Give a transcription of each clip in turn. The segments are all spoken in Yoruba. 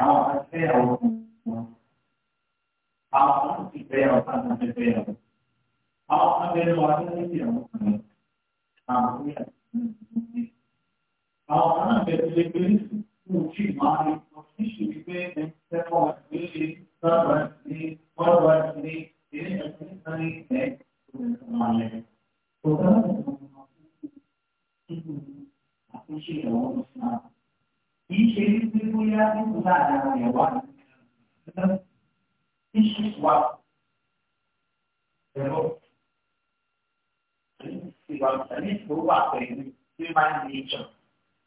àwọn kan fẹ́ àwọn kan àwọn kan sì fẹ́ àwọn kan sì fẹ́ àwọn àwọn kan bẹ́ẹ̀ lọ́wọ́ tó ní ìyàwó kan àwọn kan yà àwọn kan náà bẹ̀rẹ̀ lé pé kò tí ì máa rí ọ̀ṣíṣù wípé ẹ̀ ń fẹ́ kọ́ wá sí ilé sábà sí wọ́n wá sí ilé ilé ẹ̀sìn sáré ẹ̀ kò tẹ̀ sọ máa lẹ̀. Kò tẹ̀ sọ máa lẹ̀. Àtúnṣe ìyàwó ló sàn án kìí ṣe ní pé bóyá nípò láàrin àwọn èèyàn wà ní ṣe wà ẹ̀rọ ìwà ìtàlẹ́ ìfowó wà pẹ̀lú tí máa ń ní ìjọ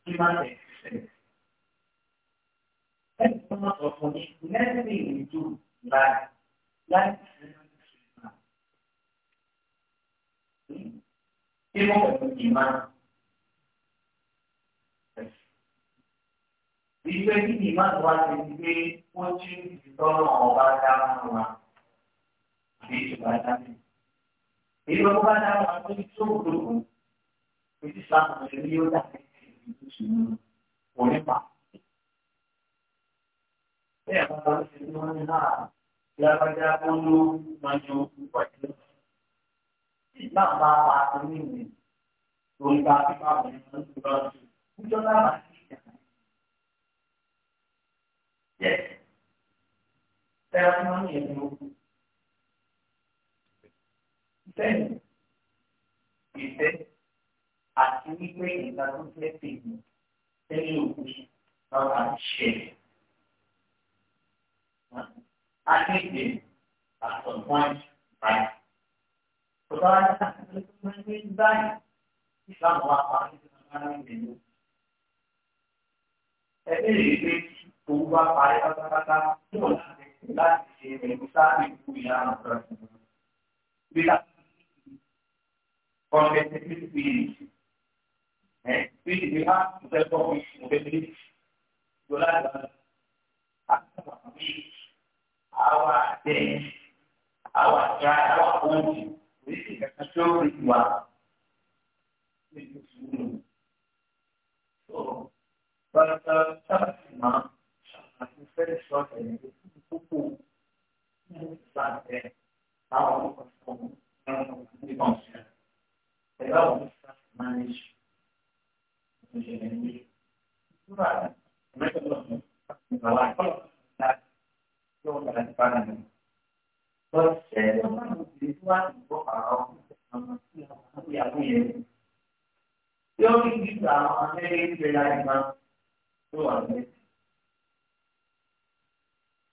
tí máa ń tẹ̀sẹ̀. Ẹni tó máa sọ fún mi, lẹ́sìn ìrìnjú láì láì sí ìrìnjú. Ìwọ̀n pẹ̀lú ìmáà. ìlú ẹni ní ìmáàlú wa ti di pé wọ́n ti ń fi tọ́nà ọba dáhùn wa àbí ìjọba dáhùn. èyí ló bá dáhùn wa tó ní sóòwò lóko èyí sàmù ẹni yóò dà ní ìlú sùúrù onípa. bẹ́ẹ̀ bá bá ṣe ní wọ́n ní náà lágbájá ó ló máa yọ púpọ̀ jù. ìgbà bá a ní ìwé lórí bá a fi máa wọ̀ ní ọdún tó àti Yes. Self money is no good. Then, he said, àti wípé ìgbà tó fẹ́ tèmi lẹ́yìn òkú lọ́la ṣe. Akéde àtọ̀gbọ́n báyìí. Bàbá wa ní àtúntò tó máa ń gbé báyìí nígbà wọn apá nígbà wọn máa ń gbé lọ. Ẹ bẹ̀rẹ̀ ìgbésí. Tuba parí pátápátá tí wọ́n láti láti ṣe ẹ̀mùsá ìlú ìyára ọ̀sán. Bílá kọ́ńtẹ́tì tí ti fi ẹ̀ tí ti fi há ìtẹ́kọ̀ọ́ fi ìfẹ́lẹ́ yọlá ìgbàlá. Àtàwọn àbí àwa àtẹ àwa àtẹ àwa òòjì Photoshop aí, um pouco sabe, é, a ocupação de consciência. Legal? Mas, no gerente, não vai. é que eu vou falar? Qual é a possibilidade? Eu vou falar de Você é uma individual, vou falar, e a é verdade, mas, eu amo.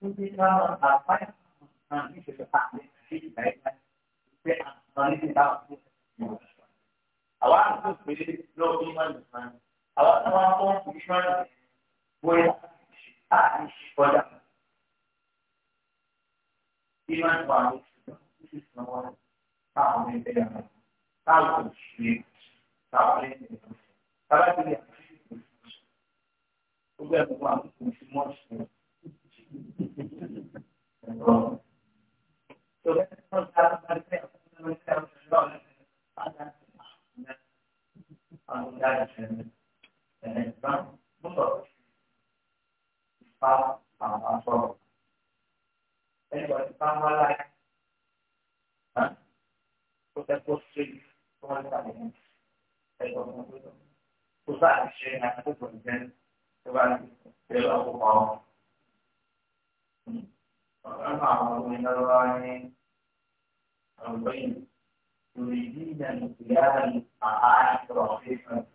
Mungkin kalau Usah share فأمرهم من الله أمرين يريدين انقيادا معاني رخيصا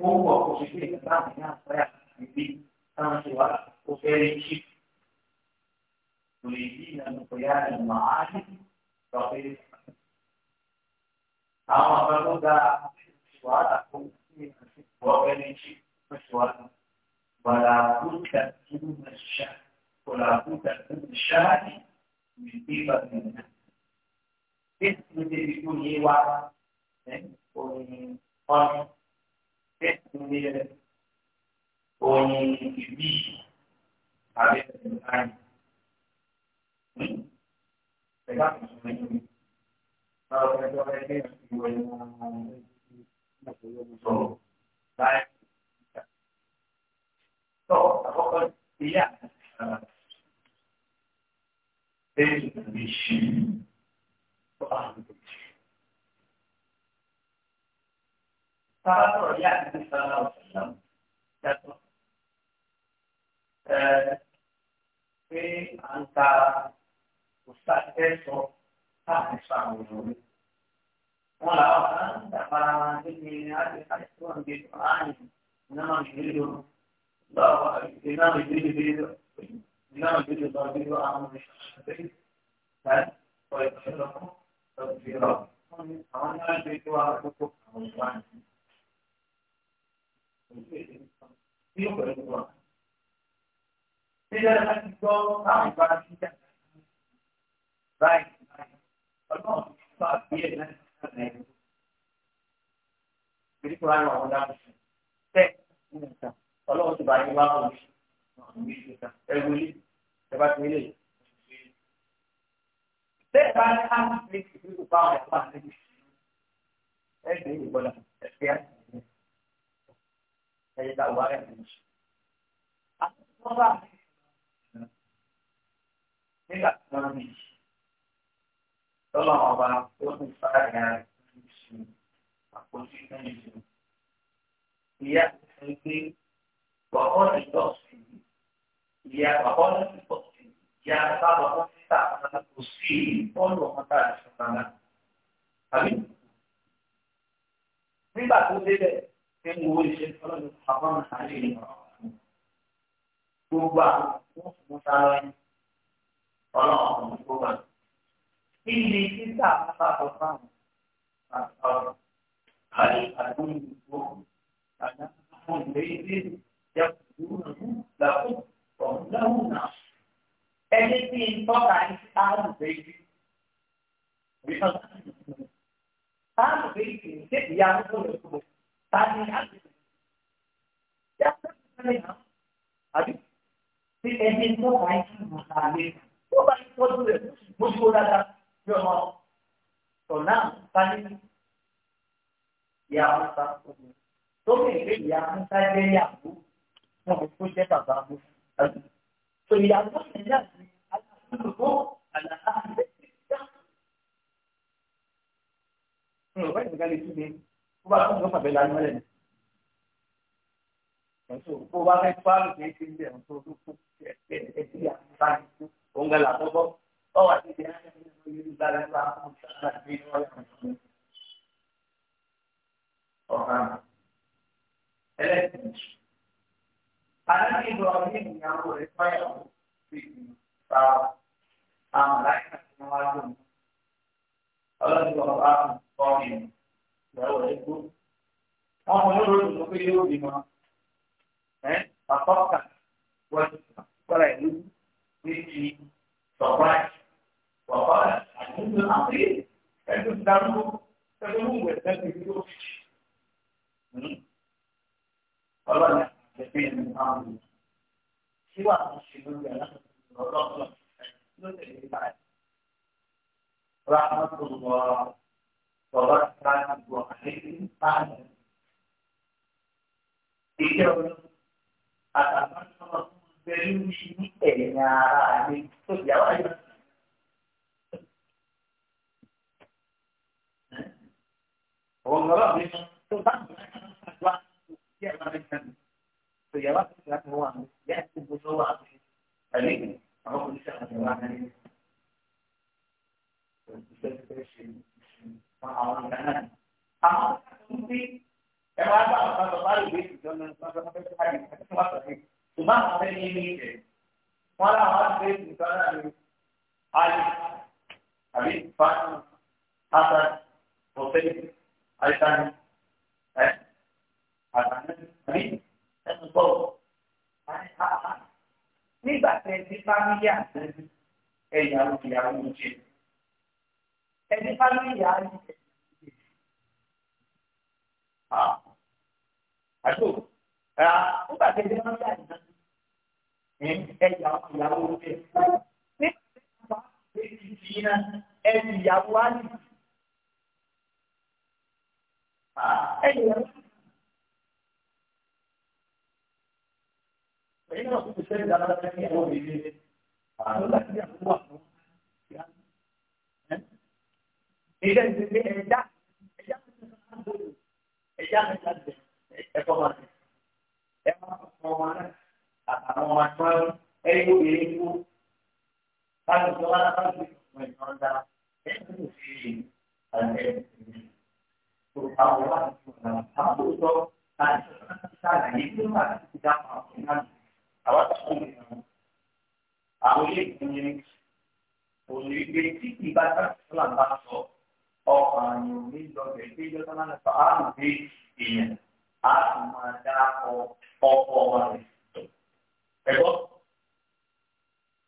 هو كشفين كلام الناس فيحكي كما سوى كفير شيء يريدين انقيادا معاني رخيصا أما فلو دا سوى كفير شيء وغير شيء فسوى ولا بد من الشهر ولا بد من الشاهد من قيمة منها اسم تكون هي واحد oyin ọ̀nì tẹ́sí ilé oyin ìbí àbí ẹ̀dáyìn. Ẹ̀dá kò sọ èyí mi. Báwo ni ẹjọ́ ẹgbẹ́ ìwé wọn sọ láì sọ àkọ́kọ́ ilé àti ìṣẹ̀lẹ̀. Ele mexe Para olhar que está na opção, certo? Se anda o sacesso, a ressalva. Ora, anda para determinar que está estudando de plano, não é um vídeo, não é um vídeo, نعم بتضربه أعمى الشخصين بل ويبشره تبشيرا وما بجواركم عمران Tidak ada lagi kau tahu barang kita. Baik, baik. Kalau kita dia dan kita Jadi kurang orang dah. Tek, kalau sebagai orang ẹ̀wù ilé ẹ̀bá ti ilé. bẹ́ẹ̀ bá ní àwọn ìpínlẹ̀ ìpínlẹ̀ bá wọn ẹ̀fọ́ àti ẹ̀jẹ̀ ẹ̀jẹ̀ ìgbọ́dọ̀ ẹ̀fẹ́ àti ẹ̀jẹ̀ tá a wà rẹ̀ ní. àti wọ́n bá nígbà tí wọ́n ní lọ́lọ́ ọba tó ń fara yàrá ìṣòro àpótí ìṣòro ìyá ìṣòro pé wọ́n ọ̀ ní lọ́sùn dia papona que fosse, dia estava conquistada, mas o sim, quando a vontade de Satanás. Tá vendo? Nem da coisa dele, tem um olho cheio falando, papona, tá ali, gbogbo àwọn ọmọ tá lọ yẹn ọlọ́run ọmọ gbogbo àwọn. kí ni títà bàbá sọ fáwọn àtọ̀rọ̀ àyè àdúgbò àdá lọ́hùn náà ẹni tí ń tọ́ka ní áàrùn méjì ní kéèkì ya ló lọ sọ yá sọ́kùnrin àbí tí ẹni tọ́ka ní mọ̀tà lé tó bá tọ́jú rẹ̀ mójú ó dáadáa bí ọ̀nà ta ni ìyá sá tó bẹ̀rẹ̀ ìyá wọn sá jẹ́ ìyàwó wọn kò jẹ́ bàbá wọn. فليعلم الناس أن الله على أهل الإسلام. Kó bá fẹ́ fáàlù kìí ṣe ń bẹ̀ ọ̀tún tó kú ẹ̀ẹ́dì àti báyìí tó ń gbà lápọ́bọ́. Ọ̀wà ti di ẹ̀ẹ́dì àti báyìí tó ń gbà lápọ́bọ́. Ọ̀hán. Ẹlẹ́sìn. Anábì Ibrahim ìyàwó rẹ̀ fáyàwó sí ìgbà àwọn aláìsàn tí wọ́n wá lò. Ọlọ́dún wọn bá kún kọ́ mi ìyàwó rẹ̀ gbó. Wọ́n mú lórí òṣèlú pé yóò bímọ. Ẹ́ bàbá ọ̀kà wọ́n ti sọ̀rọ̀ ìlú ní ti sọ̀rọ̀ bàbá àdúgbò àti ẹ̀dùn darúgbó ẹ̀dùn ìwẹ̀ ẹ̀dùn ìdúró. Ọlọ́dún ẹgbẹ́ ẹni máa ń lò. Ṣé wàá tó ṣe lórí aláàbò ọlọ́ọ̀tọ̀ ló lè ní báyìí? Ráhùn tó wọ bàbá ta ìbò àlékún táàmù. Ìjẹ́ olóòtú àtàwọn tó ń bẹ lórí ní ẹ̀yìn ara àlè tó yà wáyé. Orang Arab itu tak berani berbuat dia berani ìyàwó àti ìyá kan wà ní ìyá àti gbogbo tó wà ní ẹ̀lẹ́ àwọn oníṣẹ́ àti ìwà náà ní ìṣẹ́ tó fẹ́ ṣe àwọn ìgbà náà. Àwọn akẹ́kọ̀ọ́ ń bí ẹ̀rọ àgbà àwọn ọ̀gá bá ìwé ìjọ náà nípa tó fẹ́ ní ilé àti ìwé náà ní ayé gbọ́ nígbà tẹ ẹni fámílì àtẹ́bí ẹ̀yà òkèèyàwó jẹ ẹni fámílì àárí ah. àjò nígbà tẹ ẹni fámílì àárí ẹ̀yà òkèèyàwó jẹ nígbà tẹ ẹni fámílì àárí ẹ̀yà òkèèyàwó jẹ ah. ẹ̀yà òkèèyàwó jẹ. فإن رسول الشيء على ذلك هو بيجي قالوا لك يا الله إذا إذا Thank you àwọn àtúntò ní àwọn ilé ìpínlẹ̀ ní òní ìgbé tí ìbá sáà bá sọ ọkàn àyàn ní lọ́bẹ̀ tí ìjọ tó máa ń sọ àrùn dé èèyàn á sì máa dá ọkọ wa rẹ̀. ẹ̀gbọ́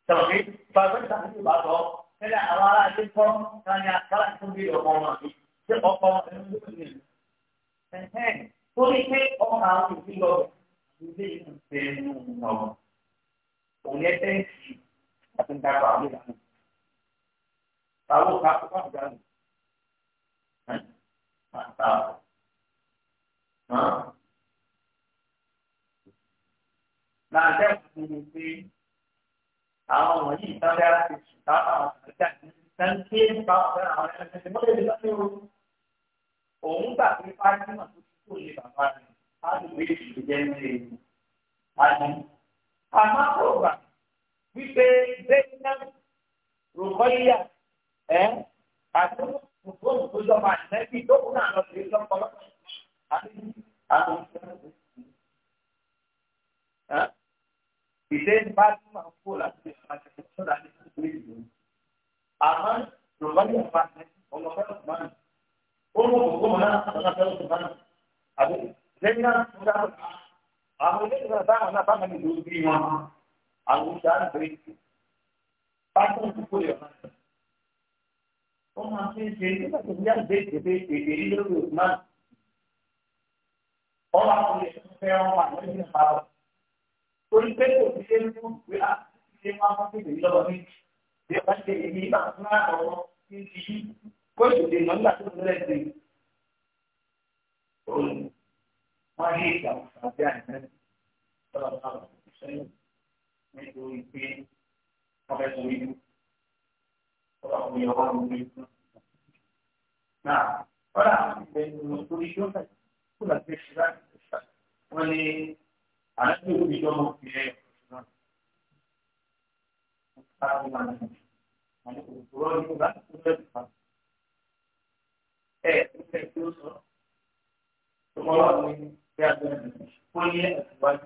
sọ̀rọ̀ pé bàbá ìsàkóso ìbá sọ nílẹ̀ àwọn ará ilé kọ́ káyà kálá tó bí ọmọ wọn àti ṣé ọkọ ẹni tó ti ní. torí pé ọkàn àwọn ìdílọ́bẹ̀ ilé ìfẹ́ nínú ọ̀nà òun yẹn tẹ́ǹtì àti ìdàgbà àwọn ìlànà. Táwọn ká kó fáwọn ìdánù. Màtá. Náà dẹ́kun mi pé àwọn wọ̀nyí ìtọ́jú àti ìṣùkà àwọn àgbẹ̀dá ìtànkì nípa ọ̀fẹ́ àwọn ẹ̀rọ ẹ̀sìn mọ́lẹ̀ ìdílé òun gbà pé fáyé náà tó ti kúrò ní bàbá rẹ̀ how to make the them say, and moreover, we say Zainab Rukhaya, eh? Àti òkúrò òkúrò máa ń lẹ́bí tó kún àlọ́ sí ìjọ ọ̀pọ̀lọpọ̀ àti àwọn ìṣẹ́ ìṣe ń bá tí màá kó láti àti ìṣọ́ra ní ìṣẹ́ ìlú. Àmọ́ Rùbáyà bá ọmọ fẹ́ràn máa ń. Ó mú òkú mọ́ náà ọmọ fẹ́ràn máa ń. Àbúrò lẹ́yìn náà mo dábọ̀ àwọn ilé ìgbà táwọn náà bá mi lòó bí wọn àwọn oṣù àgbẹ̀ pátó ìdúgbò yẹn wọ́n máa fi ń ṣe nígbà tó bí àgbẹ̀ ìdèbè ìdèbè yìí lórí òkúmá wọ́n máa fi lè fẹ́ wọn wà lórí ìgbà wọn torí pé kò sí ṣe ń mú ìwé àti ṣe wọn fi lè lọ́wọ́ ní bí wọ́n ṣe èyí nígbà tó àwọn ti ń ṣí kó ìṣòdè náà nígbà wọ́n ní ìgbà tàbí àìsàn lọ́dọ̀ náà sẹ́yìn nítorí pé wọ́n fẹ́ sọ inú lọ́dọ̀ àwọn èèyàn wà lórí inú. Náà kọ́lá ìgbẹ́nu lórí yóò kó láti ṣe láti ṣe wọ́n ní àlejò òbí tó mọ̀ fi ẹ̀ Ẹ ẹ tó sọ, tó mọ́ wà lóyún. كل أزواج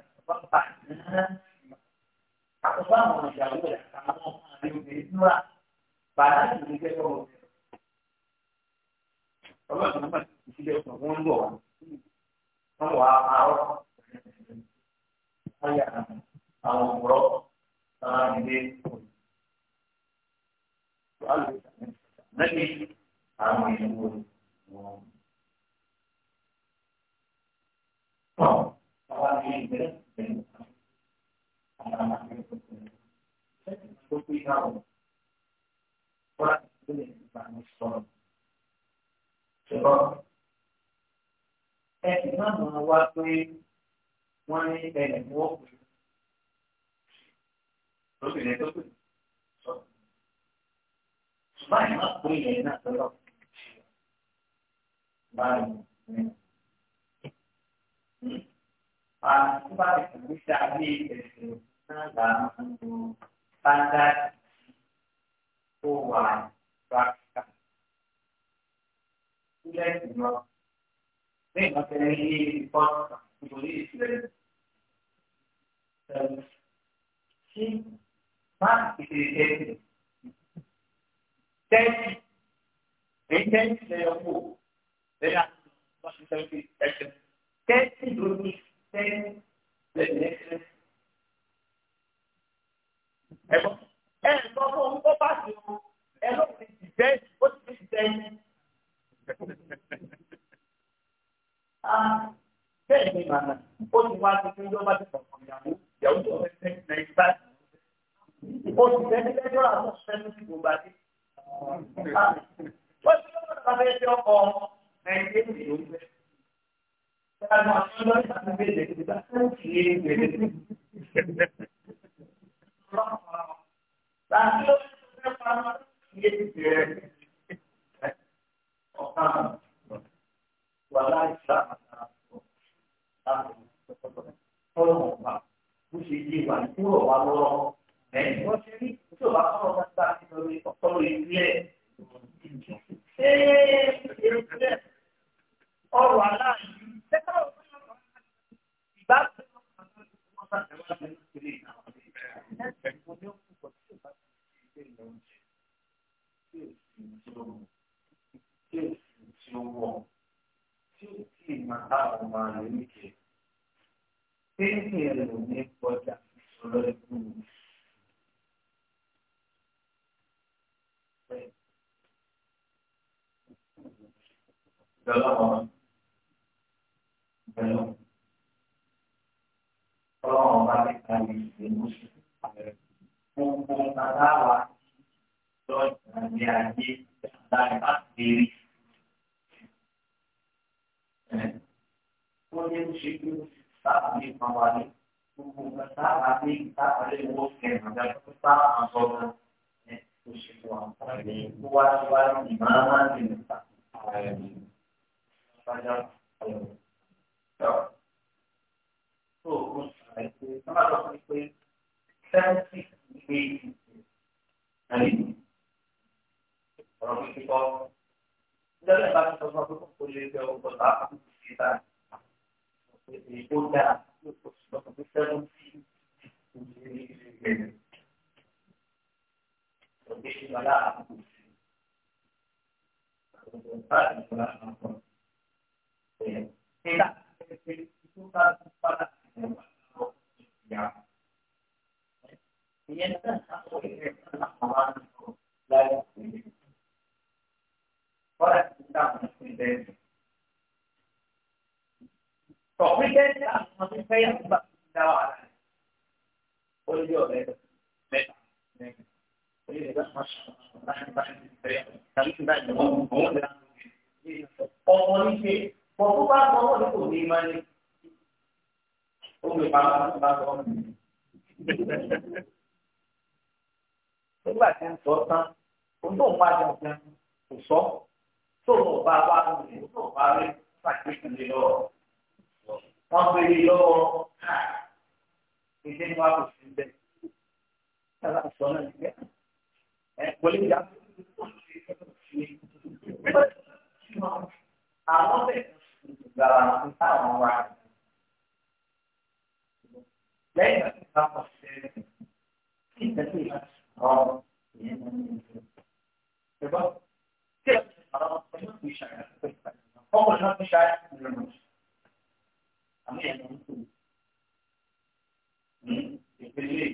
Vai, ma qui è nato l'occhio. Vai, Pak, bisa di dalam standar tuan praktek. Sudah semua. Ini materi ini pot tulis dan si pak itu jadi. Jadi, ini saya mau. Saya masih terus 30 groups, 10 destinations. Ẹ̀fọ́ ẹ̀ sọ fún ohun tó bá ti wù ẹ ló ti ti tẹ́ ó ti ti tẹ́ yín. Bẹ́ẹ̀ ni màmá ó ti wá tuntun yóò bá ti kọ̀ọ̀kan ìyàwó ìyàwó tó fẹ́ tẹ́ nàìjíríà. Ó ti tẹ́ ní ẹjọ́ àwọn fẹ́mi ti gbogbo àti. Ó ti lọ́wọ́ nípa fẹ́ ṣe ọkọ̀ nàìjíríà ló ń bẹ̀rẹ̀. Ọ̀rọ̀ aláàjì Gracias pẹ̀lú ọlọ́run bá ti ka lè ṣe lóṣù gbogbo tàdá wa lọ́jọ́ àti ayé tàdá ìbá kiri. ó ní ń ṣe kí sábà ní kan wà ní gbogbo sábà ní sábà lè wọ́ kẹ̀mọ́ dájú pé sábà máa sọ ọ́nà kò ṣe fún àwọn ọ̀rẹ́ yìí kó wá síwájú ìmọ̀ máa ń dènà sábà tó o ṣàlàyé pé sábà lọ sí pé sẹ́ńtì gbé àlè ọ̀rọ̀ pípẹ́ kọ́ lọ́lẹ̀ bá ti sọ fún akókò kó lè fẹ́ ọkọ̀ tá a kú sí PPP itu mọ̀ bá gbọ́ wọn kò ní máa ní omi ìpamọ́ tó bá gbọ́. nígbà tí ń sọ tán o tó ń bá jẹun kò sọ tó o bá wá lóde o tó o bá rí pàkíyèsí lè lọ wọn gbé e lọ́wọ́ ìdílé wa kò sí bẹ́ẹ̀ sábà sọ náà nígbà ẹ wọlé ìyá àwọn bẹ́ẹ̀ ìgbàlá ní táwọn wà. lẹ́yìn àti ìbámu ṣe kí ìtẹ́sí ìbá sọ̀rọ̀ ìyẹn ní ìlú. ṣùgbọ́n tí ẹ̀ sọ̀rọ̀ ẹ̀yọ́ kì í ṣàyà pé ọkọ̀ náà ti ṣàyà nínú ìlú. àmì ẹ̀ ló ń kú. ìpele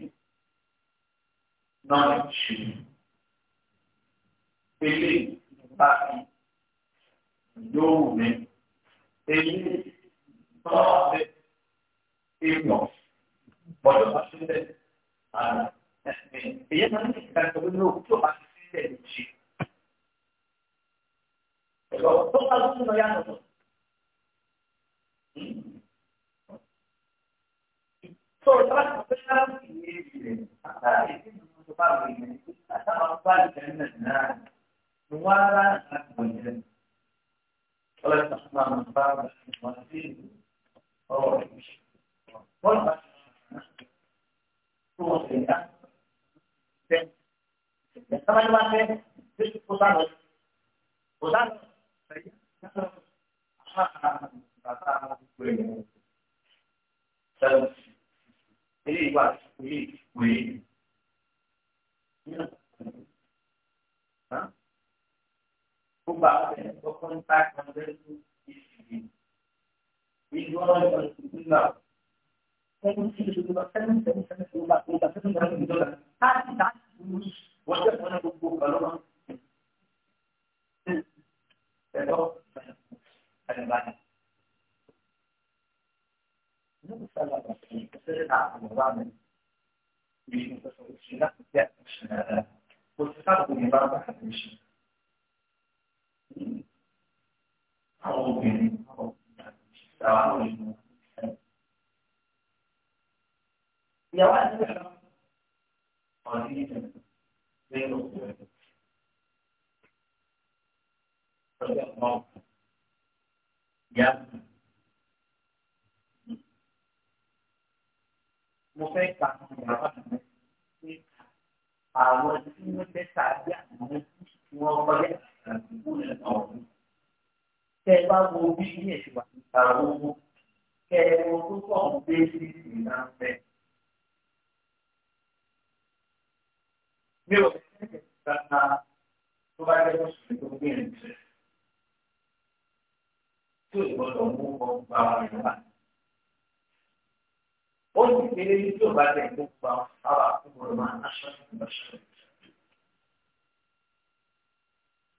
náà ṣe ìpele nípa yóò wù mí èyí tọ́lá ṣe èèyàn gbọ́dọ̀ bá sílẹ̀ èyí máa ń ní ìgbà tó ní òkú tó bá ti sílẹ̀ méjì. ẹ̀rọ tó bá ló ń lọ yàtọ̀. Hmm? Sọ̀rọ̀ tó bá ti pẹ́ láti ní èyí rẹ̀ àtàrà èyí ni tó bá wọ̀ ìyẹn àtàwọn bá lè jẹ́ nínú ìlànà ni wọ́n á rà láti wọ̀ ìyẹn. ولا تخمى من بعض المسلمين أو والله هو سيئة كما لما كان في قصان قصان Ele igual, ele, ele. Hã? combate né? o contato com Deus divino. Visual e constitucional. Como se Jesus não fosse um ser humano, não fosse um grande Deus. A cidade de luz, você põe no boca, não é? Entendeu? Alemanha. Não precisa lá para frente, você já está acomodado, né? Mesmo que eu sou o China, você sabe o que vai para frente. àwọn obìnrin àwọn ìyá àwọn ènìyàn. ìyàwó àti ìyá ọ̀rọ̀ ní ìjọba lẹ́yìn òkú rẹ̀. ọjọ́ kan ìyá mo fẹ́ ka ìyàwó àti ìyá àwọn tí wọ́n fẹ́ tàbí àwọn tí wọ́n kọ́ lẹ́yìn àti ìwé ẹ̀kọ́ ọ̀hún. Kẹ́ ẹ bá wo bí ní ẹ̀sìn wà nípa owó, kẹ́ ẹ wo tó pọ̀ ń gbé sí ìlànà fẹ́. Mi ò fẹ́ kẹ́ kàkà tó bá yẹ kó tó gbé ẹ̀ Tí ò gbọdọ̀ mú ọgbà rẹ̀ wá. Ó sì kéré ní tí ò bá tẹ̀ gbogbo àwọn àwọn àkókò rẹ̀ máa ń ìgbàṣọ́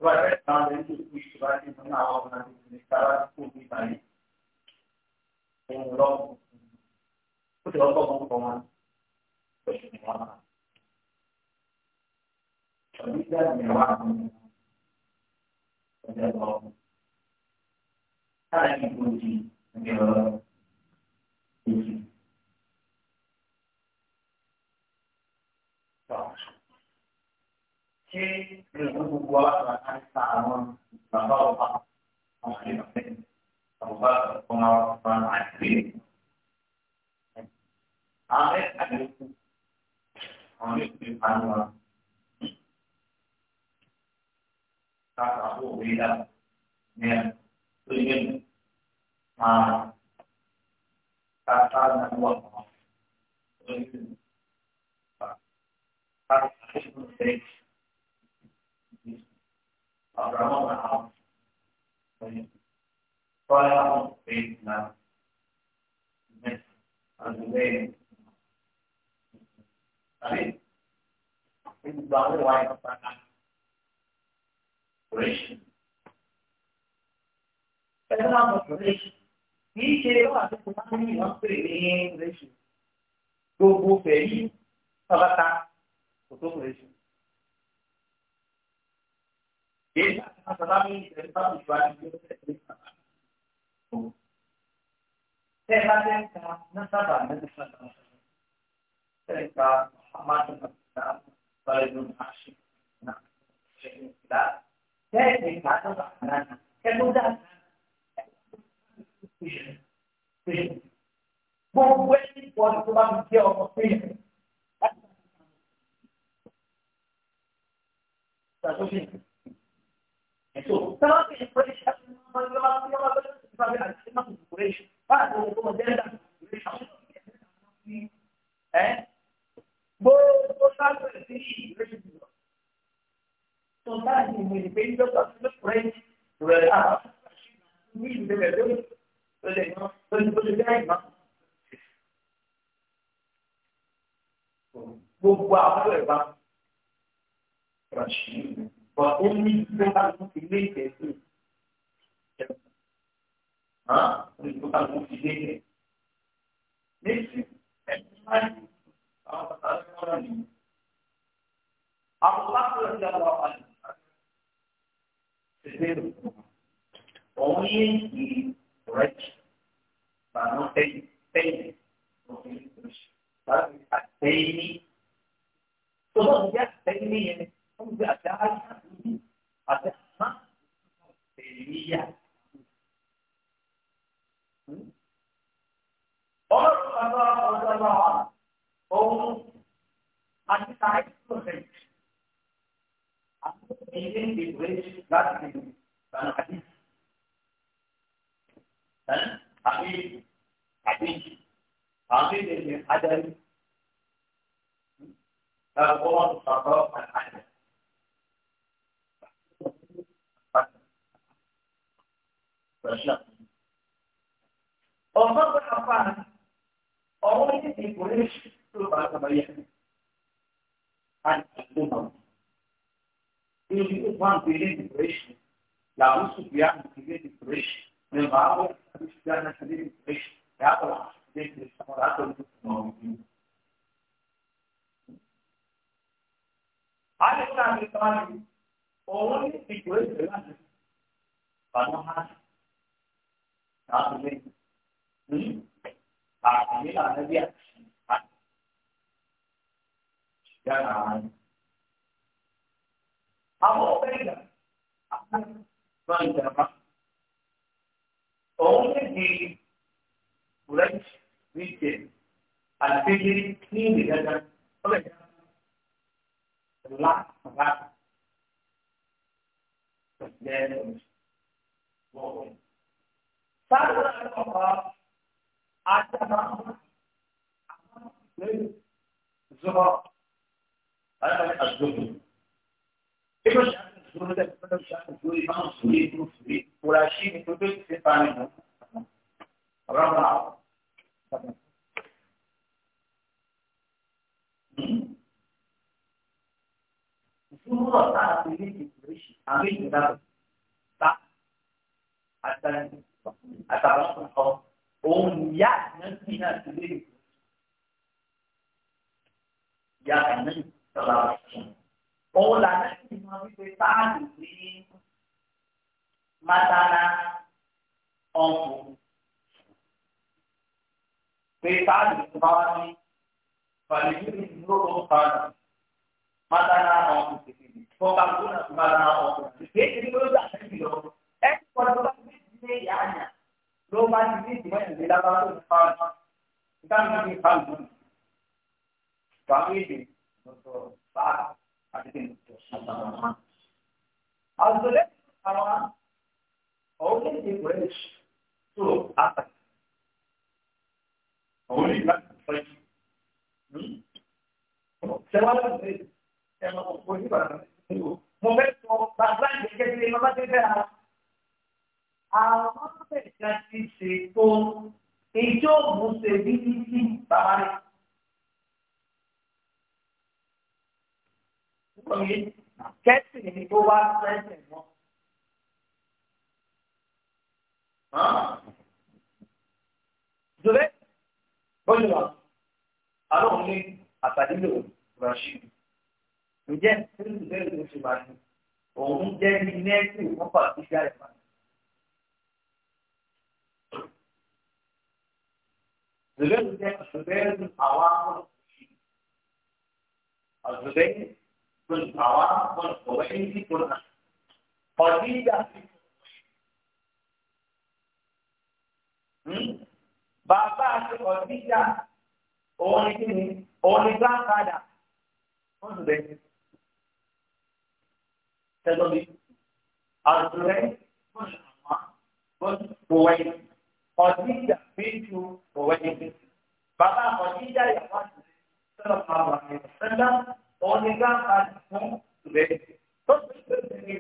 vai estar dentro do curso, vai ter na aula, na escala pública aí. Tem um logo. Porque logo vamos tomar. Deixa eu falar. A vida é melhor. Fazer logo. Cara, que curte. Aquela. Enfim. Tá ṣé ilé ìwé gbogbo àgbàkà ń ta àwọn bàbá ọba àwọn àlejò ọba ọmọ ọba àti ààrẹ àdéhùn àwọn ìpè pàánù wa. Káàkiri àbúrò wí dá ní ẹ̀ tó yẹ mí máa káàkiri àbúrò náà wà wọ́n. Káàkiri àbúrò náà Abraão na alma. Qual é a ofensa? Ajudei. Sabe? Ele dá um like para cá. Por Perdão, vocês. E que eu acho que está me mantendo, deixa. Vou ferir, ela tá. Eu tô com isso. Ele Eso. Estaba que después ya se mandó la tía para ver si sabe al tema configuration. Para que como debe la configuration. ¿Eh? Vos salgo de ti, recibido. Total, ni me dependo de hacerlo por él. Pero ah, ni de verdad. Entonces, no, entonces ya hay más. Gbogbo àwọn ẹ̀rọ bá rà sí ìlú but ó ní tó bá tún fi lé ìtẹ̀sí hàn ó ní tó bá tún fi lé ìtẹ̀sí. Níṣì ẹni máa ń àwọn bàtà sí ọ̀rọ̀ nìyí. Àwọn lápò ẹ̀jẹ̀ wà wà ní ìṣẹ̀lẹ̀ òun yé kí rẹ̀jì bàánú tẹ́yìn tẹ́yìn òfin ìṣẹ̀lẹ̀ àtẹ́yìn. Tó bá ń jẹ́ àtẹ́yìn yẹn. Onde até a até a seria. Olha agora, olha agora. Ou a gente está presente. A gente tem que ver lá de dentro. Está na cabeça. Aqui, aqui, aqui, aqui, aqui. Está bom, está bom, está wasallam. Umar bin Affan orang ini di Quraisy itu bahasa Melayu. Al-Umar. Ini Uthman pilih di Quraisy. Lalu Sufyan pilih di Quraisy. Membawa Abu Sufyan pilih di Quraisy. Ya Allah, dia pilih sama ratu untuk mengawinkan. Alexander Tani, orang ini di Quraisy dengan Panohan láti lé àmì lànà bí àti yàrá àárín. àwọn ọ̀pẹ ìgbà àwọn ìgbà ìjàmbá òun lè di rẹ́ǹtì níjẹ àti ní ìdíjájá ọ̀pẹ ìjàmbá ńlá ńlá. Yeah. Karena apa? àtàwọn nǹkan òun ìyá ànábì náà ti lé ìlú ìyá ànábì sọlá ọ̀sán òun làná sì máa ń pe páàlù ní mátàlá ọ̀hún pé páàlù tó bá wá ní pàlùkù ní ìdúró tó ń pààlù mátàlá ọ̀hún tètè fọ́nká gbóná mátàlá tètè kéèké ló dà sí ìlọ ẹ̀ kọ́ ló bá pé ìyá àyà ló bá ti ní ìdìbò ìdílé lábára tó ń fa ọ̀nà nígbà tó ń fa ọ̀nà ìgbàlú èdè lọ́sọ̀ bá àti tẹ̀lé lọ́sọ̀. àwùjọ lẹ́yìn àwọn orílẹ̀-èdè british tó àtà àwọn onígbà tó fẹ́ yìí. sẹ́wọ́n ló ń bẹ̀rẹ̀ ẹ̀rọ òkú onígbà tó mo fẹ́ sọ bàbá ìgbẹ́jẹ́ sílé bàbá tó fẹ́ ara àwọn ẹ̀ka ti ṣètò ìjọ òmùsèbílítì bàbá rẹ̀. kẹ́sì ni tó bá sẹ́sẹ̀ mọ́. Jọ̀lẹ́ bọ́jú wa, àlọ́ òun ní àtàdínlò Rashid. Ǹjẹ́ nínú ìbéèrè tó ṣe máa ní, òun jẹ́ ní nẹ́ẹ̀sì wọ́n pàṣẹ ìṣẹ́ الرزق الزبير بن عوام الزبير بن عوام بن خويلد بن قتيبة bàbá àti ọ̀díjà òun kí ni òun gbá padà fún ìrẹ́ tẹ́lọ́bí àtúrẹ́ fún ìrànwọ́ fún ìwẹ́yìn. Khadija bintu Khuwailid. Bàbá Khadija ìyàwó àti sọ̀rọ̀ àwọn àmì sẹ́lá onígbà àti fún rẹ̀. Tó ti ṣe é ní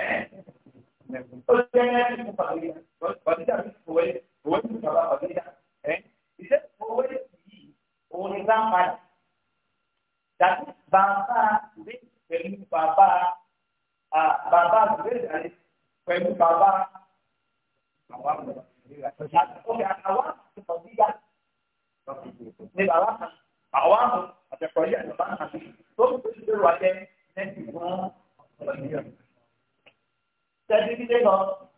ẹ̀ ó jẹ́ ẹni fún Khadija. Khadija bintu Khuwailid. Khuwailid bàbá Khadija. Ìṣe Khuwailid yìí onígbà àti dàbí bàbá rẹ̀ pẹ̀lú bàbá bàbá rẹ̀ pẹ̀lú bàbá. عوام عوام القضية نبقى عوام عوام القضية اللي بقى خفيف ثم تشتري وكان نبقى تدري كده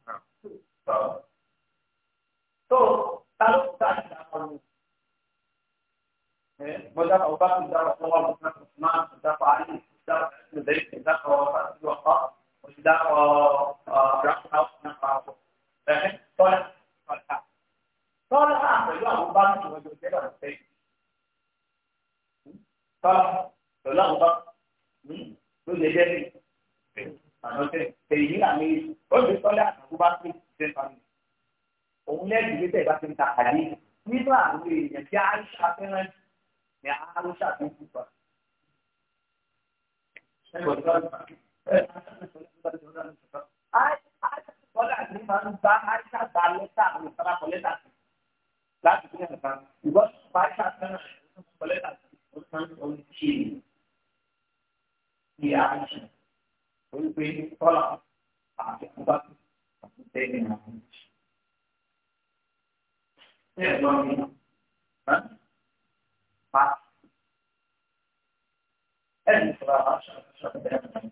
لا تو تعالوا تعالوا مدافع أوباك مدافع طوال مدافع عثمان مدافع علي مدافع زيد مدافع وفاء مدافع مدافع رحمة مدافع tọ́lá tọ́lá tọ́lá pẹ̀lú àwọn báńkì wọn jọ tẹ́lá sẹ́yìn tọ́lá pẹ̀lú àwọn báńkì ló lè jẹ́ sí àná sẹ́yìn èyí là ní ó lè tọ́lá àtàkùn bá pè ṣe fàmì òun lẹ́yìn ìgbésẹ̀ ìbá ti ń ta àdé nígbà àwọn èèyàn tí àìsà fẹ́ràn ni àìsà tó kú pa. Àìsà Sọ́dà tí máa ń bá Aisha gba lẹ́tà àwọn ìsara kọ lẹ́tà sí. Láti fi hàn kan, ìbọn bá Aisha fẹ́ràn ìsara kọ lẹ́tà sí. Ó ti máa ń sọ ní kí èyí. Kí a ṣe. Ó ń pè é sọ́là àti àbúgbà àti tẹ́lẹ̀ náà. Ṣé ẹ̀gbọ́n mi? Pa. Ẹ̀sìn sọ̀rọ̀ àwọn aṣọ àti aṣọ àti ẹ̀gbọ́n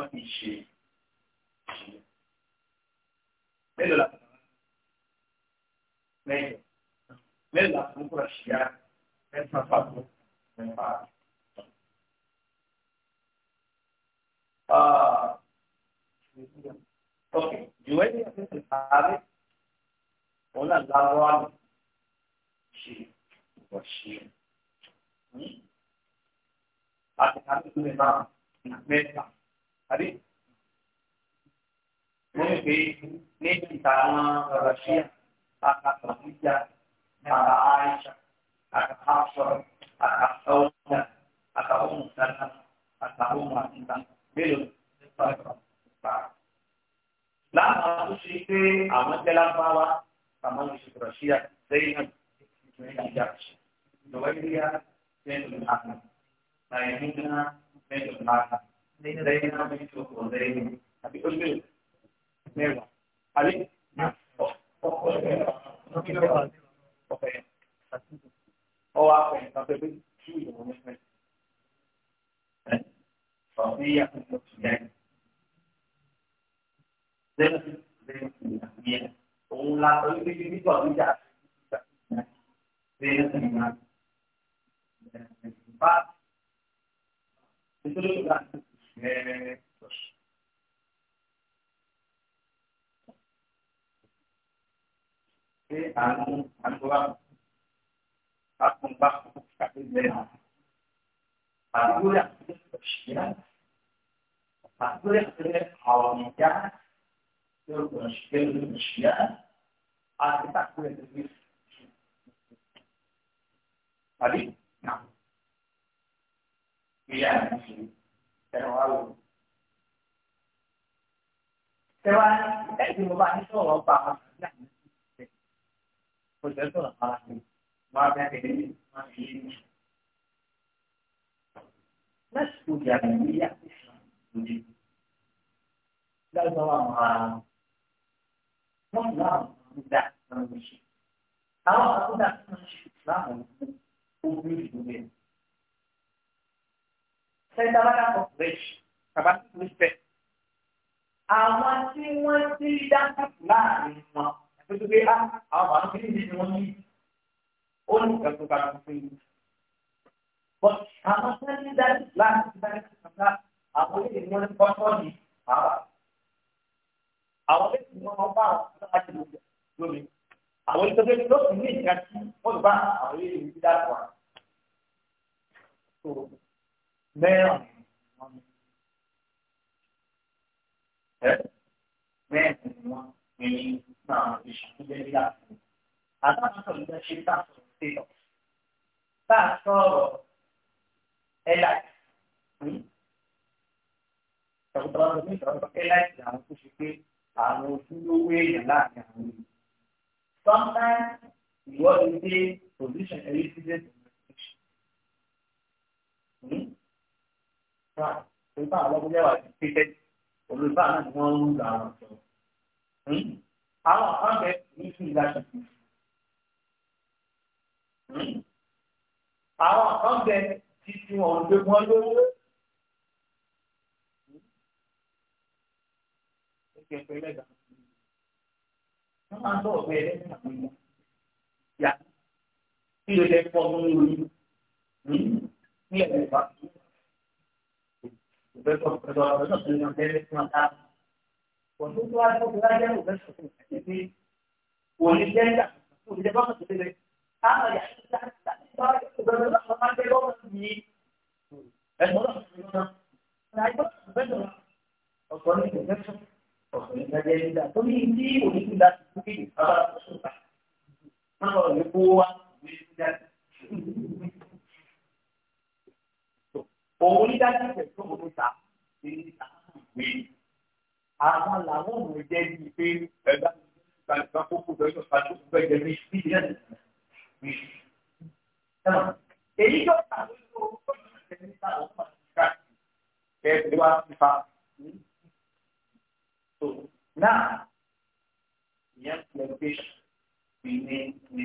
bá fi ṣe mélòó la mẹ́jọ mélòó la fún kúrò ṣìyá mẹ́fà fàbọ mẹ́fà. Ah, ok, ìwé ní ọdún ti sáré, òun náà lábọ́ àná ṣe ìwọ̀ṣe. Hmm? Àti àti ìpínlẹ̀ náà mẹ́ta àbí wọ́n ń pè ní ìta àwọn rọ̀ṣíà àkàtàkùjà àkà àìsà àkàtàkùsọ àkàtàkùsọ àkàtàkùsọ àkàtàkùsọ àtìgbà mélòó nípa ìgbà. láwọn tó ṣe pé àwọn tẹ́lá bá wa àwọn oṣù rọ̀ṣíà lẹ́yìn náà ìtúwé ìjà ṣe. ìjọba بين بين وبين أبي أشبه نعم علي هو عارف أنت بتقول شو يوم مش مش صحيح يعني زين زين يعني ولا تقول لي بيجي تقول لي زين زين بعد بتقول لي méritos. E anu anua akumba kapimena. Agora China, agora é a unidade do Conselho de China, a que está com isso. Ali? Não. E aí, ẹ̀rọ wa lò. Ṣẹ̀wá ẹ̀sìn mo bá ní sọ̀rọ̀ ọba àwọn àgbà ní ìṣẹ̀. Mo ṣe sọ̀rọ̀ ara mi, máa bẹ́ẹ̀ tẹ̀lé mi, máa fi yé mi. Lásìkò ìyá mi ní ìyá mi lòdì. Láìpẹ́ wà máa wọ́n ní àwọn àbúdá náà ń Àwọn àbúdá náà ń ṣe láwọn òbí ìdúgbò yẹn sẹ́ni tá a bá dàpọ̀ rich tàbá tó ní fẹ́. àwọn tí wọ́n ti dáńtà láàrin wọn ẹgbẹ́ tó gbé á ah, àwọn àwọn tó ní ìdíje wọn ní ó ní ìgbà tó bá tó fún yìí. but àwọn tó ní dáńtà láàrin tó dáńtà kàkà àwọn olóyè ni wọ́n ti kọ́ sọ́ọ̀nì àbá. àwọn olóyè ni wọ́n bá àwọn tó bá ti lómi àwọn olùtọ́jú ẹni lọ́sùn ìgbà tí wọ́n bá àwọn olóyè ni wọ́n ti dáńtà wọn náírà mẹ́ẹ̀sì ni wọ́n pè ní náà ìṣàkóso ní àfihàn. àtàkùn ìgbà ṣe tá a sọ̀rọ̀ hmm? sí lọ. tá a sọ̀rọ̀ ẹ̀yà ọ̀pọ̀lọpọ̀ ní ìṣòro ẹ̀yà ìṣẹ̀ àwọn tó ṣe pé àwọn ojúlówó èèyàn láàrin àwọn èèyàn. sometimes ìwọ́de dé position ẹ̀rí sí dé to the position ìfà ọlọ́gbọ́n mẹ́wàá ti pé tẹ́tí olùfà náà ni wọ́n ń lu àwọn ọ̀sọ́. àwọn àwọn bẹ ní ìlà ṣètò. àwọn kan bẹ ti fi wọn gbé wọn lówó. wọ́n máa ń bọ̀ ọ̀gbẹ́ ẹlẹ́sìn àwọn èèyàn. ìyá kí ló lè fọ́ nínú orí ní ẹ̀rọ ìbáṣepọ̀ beso, pero nosotros nos debes matar. Por un lado, que haya un beso con la gente, o el intenta, o le vamos a decir, ah, ya, ya, òun ní dájú ìfẹ́ tó òun níta ní níta ìwé àwọn làwọn òun jẹ́ bí pé ẹ̀dá ìgbà kókó tó yọ pàtó gbogbo ẹ̀jẹ̀ mi sí ilé ẹ̀dá èyí tó ta lórí owó tó yọ ẹ̀jẹ̀ níta òun máa ti ká ẹ̀ẹ́dẹ̀ wá sí fa náà ìyẹn ti ẹgbẹ́ ìní ní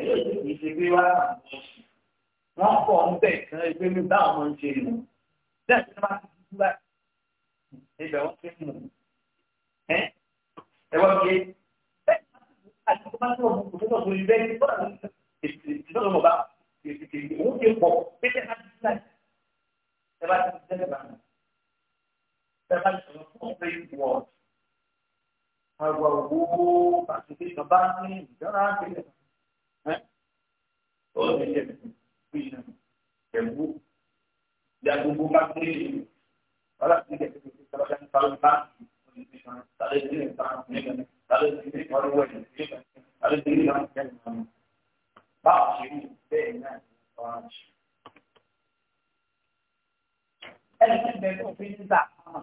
ẹ̀yọ́ yìí kì ṣe pé wàá nà wọ́n pọ̀ ń bẹ̀ kan ẹgbẹ́ mi báwọn máa ń ṣe nù bẹ́ẹ̀ tí wọ́n bá ti dúdú báyìí ibẹ̀ wọ́n ti mú ẹ ẹ wọ́n fi bẹ́ẹ̀ àti tó bá tó ọ̀hún kò tó tọ̀ sórí bẹ́ẹ̀ tí bọ́dà ló ń bá ètùtù òun ti pọ̀ pété láti dúdú báyìí ẹ bá ti dúdú bẹ́ẹ̀ bá mi ẹ bá ti sọ̀rọ̀ fún ọ̀pẹ́ ìwọ̀n àwọn gbogbo àti ìjọba ní ìjọba ń Kalau bisa bisa jambu jagung bunga ini kalau tidak kalau yang kalau tak kalau ini tak ini kalau ini kalau ini kalau ini kalau ini tak sih dengan orang Ẹni bẹ tó fi ń dà kama.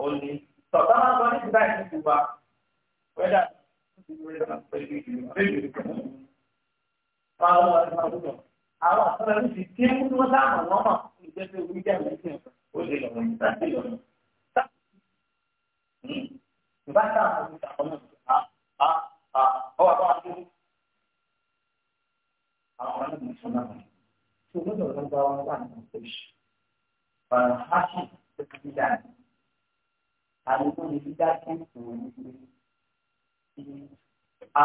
Òní tọ̀tà máa ń sọ ní ìgbà ìdìbò wa. Wẹ́dà ti wẹ́dà pẹ̀lú ìdìbò fáwọn ọmọ ẹgbẹ́ àwùjọ àwọn àtọ́lá ló ti ké mú wọn láàmú wọn mọ̀ ìjẹ́ pé orí jẹ́ ìwé ìsìn ó lè lọ́wọ́ ìgbà tí ó lọ́wọ́ tá ìbá tá àwọn ọmọ ìgbà ọmọ ìgbà á á ọwọ́ àbá tó àwọn ọmọ ìgbà sọ náà tó gbọ́dọ̀ lọ bá wọn wà nínú oṣù ọ̀nà fásitì tó ti dídá ní àwọn ọmọ ìgbà tó ń sọ ní ìlú ká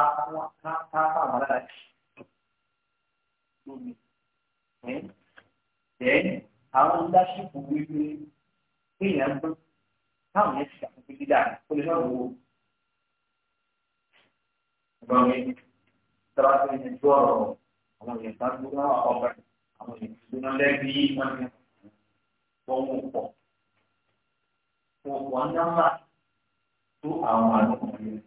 ká ká àwọn aláàjì lómi bẹ́ẹ̀ni àwọn ńláṣípù wípé kéèyàn gbọ́ táwọn yẹn ti ṣàkóso dídá ó lè má wo ìbọn mi tọ́lá tó ń yẹn tó ọ̀rọ̀ àwọn yẹn bá gbóná ọ̀bẹ àwọn yẹn gbóná lẹ́bi wọn ni wọ́n wò pọ̀ wọ́n wọ́n náà tó àwọn àlọ́ wọn yẹn.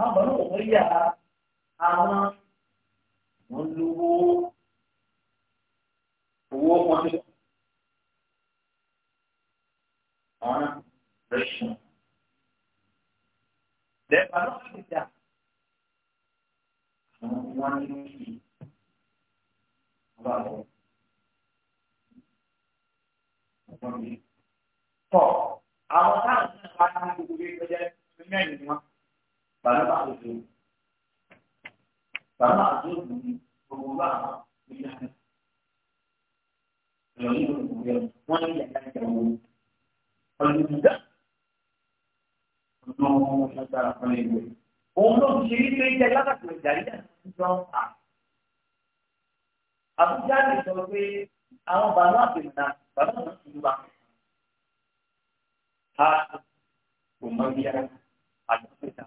àwọn bàbá òkú yà àwọn wọn lówó owó wọn lé àwọn rẹṣin lẹ́ẹ̀bà náà ti dà àwọn wọn ní kí wọ́n bá wọ́n. Tọ́ àwọn táwọn náà bá ní gbogbo ìgbẹ́jẹ́ mẹ́rin ni wọ́n. Bàbá bá tó Bàbá àti òkú gbogbo bá àwọn ìyá rẹ̀. Ìyọ̀lú ìlú rẹ̀ wọ́n ní ìyá ìjẹun ọdún Ọdún ọmọ ọmọ ṣáṣá kan lè Òun ló ṣe é pé jẹ́ lábàtì ìdàrídà tó ń dán pa. Àbújá lè sọ pé àwọn bàbá àbẹ̀nà bàbá àbẹ̀nà ti wà. A kò mọ bí àdúgbò náà.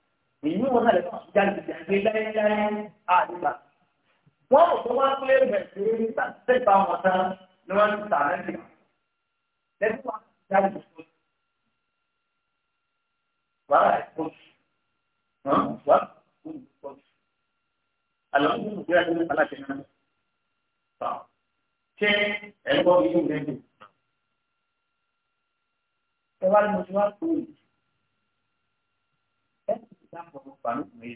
èyí wọn náà lè fún àṣìjà ìdìbò àgbé láéláé àdìgbà wọn ò tó wá pé bẹ̀rẹ̀ nígbà tẹ́gbà wọn tán ni wọ́n ti sàárẹ̀ nìyà lẹ́gbẹ́ wọn àṣìjà ìdìbò wàhálà ìkọ́jú wàhálà ìkọ́jú àlọ́ ń gbé ẹgbẹ́ aláṣẹ náà ṣé ẹ̀gbọ́n mi yóò lẹ́yìn ẹ wá ní mo wá kúrò yìí ìdáàbò pàlùkù rẹ̀.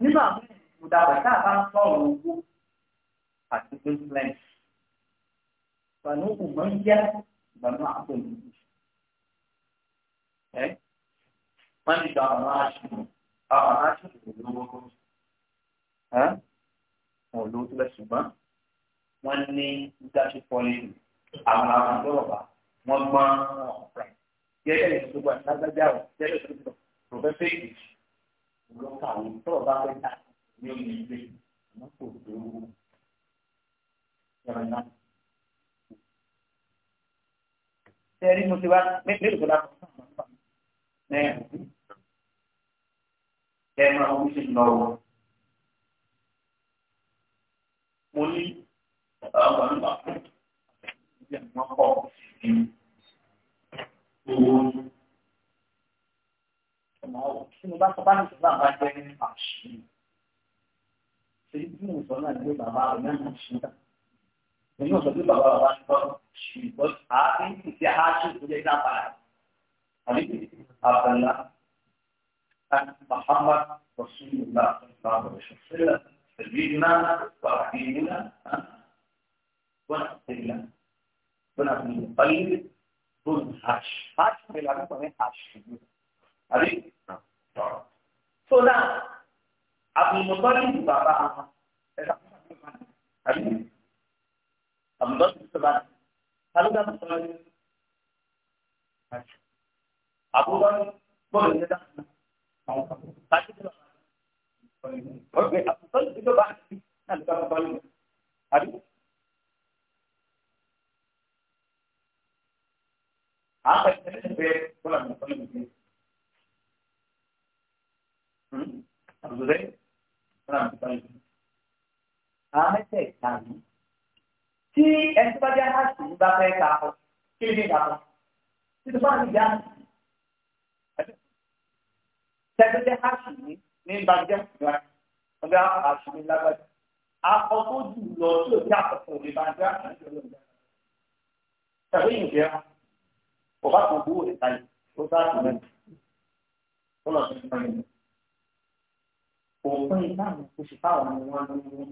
Nínú àwọn ìdàgbà tá a bá ń sọ̀rọ̀ owó àti pínpín pàlùkù máa ń jẹ́ ìgbàlú àpò ìlú. Ẹ wọ́n ti gba àwọn aṣọ àwọn aṣọ ìlú ẹ wọn ò lówó tó bẹ ṣùgbọ́n wọ́n ní dáṣọ pọ́lìsì àwọn àwọn àgbọ̀rọ̀ bá wọ́n gbọ́n ọ̀pẹ̀ gẹ́gẹ́ ìṣòwò àti lágbájá ọ̀ gẹ́gẹ́ ìṣòwò. Professor English. Ló kà wí tọ́lọ̀ bá fẹ́ ta ní omi ìgbé àmọ́ kò tó owó. Sẹ́ẹ̀rí mo ti wá mélòó la kọ́ fún àwọn ọmọ mi. Mẹ́rin. Ẹ máa ń ṣe lọ́wọ́. Mo ní ọ̀gá nípa ìdí àwọn ọkọ̀ ìdí owó. mọ́ ọ tí mo bá sọ bá nìkan náà bá jẹ́ nípa àṣírí ṣe bí mo sọ náà gbé bàbá rẹ̀ náà ṣùgbọ́n èmi ò sọ pé bàbá bàbá ń tọ́ ṣùgbọ́n àárín ìdí aṣọ ìpínlẹ̀ ìdábà àbí àbẹ̀là àti mahama rasulillah sallallahu alaihi wa sallam سبيلنا وعدينا ونعبد الله ونعبد المقلب ذو الحش حش من العلم ومن حش àbí tọ̀rọ̀. so now àbùmọ̀tọ́lì ìlú bàbá wọn ẹ̀ka àbí àbùmọ̀tọ́lì ìlú bàbá kálúkà tó sọ yìí àbúrò bọ́ọ̀lù ní dáhùn àwọn kàkí tó bàbá ọ̀gbẹ́ àbùmọ̀tọ́lì ìlú bàbá náà ló ká bàbá yìí àbí. Apa yang terjadi? Bukan bukan mungkin. Abdurrahim Ram Ibrahim. Àmẹ́tẹ̀ ìtàgé. Tí ẹni tó bá jẹ́ àṣì ń bá fẹ́ ka ọ, kí ni ìgbà kan? Títí bá ti jáde. Tẹ́tẹ́ jẹ́ àṣì ní ní bá jẹ́ ìgbà. Ọjọ́ àṣì ní lágbàdo. Àkọ́kọ́ jù lọ sí òbí àkọ́kọ́ òbí bá jẹ́ àṣì ní ọjọ́ Tàbí ìjẹ́ ọ̀bá kan bú ìtàgé òpin ìbámu oṣù táwọn ni wọ́n lówó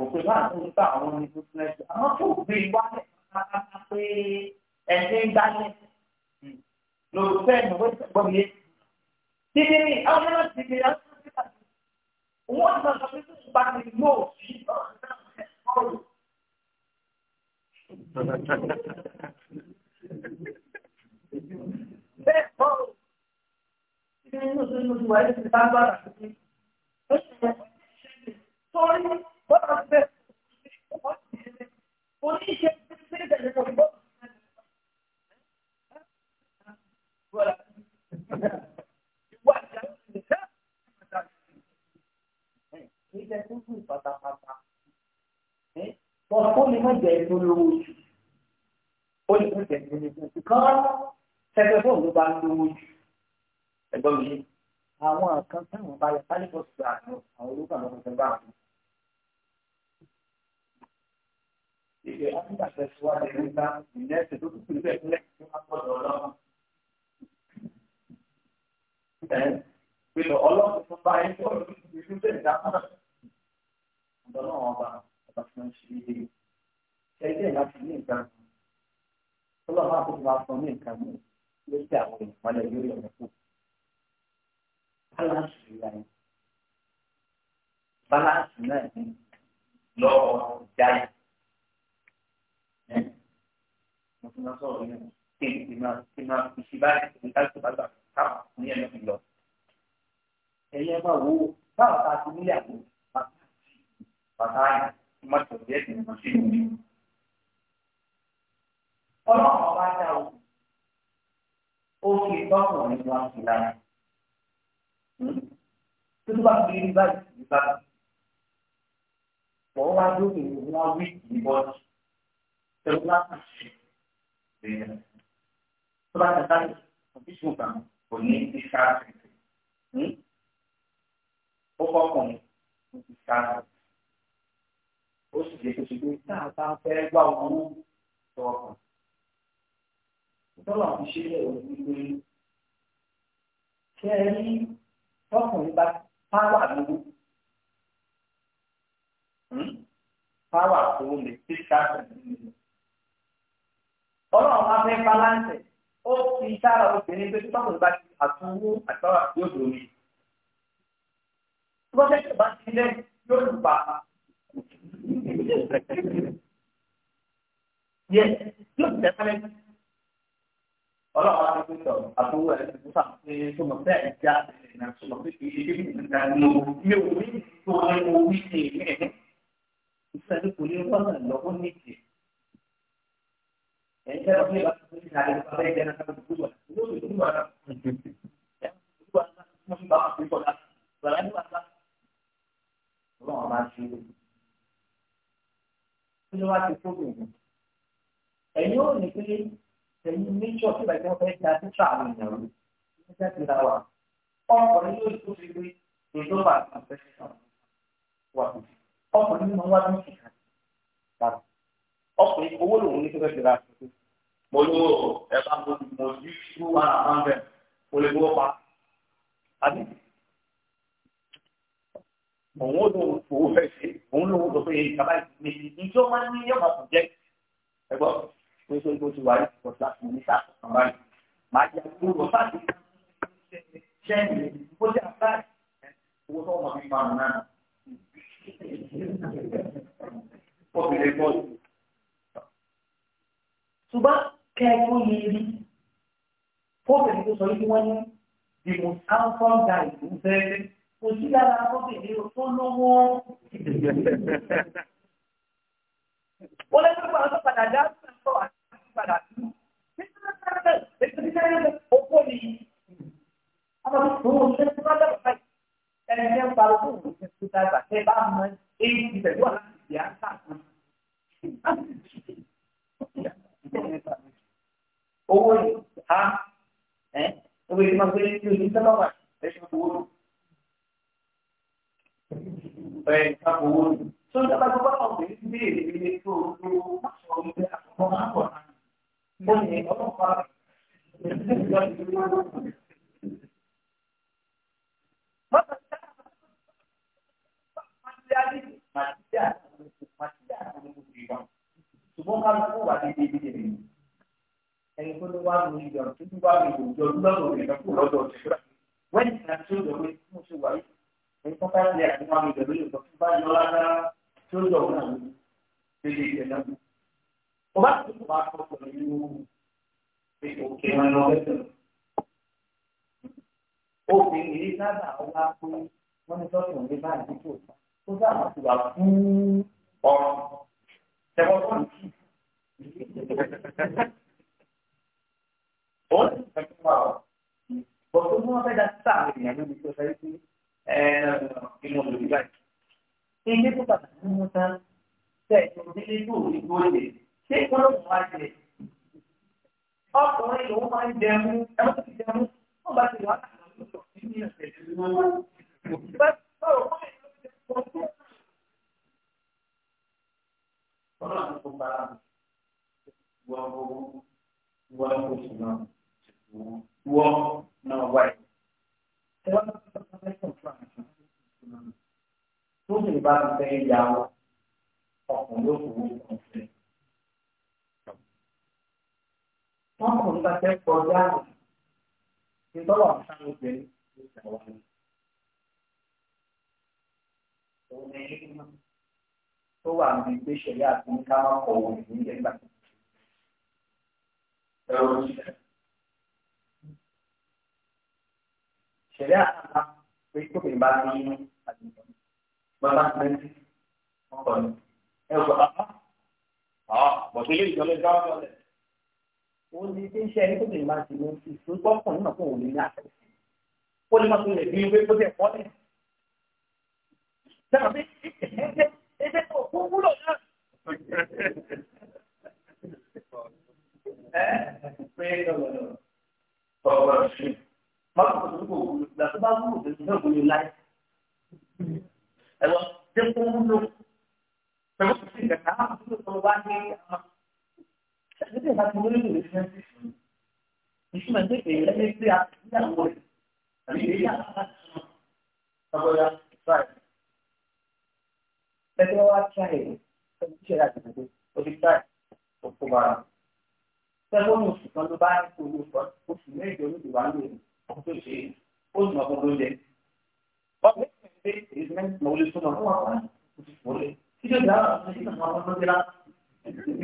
òpin ìbámu oṣù táwọn ni bísínẹ́sì àwọn tó gbé wálẹ̀ pátápátá pé ẹ̀sìn ń dálẹ̀ lòlùfẹ́ ìnáwó ìgbàgbọ́ yẹn títí ní àwọn ọmọ ti di ọdún tó kíkà sí wọ́n ti sọ pé tó ń bá mi lò sí ọ̀rọ̀ náà ọ̀rọ̀. Bẹ́ẹ̀ bọ́ọ̀lù ìgbà inú tó ní oṣù bọ́. Ìwà mi má jẹ́ ìlú lówó jù. Ó lè má jẹ́ ìlú lówó jù. Kán ṣẹ̀fẹ̀ bọ́ọ̀lù bá lówó jù ẹ̀gbọ́n mi àwọn kan táwọn bá yẹ pálíkọ̀ sí àwọn àwọn olóògbé àwọn ọmọ ìjọba àwọn. ìgbé áfíríkà tẹ̀síwájú nígbà ìnẹ́sì tó kúkú níbẹ̀ nílẹ̀ tó máa pọ̀ lọ lọ́wọ́. pé lọ ọlọ́run tó bá yẹ kó ọdún ìlú tẹ̀ dá náà. ọ̀dọ́ náà wọn bá ọba tí wọ́n ṣe é. ẹgbẹ́ láti ní ìgbà ọlọ́run àti ìgbà sọ ní ìkànnì ló ṣe àwọn ìmọ̀lẹ̀ balansi ìlà yẹn balansi náà ní lọ́wọ́ jáì mo ti máa sọ̀rọ̀ yẹn kí n ti máa ti máa fi ṣe báyìí kí n ká tó bá gbà káwọn ní ẹ̀mí fi lọ. ẹ̀yin ẹ̀ máa wo báwo ta ti nílẹ̀ àgbo bàtà yìí kí má tẹ̀lé ẹ̀sìn ní ṣe ìwé. ọlọ́run ọba dá o ó fi tọ́kùnrin wá sí lára tó tó bá fi rí báyìí ní báyìí wọ́n wá lóde wọ́n wí ní bọ́ọ̀lù tẹ̀lé láti ṣe lẹ́yìn tó bá tẹ̀lé láti ọ̀bí ṣùgbọ́n kò ní ti ṣáàtì hmm? ó fọkànlẹ̀ ó ti ṣáàtì ó sì jẹ́ kóso pé tá a bá fẹ́ gbà wọ́n tó ọkàn tọ́lá fi ṣe é lẹ́yìn pé ṣé ẹ rí tọkùnrin bá pàwà lówó hmm? pàwà tó lè fi káàkiri nínú ọlọ́run wá fẹ́ balance ó fi sára obìnrin pé tọkùnrin bá ti àtúnwó àtàwà yóò domi prọfẹsì bá ti lẹ yóò lù pa yẹ yóò tẹ sálẹ ọlọ́run á ti pín tọ̀ àbúrò ẹ̀ ti sàn pé sọmọ bẹ́ẹ̀ ń já ẹ̀ náà sọmọ pé kì í ṣe bí nǹkan ní owó ní owó ní ní owó ní ṣe ní ìṣẹ́jú kò ní wọ́n náà lọ́wọ́ ní ìṣe. ẹ̀ ń jẹ́ ọdún ìbá ní àlejò bá bẹ́ẹ̀ jẹ́ náà káwọn ìlú wà ló lè wà náà. ẹ̀ ń dúró wà náà wọ́n wà pín ẹ̀yin méjọ́ tí bàjẹ́ wọn fẹ́ da títà àwọn èèyàn rú ní jáde ra wa ọkùnrin yóò tó fi gbé ìjọba àtàkùn wà ọkùnrin nínú wá ní ìkà tàbí ọkùnrin owó lòun ní fẹ́fẹ́ fìlà àtúntò mo ló oh, ẹ bá mo mo yí tú wà láwọn bẹ mo lè gbọ́ pa àbí òun ó lòun fowó fẹ́ ṣe òun lòun lọ pé ìjọba ìjọba ní yọ̀ọ̀mọ̀ kò jẹ́ ẹgbọ́n pé ṣé bó ti wà ní ìkọ̀sá fún mi sáà kan báyìí màá jẹ kó lọ bá ti ṣẹ́ mi bó ti àbá owó tó wà nípa mi náà. Obìnrin bọ́ sí. Ṣùgbọ́n kẹ́kọ̀ọ́ yẹn rí. Fọ́bìnrin tó sọ yìí wọ́n ní the most handsome guy ló ń fẹ́ kò sí lára fọ́bìnrin tó lówó. Ó lẹ́nu pàṣẹ padà dá sí ọ̀sán padà sí. Ètò ìṣe owó ni àwọn tó ń ṣe tó lọ́dọ̀ báyìí. Ẹni tẹ́ ń parọ́ fún òun ṣe tó dàgbà tẹ́ bá mọ èyí ti bẹ̀rù wà láti ìyá ń tà fún Owó yìí ha ẹ́ owó yìí máa gbé ní oṣù tó lọ́wọ́ ẹ̀ṣin owó lọ. Ẹ̀ ká owó lọ. Sọ́jà bá gbọ́ bá ọ̀gbìn ní ìdílé tó lọ́wọ́ máa sọ ọ́ ní àkọ́kọ́ máa bọ̀ náà mo ní ọlọ́pàá ṣùgbọ́n ká ló wà ní ibi ìdílé mi ẹni tó ló wà ní ìjọ tó ló wà ní ìjọ lọ́dọ̀ rẹ̀ lọ́kù lọ́dọ̀ rẹ̀ wẹ́n ní àti ìjọ pé mo ṣe wà yìí ẹni tó bá ti àti wọn ìjọ lóyè tó bá yọ lára tó lọ náà lórí ìjọ náà. Well, that's the platform for you people came and all this. Òfin yìí sábà wá pé wọ́n ní sọ́kùn ní báyìí tó tó sábà ti wà fún ọ̀rọ̀ tẹ̀wọ́n tó ń kí. Ó ní ìfẹ̀kùn wa ọ̀. Bọ̀dọ̀ tó wọ́n fẹ́ da sáà ènìyàn lórí tó fẹ́ sí inú olùdíbàjì. Ilé tó bàtà nínú tán tẹ̀ ìjọba ilé yóò ní gbóòlè. ṣé wọ́n wá jẹ? ọkùnrin ló máa ń jẹun ẹ̀wọ̀n ti jẹun wọ́n bá ti wá àwọn ọ̀dọ́ nínú ẹ̀sẹ̀ tí wọ́n wá. Ọlọ́run tó bára wọ́n gbogbo wọ́n kò sí náà wọ́n náà wáyé. Wọ́n tó bá fẹ́ sọ̀rọ̀ fún àìsàn tó sì bá ti fẹ́ yà wọ́n ọkùnrin ló kù wọ́n kàn fẹ́. tọkùnrin bá fẹ́ kọjá àrùn ní tọ́lọ̀ ń sáré obìnrin ló ṣàwọ́ ni. òun tó wà ní ìgbésẹ̀ yá àti ní ká má kọ òun ní ilẹ̀ gbà. ẹ̀rọ ṣẹlẹ̀ ṣẹlẹ̀ àtàkà pé tókùnrin bá ní inú àdìgbò bàbá tẹ́lẹ̀ ọkọ̀ ni. ẹ gbọ́dọ̀ bàbá ọ̀ bọ̀dé ilé ìjọba ìjọba ọ̀lẹ̀ òun ti ṣe iṣẹ́ ẹni tó lè máa ṣe ló ń fi ìṣòwò pọ̀ nínú fún òun ní àṣẹ. ó lè má tó lè bí wípé kó tẹ̀ pọ́ lẹ̀. dáhùn pé ẹgbẹ́ tó kú wúlò náà. ẹ pé lọ́wọ́lọ́wọ́ ọ̀rọ̀ ṣe máa tó tó kó wúlò ìgbà tó bá wúlò tó ti fẹ́ wúlò láì. ẹ̀rọ tí kò wúlò pẹ̀lú ìgbà tó bá ní àwọn ṣàkóso ìgbà tí mo lè lò fún ẹsẹ̀ fún mi ìṣúná pé èyí lè gbé àtúnyàwó rẹ̀ àbí èyí àtúnyàwó ọgbọ́dá báyìí. Ẹgbẹ́ wa kí àyè ẹni tí ṣẹlẹ̀ àti ìdìbò orí báyìí kò kó bára. Sẹ́gbọ́n ló bá ń sọ oṣù méje olùdìbò àlọ́ èyí tó ṣe ó nà gbogbo lẹ. Ọ̀gbẹ́ ìgbẹ́ ìgbẹ́ ìgbẹ́ ìgbẹ́ ìgbẹ́ ìgbẹ́ ìgbẹ́ ìgbẹ́ ìgbẹ́ ìgbẹ́ ìgbẹ́ ìgbẹ́ ìgbẹ́ ìgbẹ́ ìgbẹ́ ìgbẹ́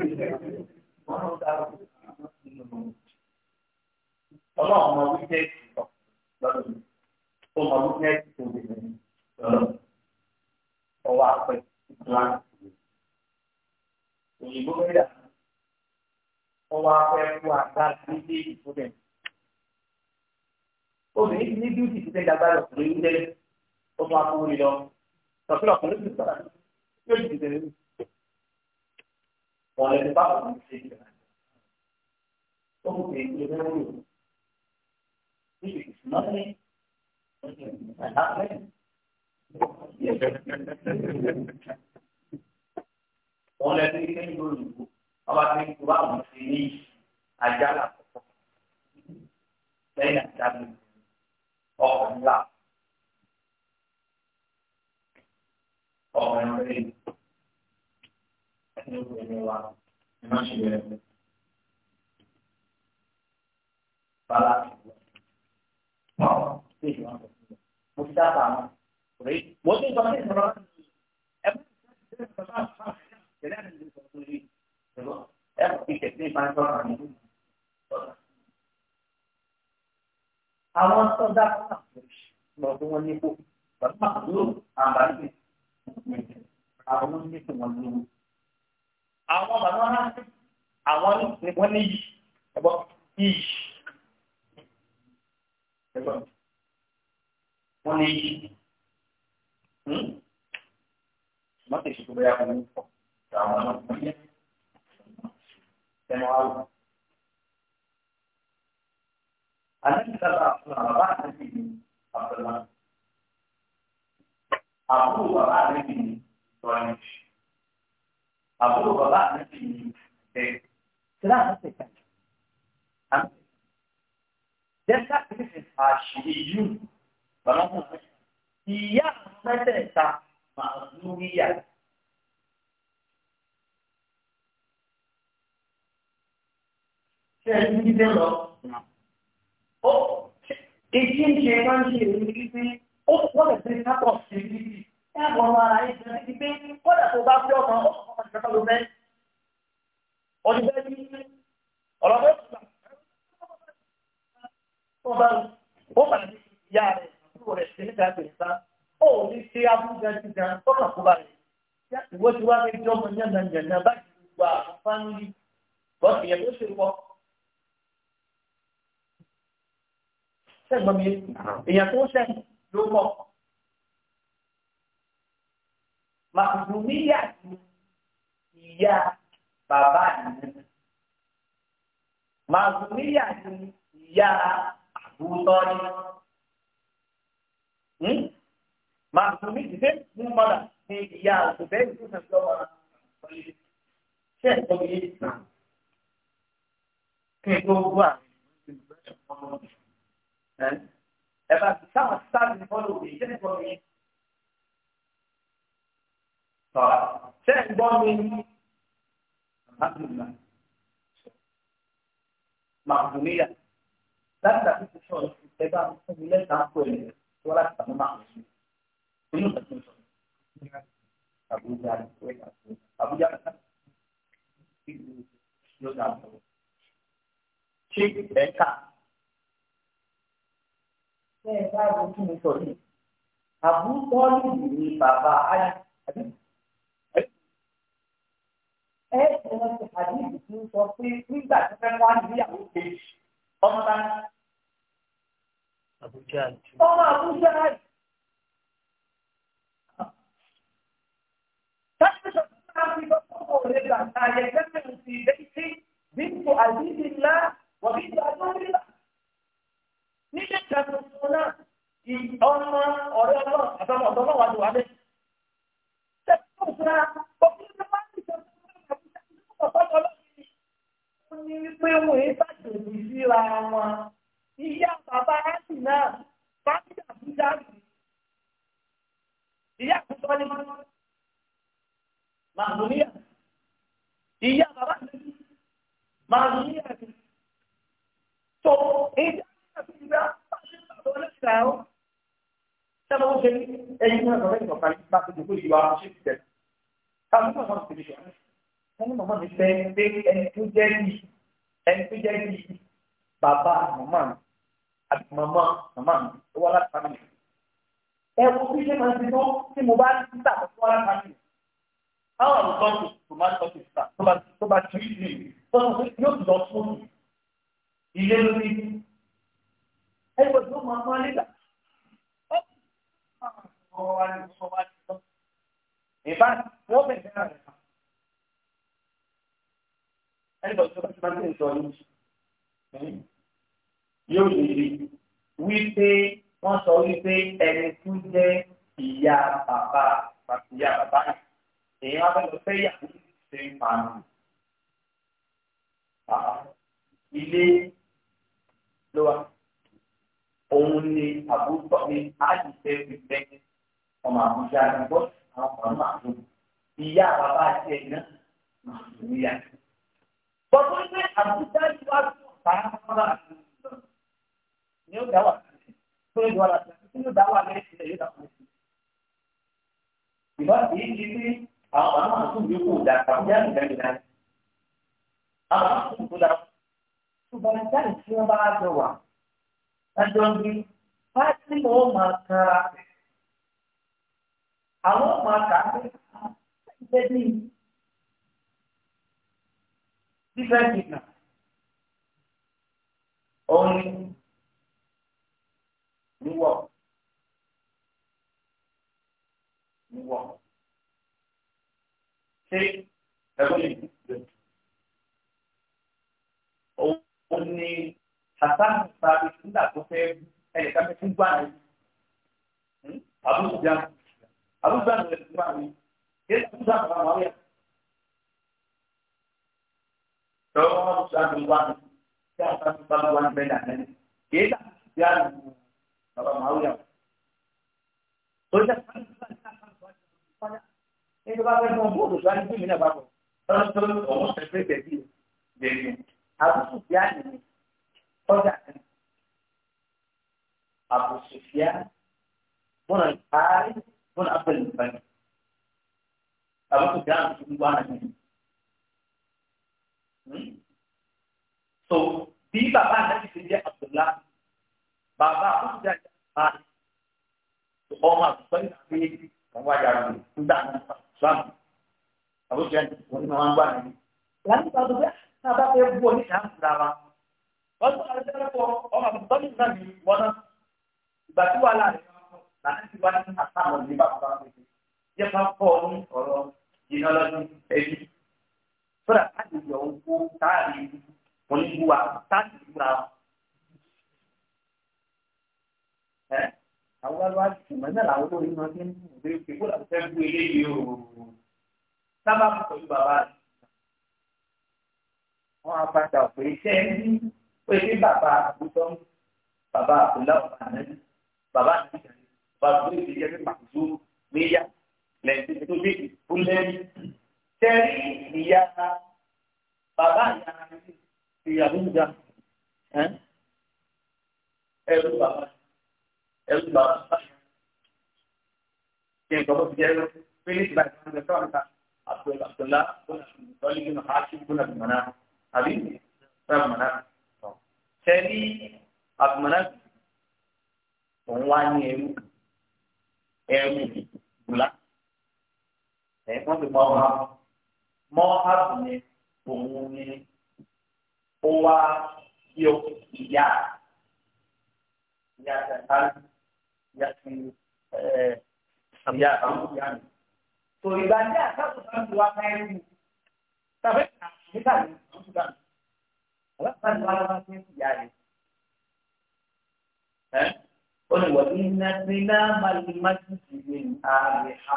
ìgbẹ́ ìgbẹ́ ọlọ́run ọmọ wíkẹ́ẹ̀tì lọ́dún ó mọ wíkẹ́ẹ̀tì tó lè lẹ́yìn lọ́dún ọwọ́ apẹ̀ ìgbọ́n òyìnbó mẹ́ta ọwọ́ apẹ̀ fún agbára nílé ìfúnẹ̀ obìnrin ní bíútì ti tẹ́jà gbára ọ̀sùn lórí ilé ó mọ akówó lọ sọ̀tún ọkùnrin ti sọ̀rọ̀ lórí ìdílé lórí. Oleh sebab manusia Tunggu itu dulu. Ini sebenarnya enak kan? Oleh itu kita dulu. Awak ini tua mesti ajarlah. Saya nak cari orang lah. Orang lain àti obìnrin wa ẹ má ṣe rẹ̀ bala pàwọ́ sí ìwọ̀n mo ti dábàá wọn kò rí wọ́n ti sọ ní ìsọ̀rọ̀ ẹ bá ti sọ ní ìsọ̀rọ̀ bá tẹ̀lé àti ìsọ̀rọ̀ tó rí ìsọ̀rọ̀ ẹ kò fi tẹ̀lé ìfà ìsọ̀rọ̀ àmì ìsọ̀rọ̀. àwọn sọ́dá náà lọ fún wọn ní kó pẹ̀lú àbúrò àbáyé àwọn oníṣòwò lówó àwọn bàbá náà àwọn wọ́n ní yìí ẹ̀gbọ́n yìí ẹ̀gbọ́n wọ́n ní yìí wọ́n ti ṣètò bẹ́ẹ̀ àwọn ọmọ àwọn ọmọ ẹ̀mọ́ àwọn. Anak kita tak pernah bahas di sini, apa Aku bahas di sini, tuan Yesus àbúrò bàbá mi ti ní ẹ̀ sílá àwọn ti kà á. Dẹ́ka ti fi àṣírí yù bàbá mi ti ìyá mẹ́tẹ̀ẹ̀ta màá lórí yà. Ṣé ẹ ti dídé lọ? Ó èyí ń ṣe máa ń ṣe ìrírí pé ó wọ́n lè fi kápọ̀ sí i ẹ bọ̀ ọ́nà ara yín fún mi pé kọ́dà tó bá fi ọ̀nà ọ̀sán ìjọba ló fẹ́. ọdún bẹ́ẹ̀ ni ọ̀rọ̀ bẹ́ẹ̀ tó tó bá ó bá ní ìyá rẹ̀ àbúrò rẹ̀ ṣe níta ìpè níta ó ní ṣe abúlé jíjà tọ́kà kó bá rẹ̀. ìwé tí wàá fi jọmọ yànnà yànnà báyìí gbogbo àwọn fáńlì ló mọ̀ màdùmíyà ni ìyá bàbá ìlú màdùmíyà ni ìyá àbútọ́ni màdùmí ìdílé mú mọ́lá ní ìyá òṣùbẹ́ ìlú náà lọ́wọ́ ṣe é tó yé náà kí n tó wà ẹ bá ti sáwọn sáà ní bọ́ọ̀lù òbí ìdílé tó yé sọ̀rọ̀ ṣé ń gbọ́ mi alhamdulilah màkùnìyà láti àti ti sọ̀rọ̀ ẹ bá fún mi lẹ́sàn án pẹ̀lú tí wọ́n láti tàbí máa ń sọ inú ìtàn sọ Abuja Abuja ló dà bọ̀ ṣé ẹ̀ka ṣé ẹ̀ka ló tún mi sọ yìí àbúkọ́ lè ní bàbá ayé àbí ẹ ẹ wọn ti hadith ti ń sọ pé nígbà tí fẹ́ wá ní ìyàwó kejì ọmọ ta ni. Abuja àti. ọmọ Abuja àti. tẹ́lifíṣọ̀ tó máa ń fi lọ́kọ̀ọ́ rẹ̀ gbà tá a yẹ kẹ́kẹ́ ń fi bẹ́ẹ̀ sí bíntù àdídì ńlá wọ̀bí ìgbà tó ń rílà. nílé ìjọba tuntun náà ọmọ ọ̀rẹ́ ọlọ́run àtọmọ̀ ọ̀dọ́ náà wà ní wàlẹ́. tẹ́lifíṣọ̀ ọ̀pọ̀lọpọ̀ ló ní wípé wọn èé ṣàjòjì síra wọn ìyá bàbá áṣì náà bá ń dàbí dàbí ìyá àkútọ́ ní màdùníyà ìyá bàbá àti màdùníyà ni tó ìjà àti ìgbà bá bàbá ọlọ́sà ó sábà ó ṣe ní ẹyin náà lọ́wọ́ ìgbà kan bá ìwà ṣe ti tẹ̀ ká ló ń bá wọn ti di ṣọ́ọ́ wọ́n ní màmá mi fẹ́ pé ẹni tó jẹ́ bí ẹni tó jẹ́ bí bàbá màmá mi àti màmá màmá mi tó wá láti fámìlì. ẹ wo bí ṣe máa ń sinú tí mo bá ń tà tó wá láti fámìlì. báwo ló tọ́ sí tó máa tọ́ sí tà tó bá tì í sí tó yóò lọ fún ilé lórí. ẹ gbọ́dọ̀ máa máa nígbà. ìbáraẹni wọ́n bẹ̀rẹ̀ náà ẹnìkan tó bá ti ń sọ yìí yóò lè rí wípé wọ́n sọ wípé ẹni tó jẹ́ ìyá bàbá àti ìyá bàbá yìí èèyàn abẹ́lẹ̀ fẹ́ yà ní ṣe ń pa nù. ilé ló wà òun ni àbúrò ni àdìsẹ́ fi ọmọ àbújá ní bọ́ọ̀sì àwọn ọmọ àbúrò ìyá bàbá àti ẹ̀ náà màá lóyún yàtọ̀ bọ́tọ́ pé àbújá yìí wá sí ni ó dá wà lẹ́yìn tó ń ni ó dá wà lẹ́yìn ilẹ̀ yóò dá wà lẹ́yìn. ìbá kì í di pé àwọn àwọn àtúntò yóò kó dà àbújá yìí lẹ́yìn náà àwọn àtúntò kó dà different fitna òun ni níwọ níwọ ṣé ẹgbẹ́ yìí òun ni hasan sábẹ nígbà tó fẹ́ ẹnìkan fẹ́ fún gbà náà àbújá àbújá ló lè fún gbà mí kí ẹ Kalau duluan, saya akan duluan beda. Kita biar kalau mau ya. Sudah itu bahkan membunuh suami itu mina bapak. Terus terus omong seperti jadi. Jadi Abu Sufyan ini, tidak Abu Sufyan, bukan Harith, bukan Abdul Muttalib. Abu Sufyan itu anak ini. Hmm? so bí bàbá ànábì ti jẹ́ Abdullahi bàbá àkókò jẹ́ àjàmbá ọmọ àtúntò ìgbàgbé wọn wájà lórí nígbà náà sọ́ọ̀mù àbúrò jẹ́ òun náà ń gbà nínú. láti bá tó bẹ́ẹ̀ tá a bá fẹ́ bú ọ ní kàá fúra wa wọ́n tún àwọn ẹgbẹ́ lọ́pọ̀ ọmọ àtúntò ìgbà mi wọ́n náà ìgbà tí wàhálà rẹ̀ láti ti wá ní àtàwọn ní bàbá wa pé yẹ ká kọ́ ọ̀rọ̀ ìnáwó ẹbí kódà láti yọ owó táàrí onígbùwà táàrí ìgbà. àwọn aláwọ̀ àtìmọ́ náà làwọn olórin máa ń ń bù lórí pé kódà fẹ́ bú eléyìí o sábà kú pẹ̀lú bàbá rẹ̀. wọ́n á padà pé iṣẹ́ ní pé bí bàbá àbútọ́ bàbá àbúlá ọ̀gá náà bàbá àti ìjàlè bàbá àbúlé ìjẹ́ pé màkúzó méyà lẹ́yìn tó dé ìfúnlẹ́yìn tẹ̀rí ìyá bàbá ìyá ìyàwó ìjà ẹ̀rú bàbá ẹ̀rú bàbá kí n kọ́kọ́ fi jẹ́ ẹ̀rọ fílíṣì láti fún ẹ̀rọ ọ̀nà àbúlá bọ́lá nínú aṣọ ìbúlá mọ̀nà àbí bọ́lá mọ̀nà tẹ̀rí àbùmọ̀nà òun wá ní ẹrú ẹrú ìbúlá ẹ̀ wọ́n ti mọ ọmọ mọ́hábù ni òun ni ó wá bí ó ìyá ìyá sàkárì ìyá sí ìyá àwọn ìyá mi. tó ìgbà ní àkàtò bá ń lu akáyẹ̀wò tàbí nígbà ní àwọn ìgbà mi. alákàtà ni wọn bá ti ń ìyá rẹ̀. ó ní wọ́n ní nàìjíríà máa lè má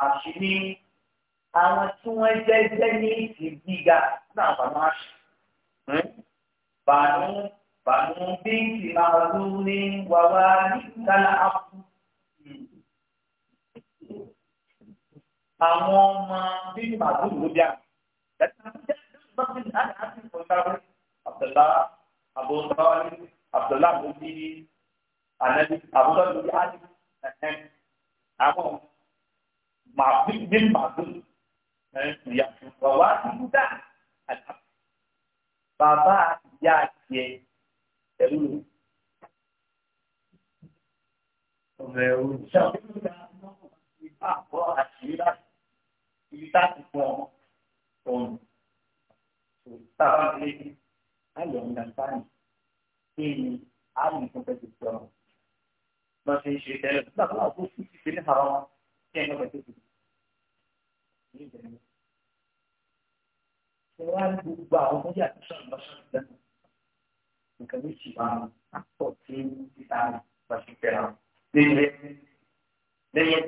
àṣírí àwọn tí wọ́n jẹ́ jẹ́ ní ìgbìgà náà bàmá ṣe. Hmm? Bànú Bànú bíntì máa lú ní wàwá ní kálá àpò. Àwọn ọmọ bíntì máa lú ló bíà. Abdullah Abdullah Abdullah Mobi Anabi Abdullah Mobi Adi Àwọn màbí bí màbí ìyá bàbá àdúgbà àdá bàbá ìyá àtiẹ ẹrú ọmọ ẹrú ṣàkóso ìgbà àbọ̀ àṣírí láti ti fún ọ̀hún tá a bá ayọ̀ ń dàgbà ní kí ni a lè fún bẹ́ẹ̀ tó tọ̀ wọ́n ti ń ṣe tẹ́lẹ̀ nígbà tó wà fún fífi àwọn kí ẹ̀ ní tó tọ̀ wá ní gbogbo àwọn ọmọdé àti sọ̀rọ̀ lọ́sọ̀rọ̀ lẹ́nu nǹkan méjì máa ń pọ̀ sí títà pàṣípẹ̀rà lẹ́yẹ lẹ́yẹ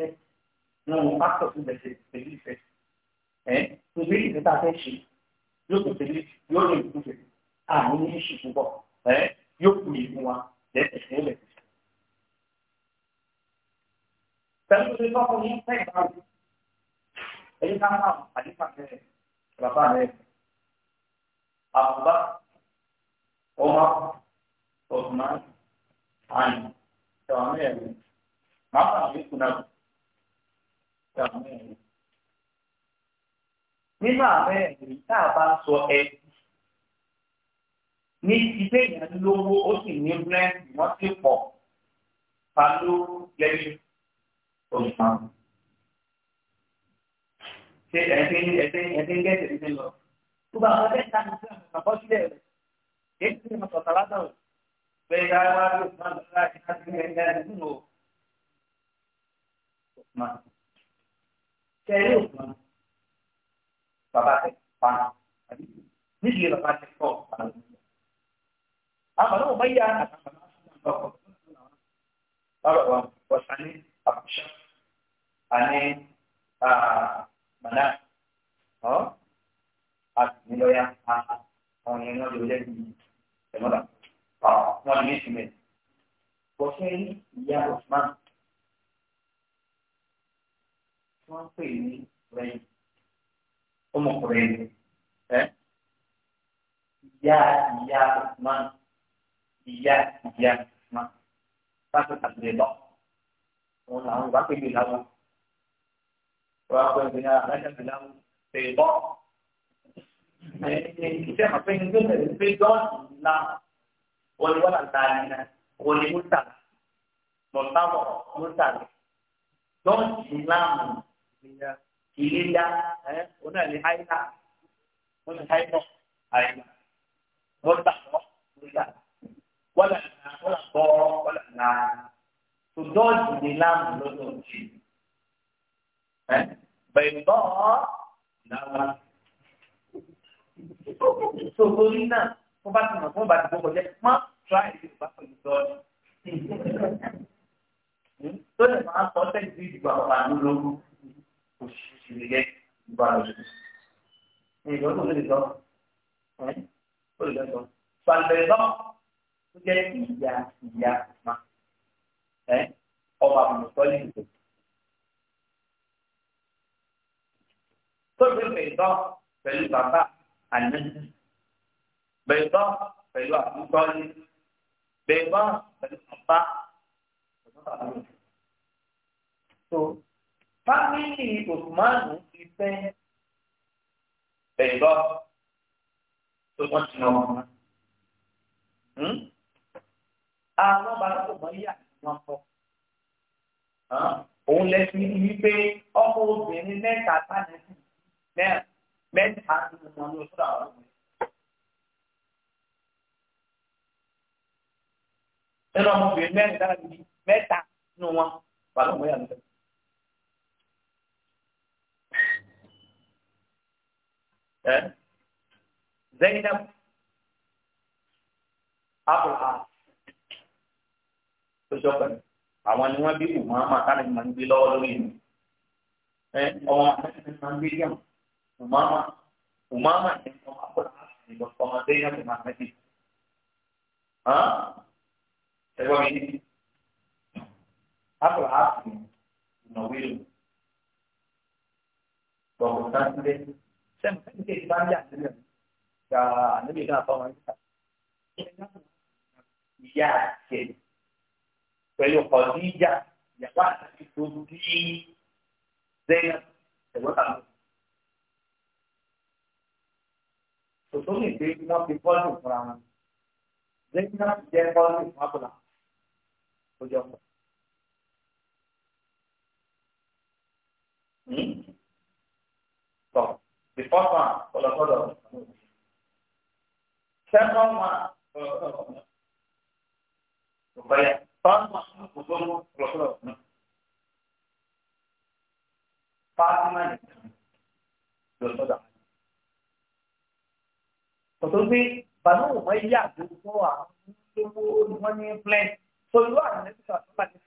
nínú pásítọ̀ tó bẹ̀rẹ̀ pẹ̀lú ìfẹ́ ẹ̀ tó ìfẹ́ tá a fẹ́ ṣe yóò tó tẹ̀lé yóò lè kú fẹ́ àmì ní ìṣù púpọ̀ ẹ̀ yóò kú ìfún wa lẹ́sẹ̀ tó lẹ̀ pẹ̀lú tó tọ́kọ fẹ́ ìbáwí Abba, Omar, Osman, Ali. Tamam yani. Mama bir kuna. Tamam yani. Nínú àwọn ẹ̀rí tá a bá ń sọ ẹ̀rí ní ilé yẹn lówó ó sì ní búrẹ́ǹdì wọ́n sì pọ̀ ta ló lẹ́yìn òṣùpá. Ṣé ẹ̀sìn ẹ̀sìn ẹ̀sìn gẹ̀ẹ́sì ti lọ? tó bá wọn lẹ́ta ní sílẹ̀ àkọ́kọ́ sílẹ̀ rẹ̀ èyí tí wọn sọ̀tà látàn bẹ́ẹ̀ yára wá ló máa ń lọ́ra ìka sí ẹ̀yà ìdúró òkùnmá kẹrí òkùnmá bàbá tẹ pa àbí nídìí bàbá tẹ pọ̀ pàlọ́ àbàlọ́ wọn bá yà àtàkùn àwọn ọ̀rọ̀ wọn wọ́n sani àbùṣà àní màdà ọ́ àtìmílọ́yà àwọn èèyàn náà ló lẹ́bi ẹ̀mọ́dà wọn ní èsì mẹ́rin. Bọ̀sẹ̀ ìyá Osman tí wọ́n ń pè ní rẹ̀yìn ọmọkùnrin ẹ̀ ìyá ìyá Osman ìyá ìyá Osman láti àtìlẹ́ lọ. Wọ́n làwọn ìbá pèlè láwọn. Wọ́n á pẹ́ ìgbéyàwó láti àtìlẹ́ láwọn pèlè lọ́wọ́ iṣẹ́ àpẹyìn tó tẹ̀lé pé dọ́ọ̀tì ńlá wọn ni wọ́n là ń ta ni náà wọn ni múta mọ̀tàmọ̀ múta ni dọ́ọ̀tì ńlá mọ̀ kìlí dá wọn náà ní háìlá wọn ní háìlọ háìlá múta mọ̀ múta wọ́n là wọ́n bọ́ wọ́n ní láàmù tó torí náà mo bá ti mọ̀ fún ìbàdí gbogbo jẹ́ mọ́ try it bá pẹ̀lú sọ́ọ̀dì. tó lè máa sọ tẹ́jú ìdìbò àwọn àánú lóru oṣù yẹ ìgbà lóṣù. ìjọ tó lè sọ ó lè sọ pàlẹ́ náà ó jẹ́ ìyá ìyá ìmá ọba mùsọ̀lì ìgbò. tó lè fẹ̀ dán pẹ̀lú bàbá ànábì bẹ̀rẹ̀bá pẹ̀lú àtúntọ́lé bẹ̀rẹ̀bá pẹ̀lú àbá so fámìlì òsùmánù ti fẹ́ bẹ̀rẹ̀bá tó wọ́n ti lọ wọn. Hmm? àwọn bàbá tó mọ yíyà wọn kọ òun lẹ́sìn wípé ọmọ obìnrin mẹ́ta tá nẹ́sìn mẹ́rin mẹ́ta tí mo mọ ní oṣù àwọn ọmọ nínú ọmọbìnrin mẹ́rin dára bíi mẹ́ta nínú wọn wà lọ́wọ́ yà lọ́wọ́. Zainab Abdulha tó sọ́kàn àwọn ni wọ́n bí Umar Matani máa ń gbé lọ́wọ́ lórí mi. Ọmọ Matani máa ń gbé yẹ̀wò. Umama, Umama yang mengapa ini berkomando yang mana ini? saya bawa ini apa asli? Nawil. Bahwa tadi sampai ke banyak dia. Ya, ini kita tahu lagi. Iya, sih. Pelu Khadijah, ya kan itu di Zainab. Sebab tòtò mi pé wọ́n fi bọ́ọ̀lù fúnra wọn lẹ́yìn náà jẹ́ bọ́ọ̀lù fún abúlà ó jọ pọ̀. So, the first one, ọlọ́sọ́dọ̀. Second one, ọlọ́sọ́dọ̀. Ọ̀pẹ̀lẹ̀. Third one, tọ́tọ́ pé bàbá òun máa yà tó fún àwọn olówó ni wọ́n ní plan tó irú àwọn ẹni tó àtúntà ní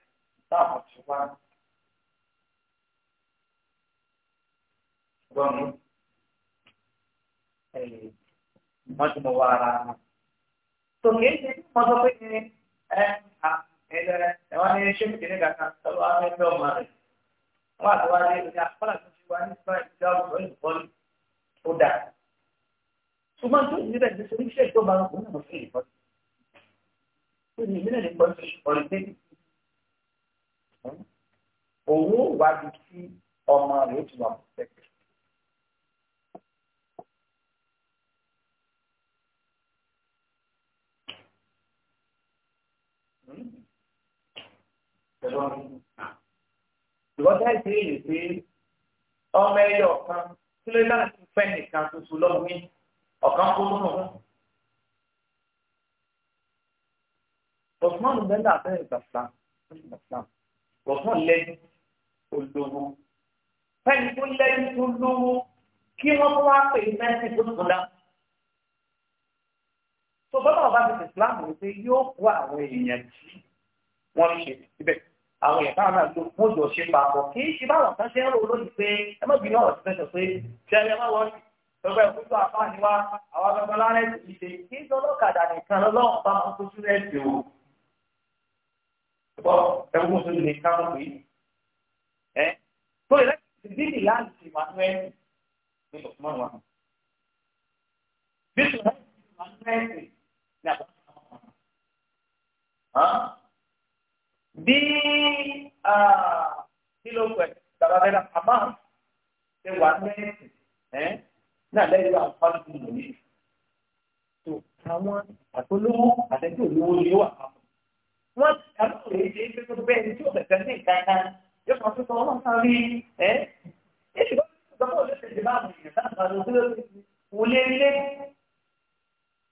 táwọn ti wá. Gbọ́nù wọ́n ti mọ wá ara wọn. Tòkè ṣe wọ́n sọ pé ní ẹ ẹ wọ́n ní ṣé kìnìún kankan tọ́lọ́ wá fẹ́ fẹ́ ọmọ rẹ̀. Wọ́n àti wá dé ìdí àpọ́nà tó ti wá ní ìgbà ìjọba ìbọn ó dà ṣùgbọ́n tó ìrírẹ̀ ti ṣe oníṣẹ́ ìjọba ọkọ̀ náà fún ìbọn. tó ní ìrírẹ̀ nípa ṣe ọ̀rẹ́ débi. owó wà bí kí ọmọ rẹ̀ ó ti wà pẹ̀lú. Ìwọ́n dá ìbéèrè pé ọmọ ẹyọ kan tí ló dára sí nìkan tuntun lọ́wọ́ yìí ọ̀kan kó nù. Osman Bẹ́ńdà fẹ́ràn ìtàkùn Osman lẹ́yìn olówó. Fẹ́ni tó lẹ́yìn tó lówó kí wọ́n tó wá pè ní mẹ́sì tó tó dá. Tó bọ́lá ọba ti Islam rẹ̀ pé yóò kó àwọn èèyàn tí wọ́n ṣe síbẹ̀. Àwọn èèyàn káwọn náà ló fún òjò ṣe papọ̀ kí ṣe báwọn kan ṣe ń rò lónìí pé ẹ má bínú ọ̀rọ̀ ti fẹ́ sọ pé ṣe ẹ má wọ́n ti tọ́gbà ìkútù àfáàní wa àwọn ọmọ lárẹ́ ti ṣe kí n lọ́kadà nìkan lọ́wọ́ bá wọn kó sílẹ̀ sí o. bọ́ ẹ̀wọ̀n tó lè ká wọn pè é. tó yẹ láti bí ní láti ṣe wà nínú ẹ̀sìn ní ọ̀sùnmọ́ wa. bí tòun láti ṣe wà nínú ẹ̀sìn ní àbọ̀tán kí ló pẹ̀ tàbá bẹ́ẹ̀ náà àmọ́ ṣe wà nínú ẹ̀sìn náà lẹ́yìn àǹfààní tó lò ní. tó àwọn àtolówó àtẹ̀jọ́ olówó ni wà á. wọ́n àbúrò èyí ṣe é tó bẹ́ẹ̀ ni tí ó bẹ̀rẹ̀ sí ìkàkà yóò kàn fún ọmọ sáré ẹ́ ẹ́ ṣùgbọ́n ìjọba ò lè ṣe àwọn èèyàn sáà kan ló wò lé lé.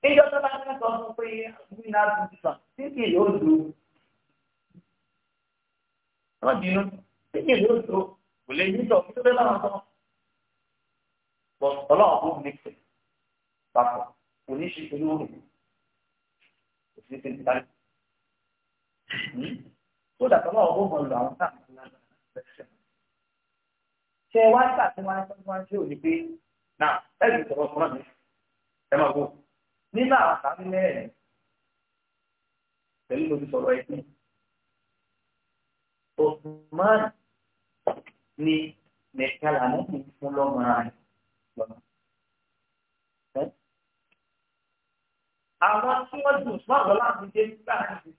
ìjọ tó bá ń sọ pé àbúrò iná ti sàn tí kì yóò dúró. wọ́n dínú tí kì yóò dúró but ọlọ́run tó mix it papọ̀ kò ní ṣe pẹ̀lú òun kò sí pẹ̀lú táyà tó dàtọ̀ náà ó mọ̀ lọ àwọn táà ní ìlànà ìfẹsẹ̀ ṣe wá nígbà tí wọ́n á sọ fún wa ṣé òní pé náà ẹ̀rù ìṣòro fún mi ẹ máa gbó nínú àwọn àmì mẹ́rin pẹ̀lú lórí sọ̀rọ̀ ẹ̀kú Osman ni mẹ̀kálà náà kì í fún lọ́mọ lọ́nà. Àwọn tí wọ́n dùn fún àwọn láti dé nígbà tí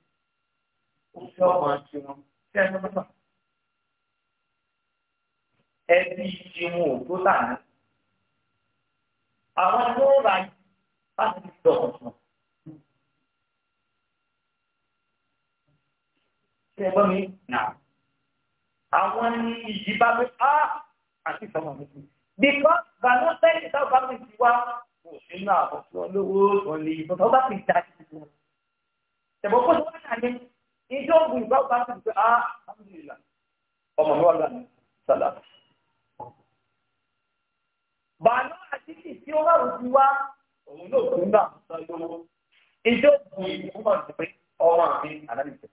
ó fi ọmọ ti wọn sẹ́nu mọ́tò. Ẹbí ti wọn ò tó tàná. Àwọn tó rà láti dọ̀kọ̀tọ̀. Ṣé ẹ gbọ́ mi? Nà. Àwọn ní ìyí bá pé, "Ah! Àti ìsọmọ mi kù." because gbanọ́sẹ̀ ìta ọba mi ti wá kò sínú àbọ̀fún olówó ọ̀lẹ́ ìbọn tó bá ti dà sí i. ṣẹ̀bọ̀ kó tó wá nà ní ìjọ ògùn ìgbà ọba ti dùn áá ah, alhamdulillah ọmọ mi wà lánàá sálà. gbanọ́ àtìkì tí ó wàrù ti wá òun náà kún náà sọ lówó ìjọ ògùn ìgbà ọba ti pé ọmọ àti ànábìsẹ.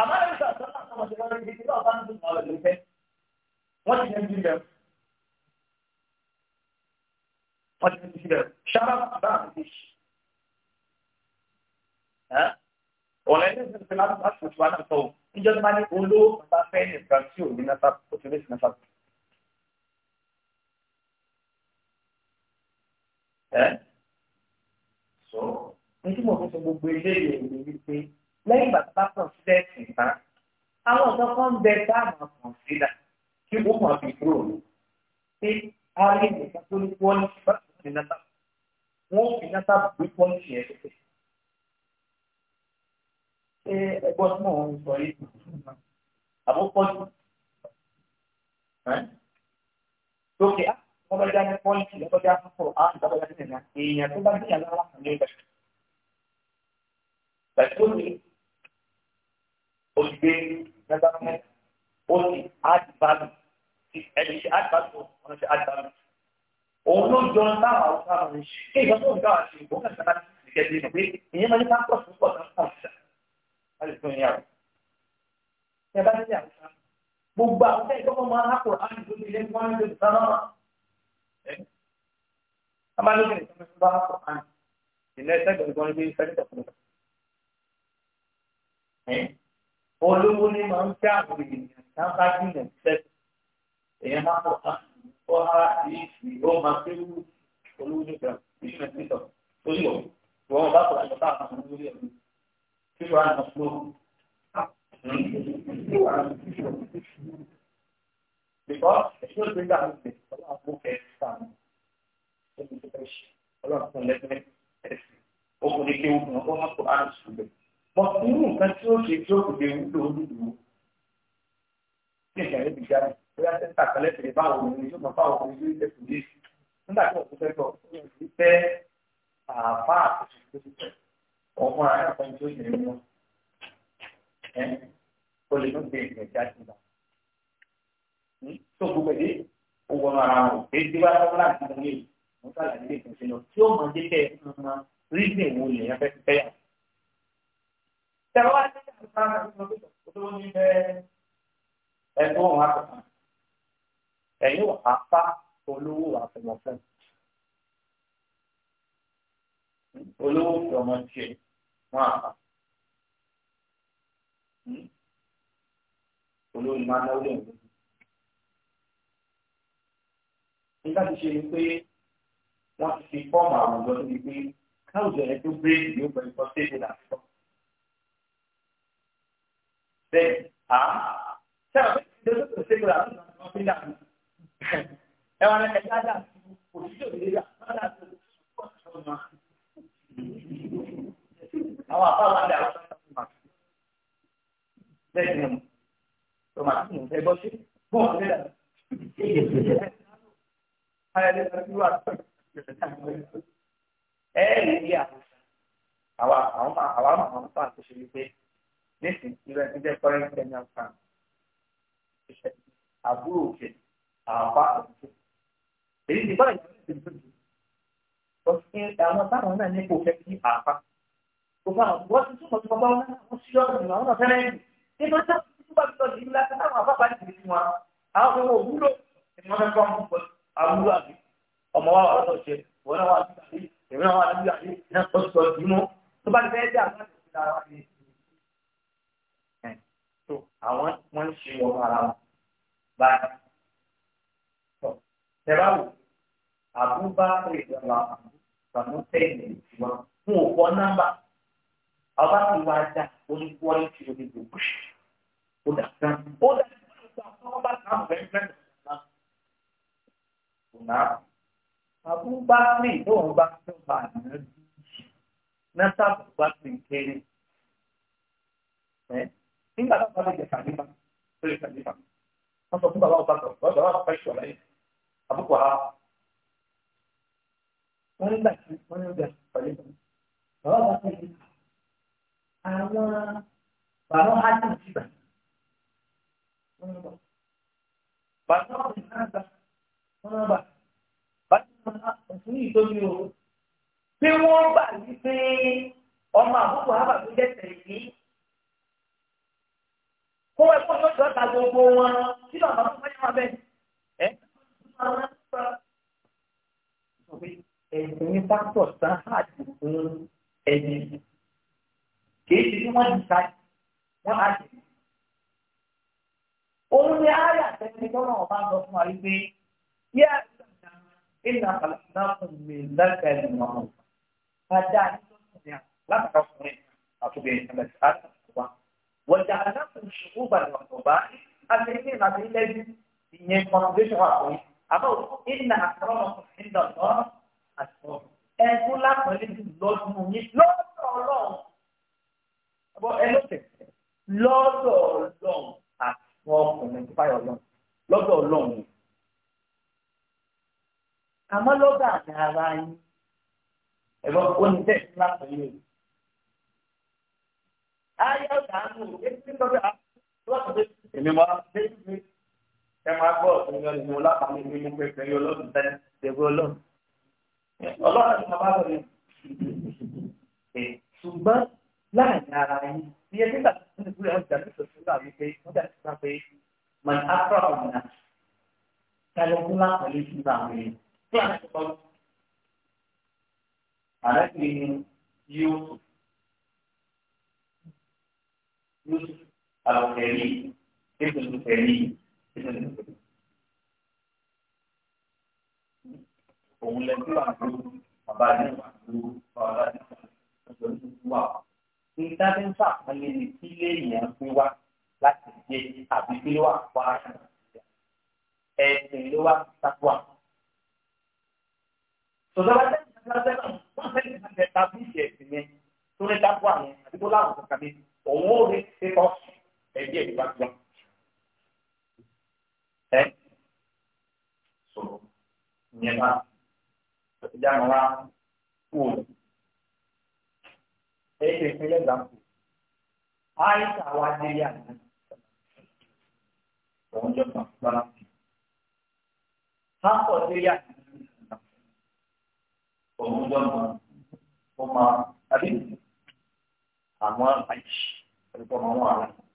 àmọ́ ẹ̀rọ ìgbà sọ́lá ọmọdé wọn ní ibi tí wọ́n bá ń dùn ọ̀rọ̀ lóṣẹ́ wọ́n ti ní sílẹ̀. wọ́n ti ní sílẹ̀. ṣáà bá a ti ṣe. ọ̀nà ilé ìsìn ìsìn láti bá ṣòṣùwà náà tó níjọ́ tó máa ní olówó bá fẹ́ ní nǹkan tí ò ní náà ó ti rí sí náà sábà. sọ ní mo fi sọ gbogbo ilé ìwé mi wípé lẹ́yìn ìgbà tó bá kàn sí ẹ̀sìn tán àwọn ọ̀dọ́ kan ń bẹ dáàbò kàn dáa kí ó máa fi kúrò ní. Ṣé a rí nìkan tó ní pọ́lìsì bá ti fi náta? Wọ́n fi náta bí pọ́lìsì yẹn lókè. Ṣé ẹgbọ́n tí mò ń sọ yìí? Àbúkọ́ jù. Lókè á wọ́n bá dá ní pọ́lìsì lọ́kọ́ dá fún kọ̀ á ìjọba dá nìyẹn náà. Èèyàn tó bá níyàn lára kan ló bẹ̀rẹ̀. Bàtí ó ní òṣìṣẹ́ náta fún ó sì á ti bá mi ẹni ṣe àgbàdo ọ̀nà ṣe àgbàdo. Òun ló jọ táwọn àwùjọ àwọn ọ̀rẹ́ ṣe. Kí ìgbàgbọ́ ìgbà àti ìgbòho ẹ̀ka láti ṣe gẹ́gẹ́ bí ìlú pé ìyẹn máa ní pápọ̀ sí pọ̀ tán pọ̀ sí Gbogbo àwọn ọ̀gá ìjọba máa ń hapò láti lórí ilé wọn lórí ìdáná. A máa lókè nìkan tó bá hapò láti. Ìlẹ́ ẹ̀sẹ̀ gbọ̀ngàn ní ni máa ń fẹ́ àwọn ènìyàn tí wọ́n bá jìnnà sẹ́ẹ̀ èèyàn máa ń bọ̀ ká ó á ní ìgbó máa pé wú olówó ní ìgbà ní ìgbà tí ìtọ̀ tó yọ̀ wọ́n bá kọ̀ àjọpá àwọn ọmọ orí ẹ̀mí tí wọ́n á lọ fún un. Because ẹ̀ṣọ́ ìgbé gbà mí pé ọlọ́run kò fẹ́ sá mi. Ó ti fẹ́ ṣe ọlọ́run fún lẹ́gbẹ́ ẹ̀sìn. Ó kò ní kí ó kùn ọ́ mọ́tò àrùn ṣùgbọ́n. Mọ̀ fún nǹkan tí ó ṣe tí ó kò lè wúlò olùdó. Ṣé ìgbà yẹn ti jáde? bóyá sẹ́ńtà kẹlẹ́ tẹ̀lé bá àwọn ọmọ yóò mọ̀ fáwọn ọmọ yóò tẹ̀ fún yìí nígbà tí òkú fẹ́ tọ̀ ní fẹ́ àbá àtúnṣe tó ti tẹ̀ ọmọ rẹ̀ ọ̀pọ̀ ní tó yẹ wọn ẹ̀ o lè ló gbé ìgbẹ̀ jáde lọ. tó hmm? gbogbo èdè owó ara wọn èdè wá lọ́wọ́ láti mú yé wọn sáré ní ìgbẹ̀ sínú tí ó mọ dé kẹ́ ẹ̀ fún ọmọ rídì wo lè yẹn fẹ́ fẹ́ yà. tẹ̀wọ́ àti ìgbà tó ń bá ọmọ tó ń bẹ́ẹ̀ ẹ̀ tó wọn wá kọ̀ọ̀kan ẹ̀yin wà á fá olówó àfẹmọ fún olówó fi ọmọ tiẹ̀ wọn àfà olówó ni máa náwó lẹ́yìn lójú nígbà tí ṣe ni pé wọ́n ti fi fọ́ọ̀mù àwùjọ níbi pé káwùjọ yẹn tó bírèkì yóò pẹ̀lú tó ṣéèdè làtọ. bẹ́ẹ̀ à ṣé àwọn ẹgbẹ́ tó ṣéèdè làtọ náà wọ́n fi dàgbà ẹ wà lẹ́yìn ẹ̀dá dà òṣìṣẹ́ òṣìṣẹ́ dà dà tó ọ̀ṣọ́ ma. àwọn àpá wa dà wọ́n sọ́kà fún màtí. bẹ́ẹ̀ ni mo tó màtí mo fẹ́ bọ́ sí bọ́ọ̀ ní ẹ̀dá. ẹ ẹ lè rí àwọn àwa àwọn àwa àwọn àfa àtúnṣe wípé nísìnyí ìrẹsì jẹ kọrẹńtì ẹni àǹfààní àbúrò òkè apa? Jadi ti báyìí ti tó jù lọ sí àwọn táwọn náà ní kò fẹ́ kí àpá gbogbo àwọn wọ́n ti túbọ̀ tó ini. wọn wọ́n sí lọ́dọ̀ nù àwọn náà fẹ́rẹ́ yìí nígbà tó ti túbọ̀ tó lọ́dọ̀ yìí láti táwọn àbábá ti di wọn àwọn ọmọ òwúlò ni wọ́n fẹ́ fọ́ ọmọ àwúlò àbí ọmọ wa wà lọ́dọ̀ ṣe wọ́n náà wà nígbà yìí èmi náà wà nígbà yìí náà tó ti sọ jù mọ́ tó bá ti fẹ́ tẹ̀ráwò àbúbá ìjọba àbúfẹ́ẹ̀nì ìwà fún òkú nọ́mbà ọba tí wàá dà oníkúwọ́lì tí o ní gbogbo ó dà kan ó dà kan ó dà kan ó dà kan ó dà kan àbúbá ní ìdóhùn bá tó bá àná nasa bá ti kéré nígbà tó bá lè jẹ kàdífà ó lè kàdífà wọn sọ fún bàbá ọba kan bàbá ọba àbúkù ha wọ́n nígbà tí wọ́n nígbà tí pẹ̀lú ìtàn bàbá bá tẹ̀lé àwọn bàbá á ti jìbà wọ́n nígbà bàbá wọn ti náà gbà wọ́n náà bàbá wọn náà òfin yìí tó ní o pé wọ́n gbà wípé ọmọ àbúkù ha bàbá jẹ́ tẹ̀lé kó ẹ̀kọ́ tó jọ ta gbogbo wọn kí lọ́ọ̀ bá tó fẹ́ yọ ẹ̀sìn ní pásítọ̀ sàn áàdì fún ẹ̀yìn kìí ṣe bí wọ́n ti ta wọ́n á ti. òun ni ààrẹ àtẹ̀yìn tọ́nà ọba ń lọ fún wa wípé yí àtúntà ìlànà àlàkùnà fún mi lẹ́kẹ̀ẹ́ nínú ọ̀hún. Ada ìlọ́sọ̀rọ̀ yà látàkà ọkùnrin àtúbẹ̀rẹ̀ ìṣẹ̀lẹ̀ àtàkùn wa. Wọ́n jà àdáfún ṣùgbọ́n gbàdúrà tó bá àtẹ̀yìn àti ilẹ̀ ìyẹn foundation àkọ́yé àbọ̀ ìnà àkọ́rọ́mọ ìdọ̀ lọ àtọ̀ ẹ̀kú lápẹ̀lẹ́ lọ́dún yìí lọ́dọ̀ ọlọ́run àbọ̀ ẹlọ́tẹ̀ lọ́dọ̀ ọlọ́run àtọ̀ ọkùnrin tó báyọ̀ lọ lọ́dọ̀ ọlọ́run àmọ́ lọ́dọ̀ àti ara yín ẹ̀rọ oníṣẹ́ lápẹ̀lẹ́ ayé ọ̀dà àánú ètò ìtọ́jú àwọn ọlọ́run tó ti tẹ̀lé wa lẹ́yìn ẹ máa gbọ́ ọ̀sẹ̀ yọ ni mo lápá mi ní mo pẹ̀pẹ̀ yọ lọ́dún tẹ́ ṣègbè ọlọ́run ọlọ́run ni bàbá lọ ni ṣùgbọ́n láàrin ara yín bí ẹgbẹ́ gbà tó ń gbúra ọjà tó sọ̀tún náà wípé wọ́n jà sí pé mọ̀n áfrà ọ̀nà kálukú lápẹ̀lẹ́ sí àwọn èèyàn kíláàsì kan àrẹ́bìnrin ètò ìlú kẹ̀rí òun lẹ́gbẹ́ wà ló bàbá rẹ̀ wà ló bàbá rẹ̀ lọ́jọ́ ní wà. ìdájọ́ ń sàpẹ́lẹ̀ ní kílé yẹn ń pín wá láti jẹ àbí kílé wà pa ẹ̀sìn ló wà sápọ̀. sọ̀dọ̀bá tẹ́lẹ̀ tẹ́lẹ̀ wọ́n tẹ́lẹ̀ tẹ́lẹ̀ tàbí ìṣẹ̀sìn yẹn tó lè dápọ̀ àwọn àdúgbò láwùjọ kàbí òun ó lè ṣe tọ́ ẹ̀bí ẹ̀ Okay? So, nie ma. Odpowiedzialna na pół. Ej, jest tyle zamków. Aisha wa Jiriana. To on ciągnie na nas. Sampo Jiriana. To on ciągnie. To ma. Abi? Amor, aish. Ele tomou uma aula.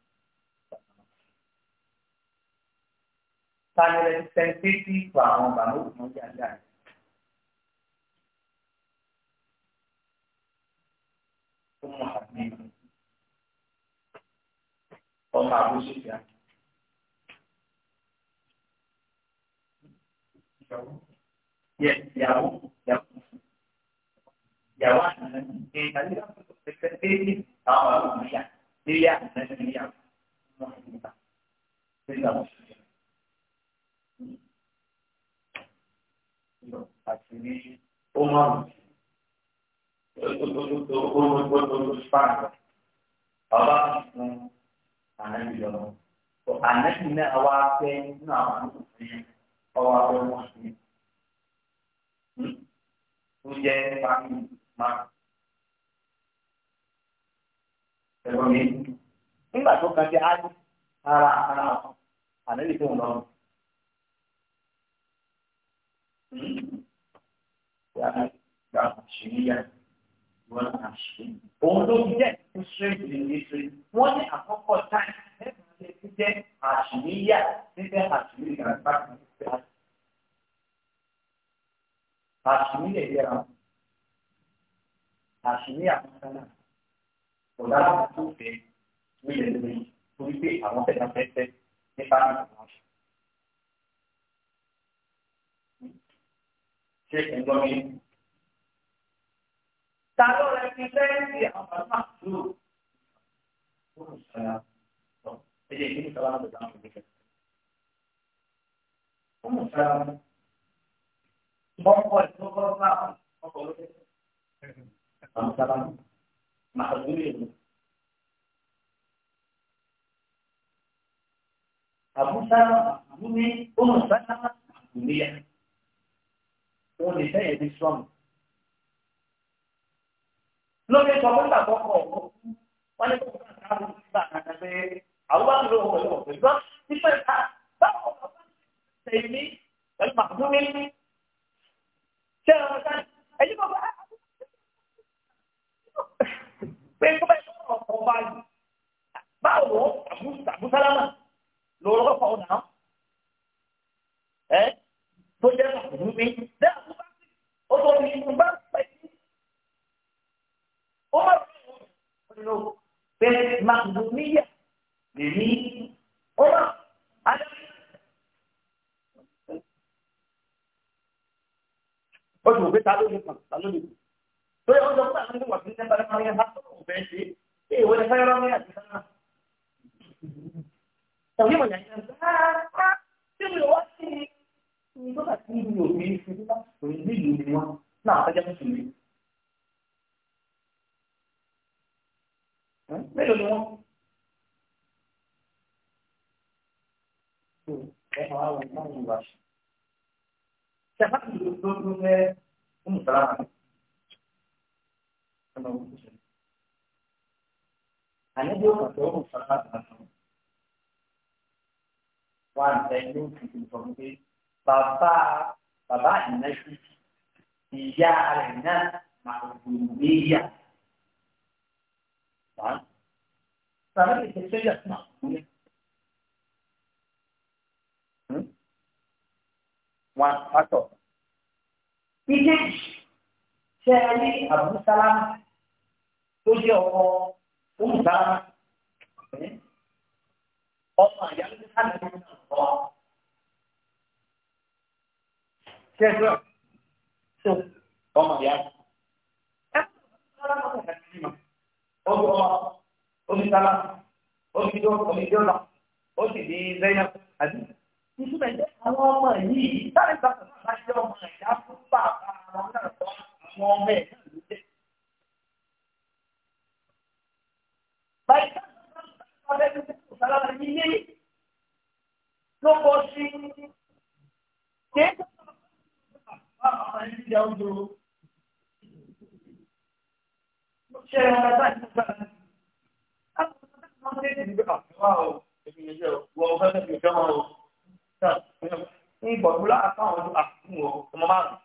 tani rẹpẹtẹtífù àwọn bàbá òkùnrin jàjà rẹ. ọmọ àbí ọmọ àbúṣepìá. Ìyàwó ìyàwó àná ní ìdájọ́ rẹpẹtẹtífù àwọn bàbá òkùnrin jà nílé àná nílé àwọn ọmọ àbúṣepìá. àti ní Oman olùsùpáàgà bàbá fún ànábì lọ ànábì náà wá fẹ́ nínú àwọn àmọ̀tòfin ọwọ́ abẹ́ wọn sí tó mi nígbà tó kàn sí ara ara tó ń lọ. Hmm? òun ló fi jẹ́ ìṣúrẹ́jì lè ní ṣe wọ́n ní àkọ́kọ́ táì lẹ́gbẹ̀ẹ́ ṣe ti jẹ́ àṣìníyà níbẹ̀ àṣìníyà nígbà tó ń fẹ́ àṣìníyà yẹra àṣìníyà kankan náà kò dára tó fẹ́ wílẹ̀ lórí torí pé àwọn fẹ́ẹ́ fẹ́ fẹ́ nípa àwọn àṣìníyà. ṣe ẹ̀gbọ́n mi. Ta ló rẹ fi lẹ́ẹ̀sì àwọn bàbá àdúró? Ó kò sọ̀rọ̀ ọ̀ ẹ̀jẹ̀ ìdí ìsọ̀rọ̀ àwọn bàbá àwọn ìgbésẹ̀. Ó kò sọ̀rọ̀ ọkọ̀ ìfowópamọ́ bá ọkọ̀ lókè. Àwọn sábà máa dúró ìlú. Abu Salam, Abu Ni, Umar Salam, Abu Niyah òun lè fẹ́yẹ̀ ní sọ́ọ̀mù. lórí sọ fún ìgbàgbọ́ kan ọ̀hún wọ́n ní kó kí wọ́n ká ló ti bá àgbàdo pé àwọn bá lóore wọlé wọ̀ pẹ̀lú nípa ìta báwo ló bá ṣe ní pẹ̀lú màdúró ní. ṣé ọ̀rọ̀ sáà ẹ̀yìn bàbá pé kó bá ìṣòro ọ̀pọ̀ báyìí báwo ló àbúsálámà lóore ọ̀pọ̀ ọ̀nà tó jẹ́ màdúró ní ó tó ní ìlú bá pẹ̀ sí. ó má fi ìlú lò pé màgbóníyà lè ní ó má adá. ó sì mọ̀ pé ta ló lè kàn ta ló lè kàn. tó yẹ kó sọ pé àwọn ìwà tó ń tẹ́ta lẹ́kọ̀ọ́ yẹn bá tó kò fẹ́ ṣe é ìwé ni fẹ́ràn ní àti sáà. tàbí mọ̀ ní àyè náà ṣé mi ò wá sí i nígbà tí mi ò ní fi bí lásìkò ilé ìlú ni wọn náà fẹjẹ tuntun mi. mélòó ni wọn. ẹ̀ka wa wọn náà ń wá sí. ṣàbá ti lò tó tó fẹ́ fún ìtara rẹ̀. Àlẹ́ bí ó kàn tó ń sọ̀rọ̀ àtàkùn. Wọ́n á ń tẹ́ ilé ìtìjú sọ fún pé bàbá bàbá ìnáṣí ìyá rẹ̀ náà màgbòmíyà. Sàrẹ́ kìí ṣe sójà sí màgbòmíyà. Wọ́n pàtó. Ìkejì ṣe é ní Àbúsálámù tó jẹ́ ọkọ Olùsálámù. Ọmọ àyálò sálẹ̀ nínú ọ̀rọ̀ kẹsọ tó ọmọ ìyá ẹ ọmọ ìyá ọmọ onísàlá onídó onídọ́là ó sì ní lẹ́yìn àbí ìṣúná ìjọ àwọn ọmọ yìí sáré gbàgbọ́ máa jẹ́ ọmọ ìyá fún bàbá àwọn náà lọ àwọn ọmọ ẹ̀ náà ló dé. báyìí sábà ń bá ọmọ ẹgbẹ́ tó sálára ní ilé sí kéèkó ọmọ yìí ti jẹun jò ó ṣe ara láti gbà láti gbà ìgbọ̀nmúlá àtàwọn ọdún àkókò ọmọ márùn-ún.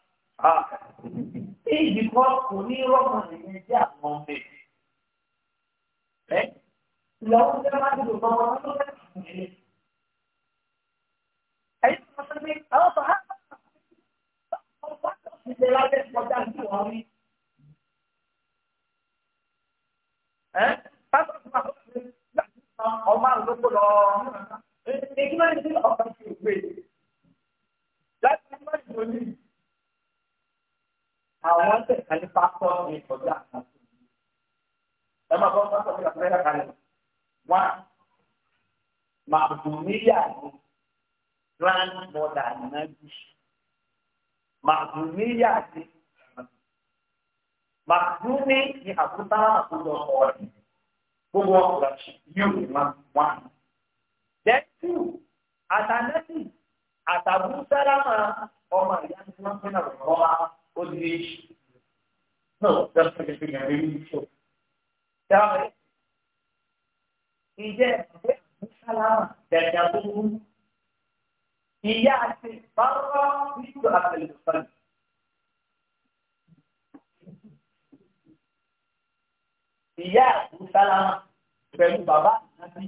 Èyí kọ́ kò ní rọ́ọ̀mù ìyẹn jẹ́ àwọn ọmọ ẹ̀. Ẹ́ lọ́wọ́ jẹ́ máa dùn lọ́wọ́ lọ́wọ́ lọ́wọ́ lọ́wọ́. Ẹ̀yin kò sọ pé àwọn sọ̀hánù. Ìṣẹ́ lábẹ́ kọjá sí wọn rí. Ẹ́ pásọ̀ tó máa fọ́ sí ọmọ àrùn lóko lọ. Èyí máa ń dín ọ̀kan sí ìwé. Láti máa ń dùn ní. Àwọn tẹ̀ka ní pásọ̀ ní ìkọjá kan. Ẹ máa bọ́ pásọ̀ ní àpẹẹrẹ kalẹ̀. Wá màbùmíyà ni grandmother náà bí màdùmíyà sí màdùmí ni àbúta àkójọ ọ̀rẹ́ gbogbo ọ̀rẹ́ yóò ní ma wá. dẹ́kù àtàlẹ́sì àtàbùsálámà ọmọ ìyá tí wọ́n fẹ́ náà rọ́wá ó di èṣù. náà dẹ́kù kẹ́kẹ́ kẹ́kẹ́ rí ní ìṣó. dáwọ̀ ẹ̀ ǹjẹ́ àbúsálámà dẹ̀dẹ̀ àbúrú ìyá àti bàbá nítorí àtẹlẹsán. ìyá àbúsálámà pẹ̀lú bàbá àti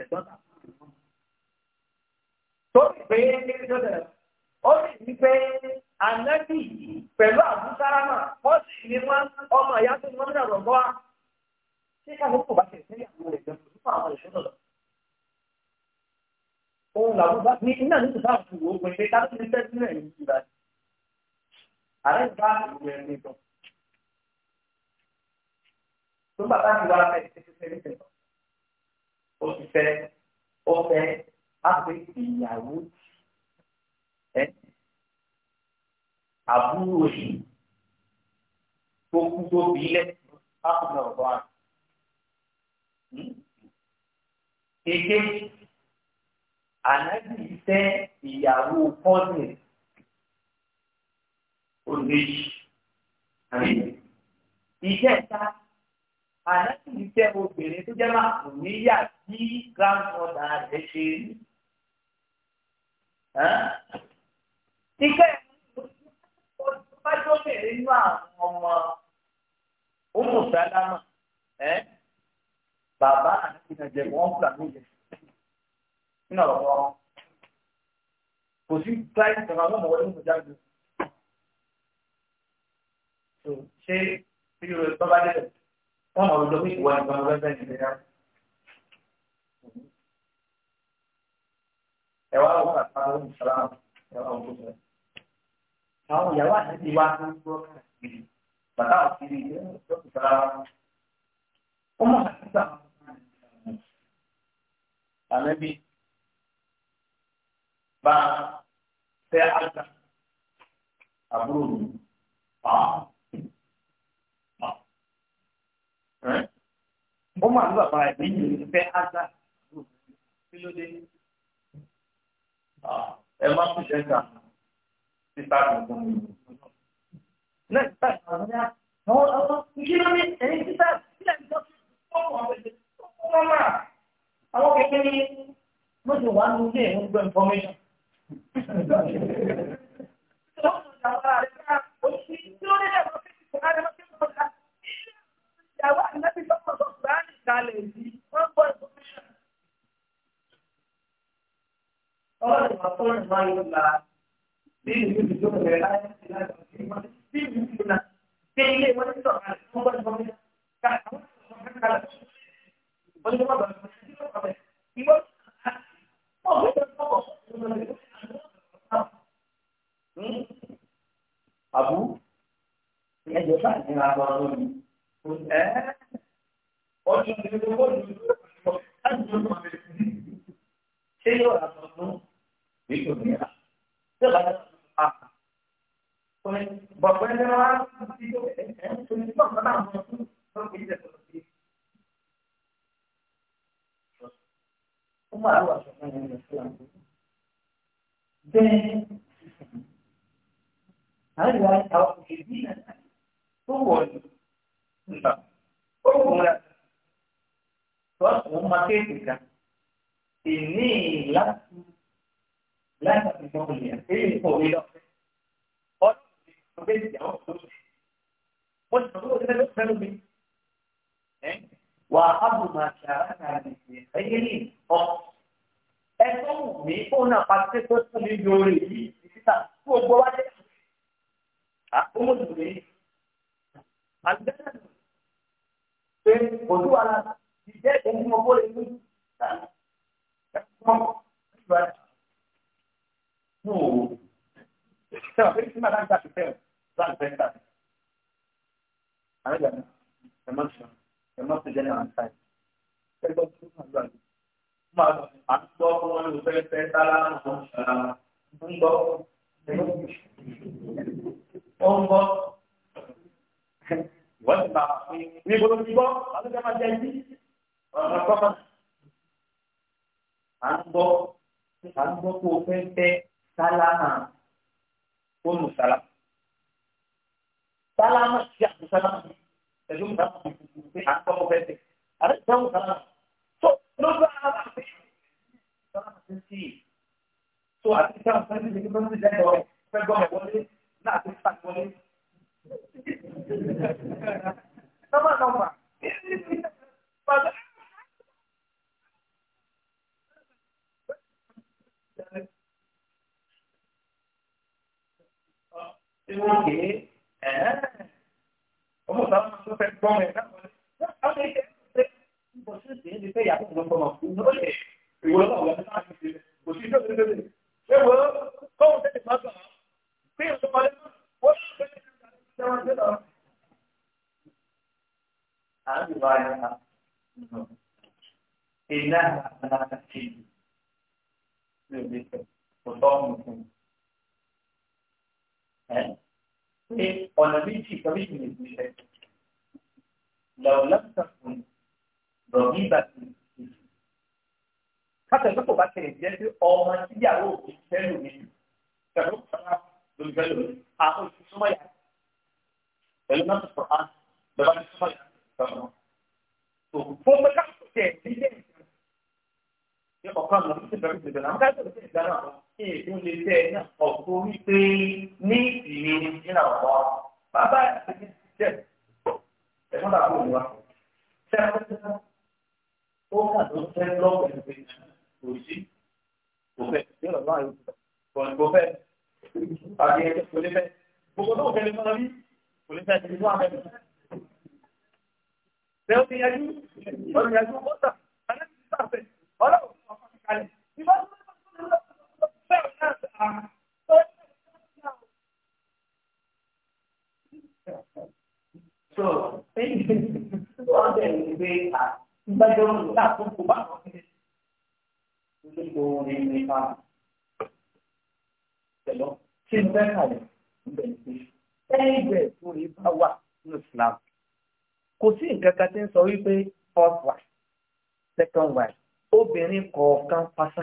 ẹ̀gbọ́n tàbí ẹ̀gbọ́n. Tóbi pé ó sì ní pé ànábì pẹ̀lú àbúsálámà wọ́n sì ní wọ́n ọmọ ìyá tó ní wọ́n mìíràn rọ̀ bọ́ Ṣé káwọn kò bá ṣe àwọn ẹ̀gbọ́n tó fún àwọn ìṣẹ́ lọ́dọ̀? òun làwọn bá ní iná ní ìsúná àti ìwò òpin pé ká ló ti tẹ́tí náà ní ìgbà tí ààrẹ bá ìwé ẹni lọ. tó bàbá mi wá fẹ́ títí fẹ́ nípa ìtọ́ ó ti fẹ́ ó fẹ́ á pé ìyàwó ẹ àbúrò yìí tó kú tó bí lẹ́sìn á kò àná. èké ànábì fẹ́ ìyàwó kọ́ọ̀nì oníṣì ìjẹta ànábì fẹ́ obìnrin tó jẹ́ máa kù níyà tí grandmọ́dà rẹ̀ ṣe rí. Ìkẹ́ ọjọ́bìnrin nínú àwọn ọmọ ọmọ sálámà bàbá àti ìrìnàjẹ̀ wọn fúlàmì yẹn nínú ọ̀rọ̀ wọn kò sí client kan àwọn ọmọ wọlé ń kọjá gbé so ṣé bí o bá bá dé wọn mọ̀ lọ́dọ̀ bí ìwà ìgbà wọn bẹ́ẹ̀ ní ìlera ẹ̀wá wọn kà pa wọn sọ̀rọ̀ ẹ̀wá wọn tó sọ̀rọ̀ àwọn ìyàwó àti ìwà tó ń gbọ́ kàkiri bàtà òkè ní ìlú ọ̀dọ́ sọ̀rọ̀ wọn mọ̀ àti sọ̀rọ̀ àmẹ́bí bá fẹ́ àgbà àbúrò mi pa ó mà ní bàbá rẹ̀ méjì ní fẹ́ àgbà kí ló dé ẹ má fi ṣẹ́ta títà tuntun mi. náà títà tuntun mi àwọn ọmọ kí ló ní ẹ̀yìn títà sílẹ̀ nígbà tó ń bọ̀ wọ́n máa àwọn kékeré mo ti wà nínú ilé ìwé information.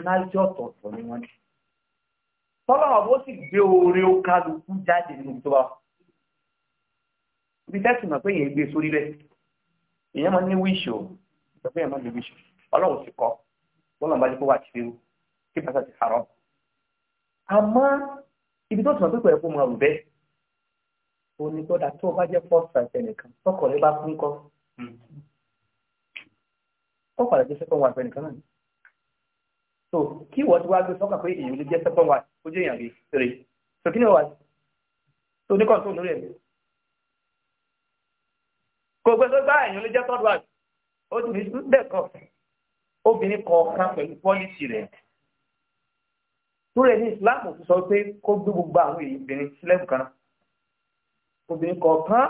personality ọ̀tọ̀ọ̀tọ̀ ni wọ́n ní tọ́lọ́wọ́ bó sì gbé oore ó kálukú jáde nínú tó bá ibi tẹ́sùn náà pé èèyàn gbé sórí rẹ̀ èèyàn máa ní wíṣọ ìgbà pé èèyàn máa ní wíṣọ ọlọ́run ti kọ́ bọ́lá bá ní kó wà tí ó kí pàṣẹ ti harọ́ àmọ́ ibi tó sùn pípẹ́ kó máa rù bẹ́ẹ̀ o ní gbọ́dọ̀ tó o bá jẹ́ first time nìkan tọkọ̀ rẹ bá fún kọ́ hmm. ó padà jẹ́ second wife so kí wọ́n ti wá gbé sọ́kà pé èèyàn lè jẹ́ second wife ó jẹ́ èèyàn rí rè so kí ni wà so ní kọ́ńtò lórí ẹ̀ kò gbé sọ́kà ah, èèyàn lè jẹ́ third wife ó ti ní bẹ́ẹ̀ kọ́ obìnrin kọ̀ọ̀kan pẹ̀lú pọ́lísì rẹ̀ túrẹ̀ ní ìsìláàmù sọ pé kó gbé gbogbo àwọn èèyàn obìnrin sílẹ̀ kan obìnrin kọ̀ọ̀kan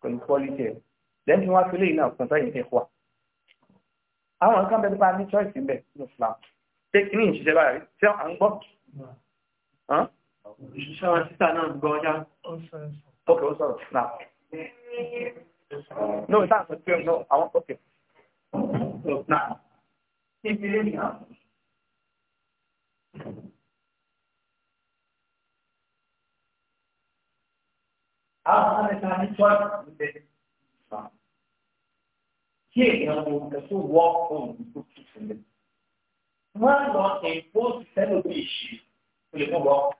pẹ̀lú pọ́lísì rẹ̀ lẹ́yìn tí wọ́n á fi lè ní àkùntàn yìí ní ẹ̀kọ́ àwọn nǹkan bẹ́ẹ̀ nípa ní choice ń ní ìsìláàmù ṣé kí ní ìṣiṣẹ́ báyìí ṣé à ń gbọ́. ìṣiṣẹ́ wa títà náà gbọ́ ọjà. ókè ó sọ̀rọ̀ náà. no it's not for sure no i want okay. náà. ìbílẹ̀ nìyà. After the ritual, here, you know, Quando a está do bicho, ele coloca.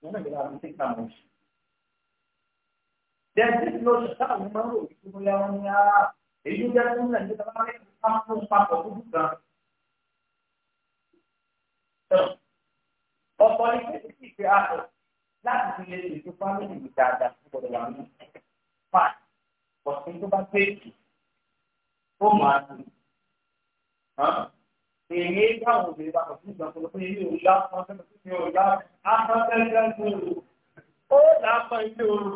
Não é grave, não tem tamanho. Deve ser que nós estamos mandando isso, mulher, minha. Ele não deve ser mulher, ele estava passando os pacotes do canto. Então, ó, pode ser que se acha, lá no dia de hoje, família limitada, faz, você não vai ter que tomar. èyí káwọn obìnrin bá kọ̀ fún ìgbàgbọ́ pé ilé òun yá fún ọjọ́ tó ti òun yá afẹ́fẹ́ gbòòrò ó là á mọ ilé òru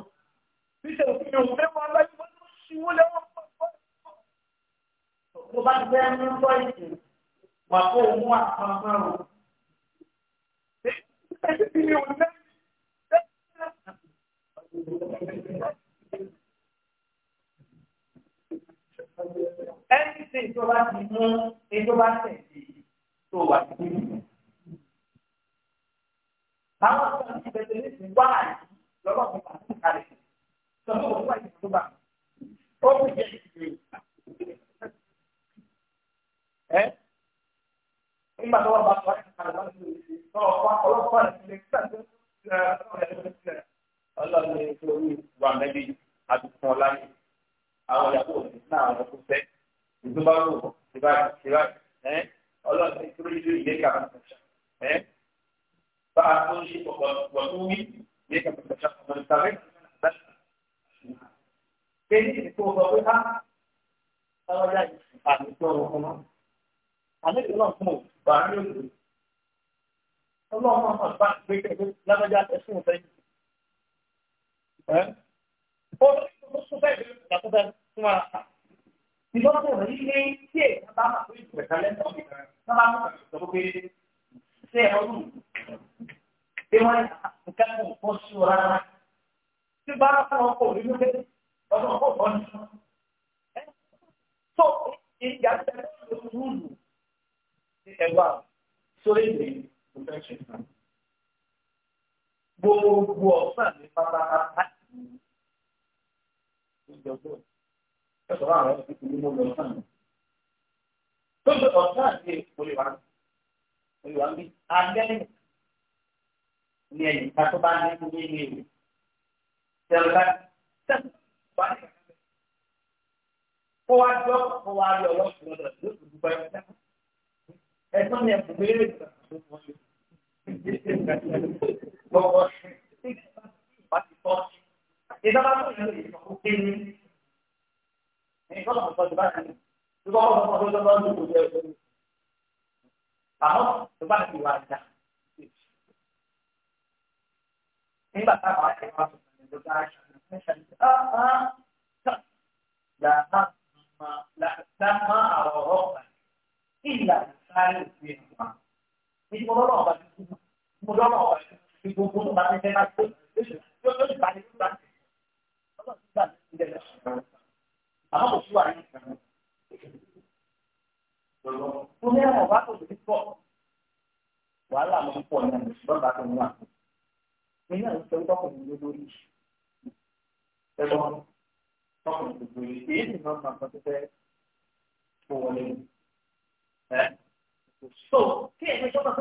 títẹ̀ òfin òun mẹ́wàá aláyé wọn ló ṣíwó lẹ́wọ̀n pọ̀ tó bá ti fẹ́ mú bọ́ ìsìn wà kó o mú àwọn ọmọ rò. Thank you. ẹni tí ìjọba ti mú ìjọba tẹ̀lé tó wà sí i. Àwọn ọ̀gá ti bẹ̀rẹ̀ ní ti wá àyè lọ́wọ́ mi pàṣẹ kalẹ̀. Sọ̀rọ̀ òun wà ní ìjọba. Ó kù jẹ́ ìdílé. Ẹ nígbà tó wà bá tó wà ní kalẹ̀ lọ́wọ́ mi lọ́wọ́ ọlọ́pàá rẹ̀ sílẹ̀ kí sàdé ọlọ́run rẹ̀ sílẹ̀. Ọlọ́run rẹ̀ sọ orí ìwà mẹ́lẹ̀ àti fún ọlá yìí àwọn ìyàwó òní náà àwọn ọkọ fẹ́ ìdúbà wò ìbá ìbá ẹ ọlọ́run ti kúrò nínú ìlé kàmá ṣàṣà ẹ bá a tó ń ṣe pọ̀pọ̀ tó wí ìlé kàmá ṣàṣà ọ̀nà ìtàwé pé ìkó sọ pé ká ọlọ́jà àdìgbò ọ̀hún náà àmì ìlọ́run fún òkú bá a ní òkú ọlọ́run máa bá a gbé kẹ́kẹ́ lábẹ́jà ẹ̀sùn ọ̀fẹ́ yìí ó gbogbo ọ̀sán ní pátápátá. Ẹ̀sọ́ ni ẹ̀kú gbé lè gbà tó wọlé. Gbọ́wọ́ ti tọ́ sí ìjọba tó yẹ lè sọ fún kéwì ìjọba tó bá ti ìjọba tó bá ti ìjọba tó bá ti ìjọba àmọ́ tó bá ti wà dà nígbà táwọn akẹ́kọ̀ọ́ àti ìjọba àṣà làmà làmà àwọn ọ̀rọ̀ ìlà sáré òfin ọ̀gbà ìdí mo lọ́wọ́ ọ̀gbà tuntun mo lọ́wọ́ ọ̀gbà tuntun gbogbo tó bá ti fẹ́ bá àmọ́ kò sí wà ní ìkànnì. tó ní ẹ̀wọ̀n bá tó lè pọ̀ wàhálà ló ń pọ̀ náà ṣùgbọ́n bá tó ń wà. mi náà ń sọ wípé ọkùnrin ló lórí ẹ̀rọ ọkùnrin tó lórí èyí ni wọ́n máa sọ pé kó wọlé ẹ̀. so kí ẹ̀yin sọ́kàn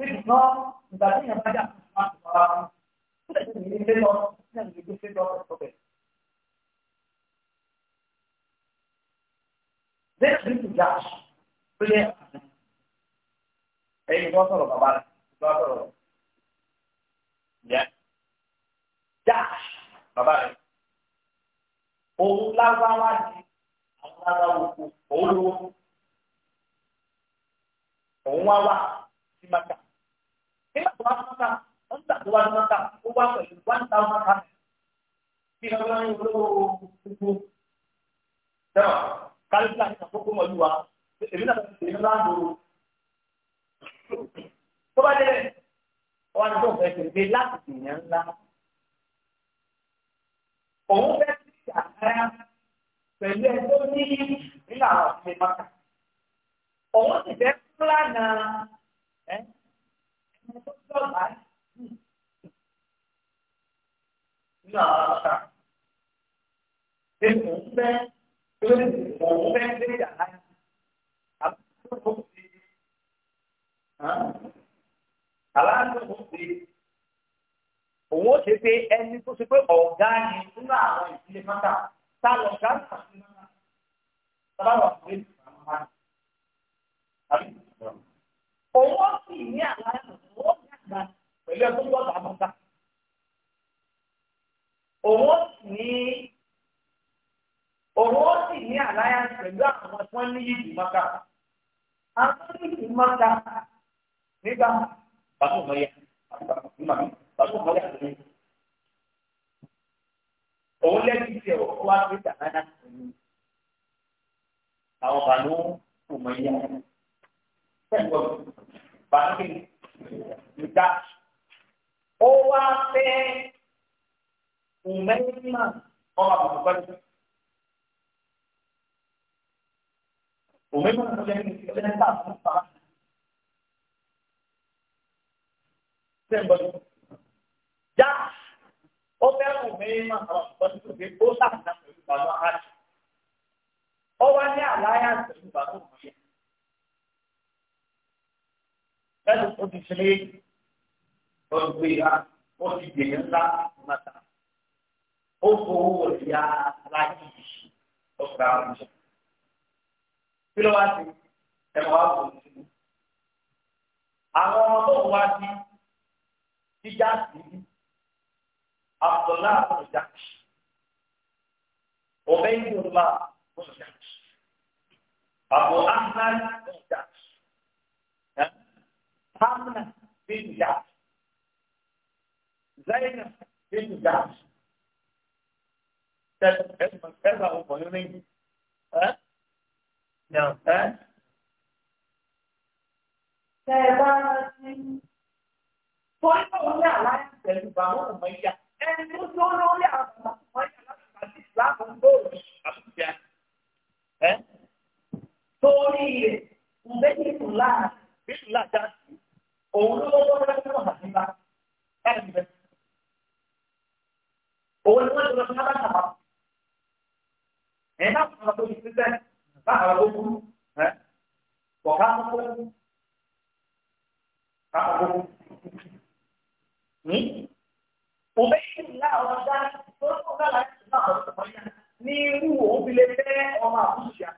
Pépì náà ìgbà tí èèyàn bá jà máa ń sọ̀rọ̀ àwọn tó lè tẹ̀lé ilé lọ náà lè gbé lọ ọ̀bẹ̀. Bẹ́ẹ̀ ni ìjà tó yẹ ẹ̀yin wọ́n sọ̀rọ̀ bàbá rẹ̀ wọ́n sọ̀rọ̀ yẹ. Já bàbá rẹ̀ òun lágbáwá ni àwọn lágbáwá oko òun lówó òun wá wá sí maka nígbà tó wá sí mọ́tà wọ́n nígbà tó wá sí mọ́tà ó wá pẹ̀lú one thousand five bí ọlọ́run ní olówó gbogbo dẹ́wà kálífà ní àkókò mọ́lú wa èmi náà ti tẹ̀lé náà lò òun fẹ́ ti àkàrà pẹ̀lú ẹ ní nígbà àwọn òun sì fẹ́ fúlànà ẹ́ nínú ṣe pé ẹni tó ṣe pé ọ̀gá ni nínú àwọn ìdílé mọ́tà tá lọ ọ̀gá nípa sí mọ́tà tábàlọ̀ ọ̀gbẹ́ ìgbà máa ń bá òun ó sì ní aláàánú náà pẹ̀lú ẹ̀kọ́ tó bá bàtà. Òun ní òun ó sì ní alliance pẹ̀lú àwọn tí wọ́n ní yìí mọ́ta. Àwọn yìí mọ́ta nígbà bàtò mọ́yà bàtò mọ́yà tó ní. Òun lẹ́yìn tí ẹ̀rọ wá sí Tànádà àwọn bàánú kò mọ iye àwọn. Bàánú kìíní with that. Ó wá fẹ́ Ùmẹ́yìnmá ọmọ àbùkù pẹ́lú. Ùmẹ́yìnmá ló jẹ́ ní ìpínlẹ̀ náà fún Fàlá. Ṣé ń bọ́jú? Jáàsì ó fẹ́ Ùmẹ́yìnmá ọmọ àbùkù pẹ́lú tó fi ó sàkóso pẹ̀lú Fàlá Ájì. Ó wá ní àlàyé àti pẹ̀lú Fàlá lẹ́nu ó ti ṣe olùgbé ya ó ti dèmí ńlá mọ́ta ó fowó ìyá aláàjì ó fura oúnjẹ. kí ló wá sí ẹ̀rọ wa kò sí. àwọn ọmọ tó wá sí jíjà sí abdullahi ọjà òbẹ́yìn ọlá ọjà àbọ̀ ahmed ọjà. Hamna bin Jash. Zainab bin Jash. Essa roupa, nem... Hã? Não, hã? Você vai assim... Foi para olhar lá, ele vai olhar. Ele não só não olhava, mas olha lá, mas lá vão todos. É? Sorri, um beijo lá, beijo lá, já òun ló lọ́wọ́ lọ́wọ́ lọ́wọ́ àdìbá láti bẹ̀. òun ni wọ́n ti lọ sí lábàtà wa. ẹ̀yin náà fún wa tó ti sísẹ́ bá àwọn tó burú ọ̀gá tó burú bá àwọn tó burú. òun bẹ́ẹ̀ sì ní àwọn ọ̀gá tó ń kọ́ láti ṣe náà ọ̀sẹ̀ wọ́n yá ní irú òun fẹ́ ọmọ àbúṣe.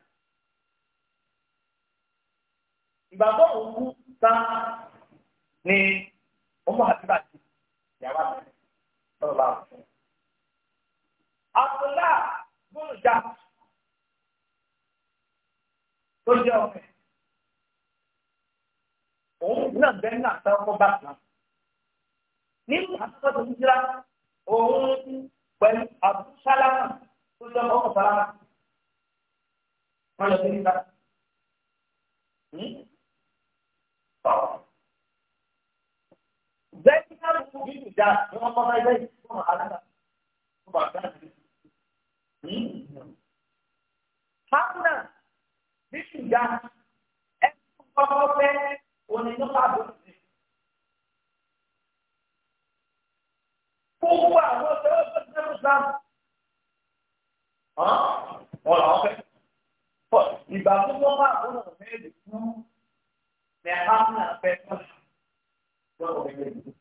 ìgbà tó kú sáà ní ọmọ àdúrà ti ìyàwó àmì lọ́wọ́ bá wọn. àbúlá gbọ́dọ̀ já tó jẹ́ ọmọ ẹ̀. òun náà bẹ́ẹ̀ náà sọ ọkọ bá kan. nínú àtúntò tó ń jira òun pẹ̀lú àbúsálámà tó jẹ́ ọkọ̀ sálámà. wọ́n lọ sí níta kálukú bí ìjà ni wọ́n kọ́ báyìí lẹ́yìn fún àlàkà fún bàbá àti ìlú. Mákúnà bí ìjà ẹ kọ́kọ́ fẹ́ onínúfà lóṣù. Gbogbo àwọn ọ̀sẹ̀ ọ̀sẹ̀ ti dẹ́rù sáà. Wọ́n làwọn fẹ́. Ìgbà tó wọ́n máa bọ́ náà fẹ́ẹ́ lè fún Mẹ̀hámù náà fẹ́ tọ́lá. Lọ́wọ́ ẹgbẹ́ ìdílé.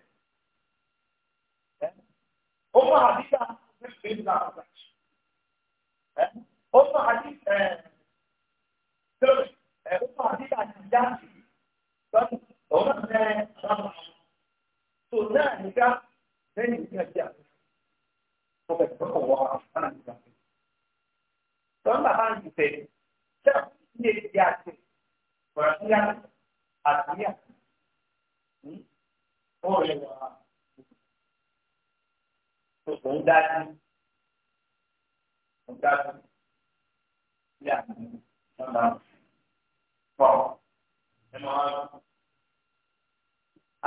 Uma hadith bin Al-Arraj. Uma hadith uma hadith al-Jashi. Então, uma é Al-Arraj. Tunânica vem de Al-Jashi. Porque é para o Al-Arraj. Então, na Al-Arraj tem tó kò ń dá sí ń dá sí sí àná ọ̀nà pọ̀ ẹ máa ń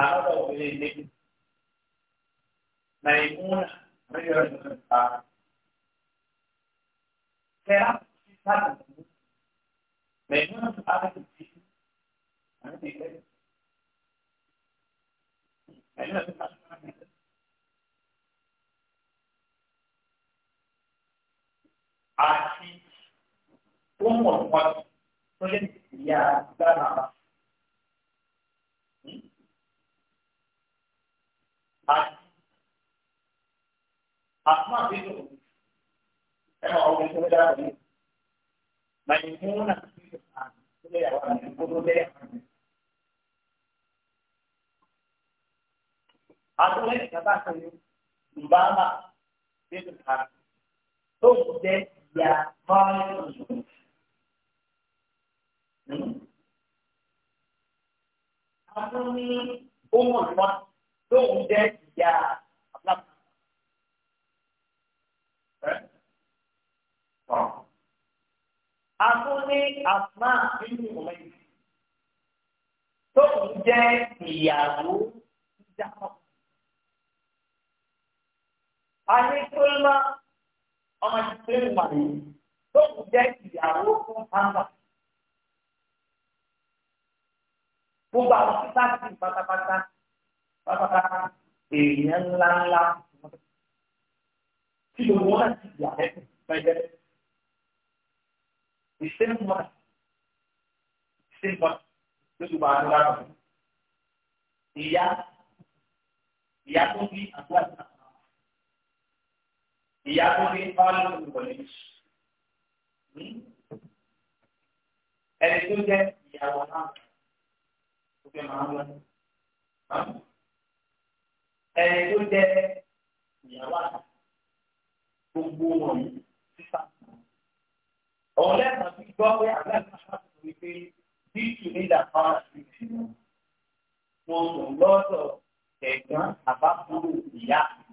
àwọn ọ̀gbìn ilé Maimuna ríro ìgbà será sabe Maimuna sabe que sí Maimuna sabe àti wọ́n mọ̀ wọ́n tó lè yà dáná bá. Àti àtúmọ̀ àbíjọ ẹ̀rọ ọ̀gbìn tó dára yìí. Màìmúnà tó lè yà wà ní gbogbo lẹ́yà. Àtúnlẹ̀ ìjọba àtúnyẹ̀ ìbámu bí ó ti kà tó jẹ́. Ya, are falling on you. Hmm? Àwọn ní ohun ọ̀nà lóhun jẹ́ ìyá àpapọ̀. Àwọn ní àpá nínú ọ̀rẹ́ yìí lóhun jẹ́ ìyàwó ìjà. A ní kóló ọmọ ìṣẹ́lẹ̀ wà ní tó kù jẹ́ ìyàwó fún pàmpà. Gbogbo àwọn títà sí pátápátá pátápátá èèyàn ńlá ńlá tí gbogbo wọn ti yà lẹ́sìn pẹ́ẹ́dẹ́. Ìṣẹ́lẹ̀ wà ìṣẹ́lẹ̀ wà lójú bá a lọ́wọ́. Ìyá ìyá tó bí àgbà náà ìyá tó fi ń pa lóko pọ̀ ní ẹni tó jẹ́ ìyàwó náà tó fi máa ń lọ ẹni tó jẹ́ ìyàwó àná gbogbo wọn sísá ọ̀hún lẹ́sàn-án ti gbọ́ pé àgbẹ̀ náà ṣàkóso wípé bíìtù ní ìdàpá ìdílé wọn lọ́dọ̀ ẹ̀gbọ́n àbábúrò ìyá mi.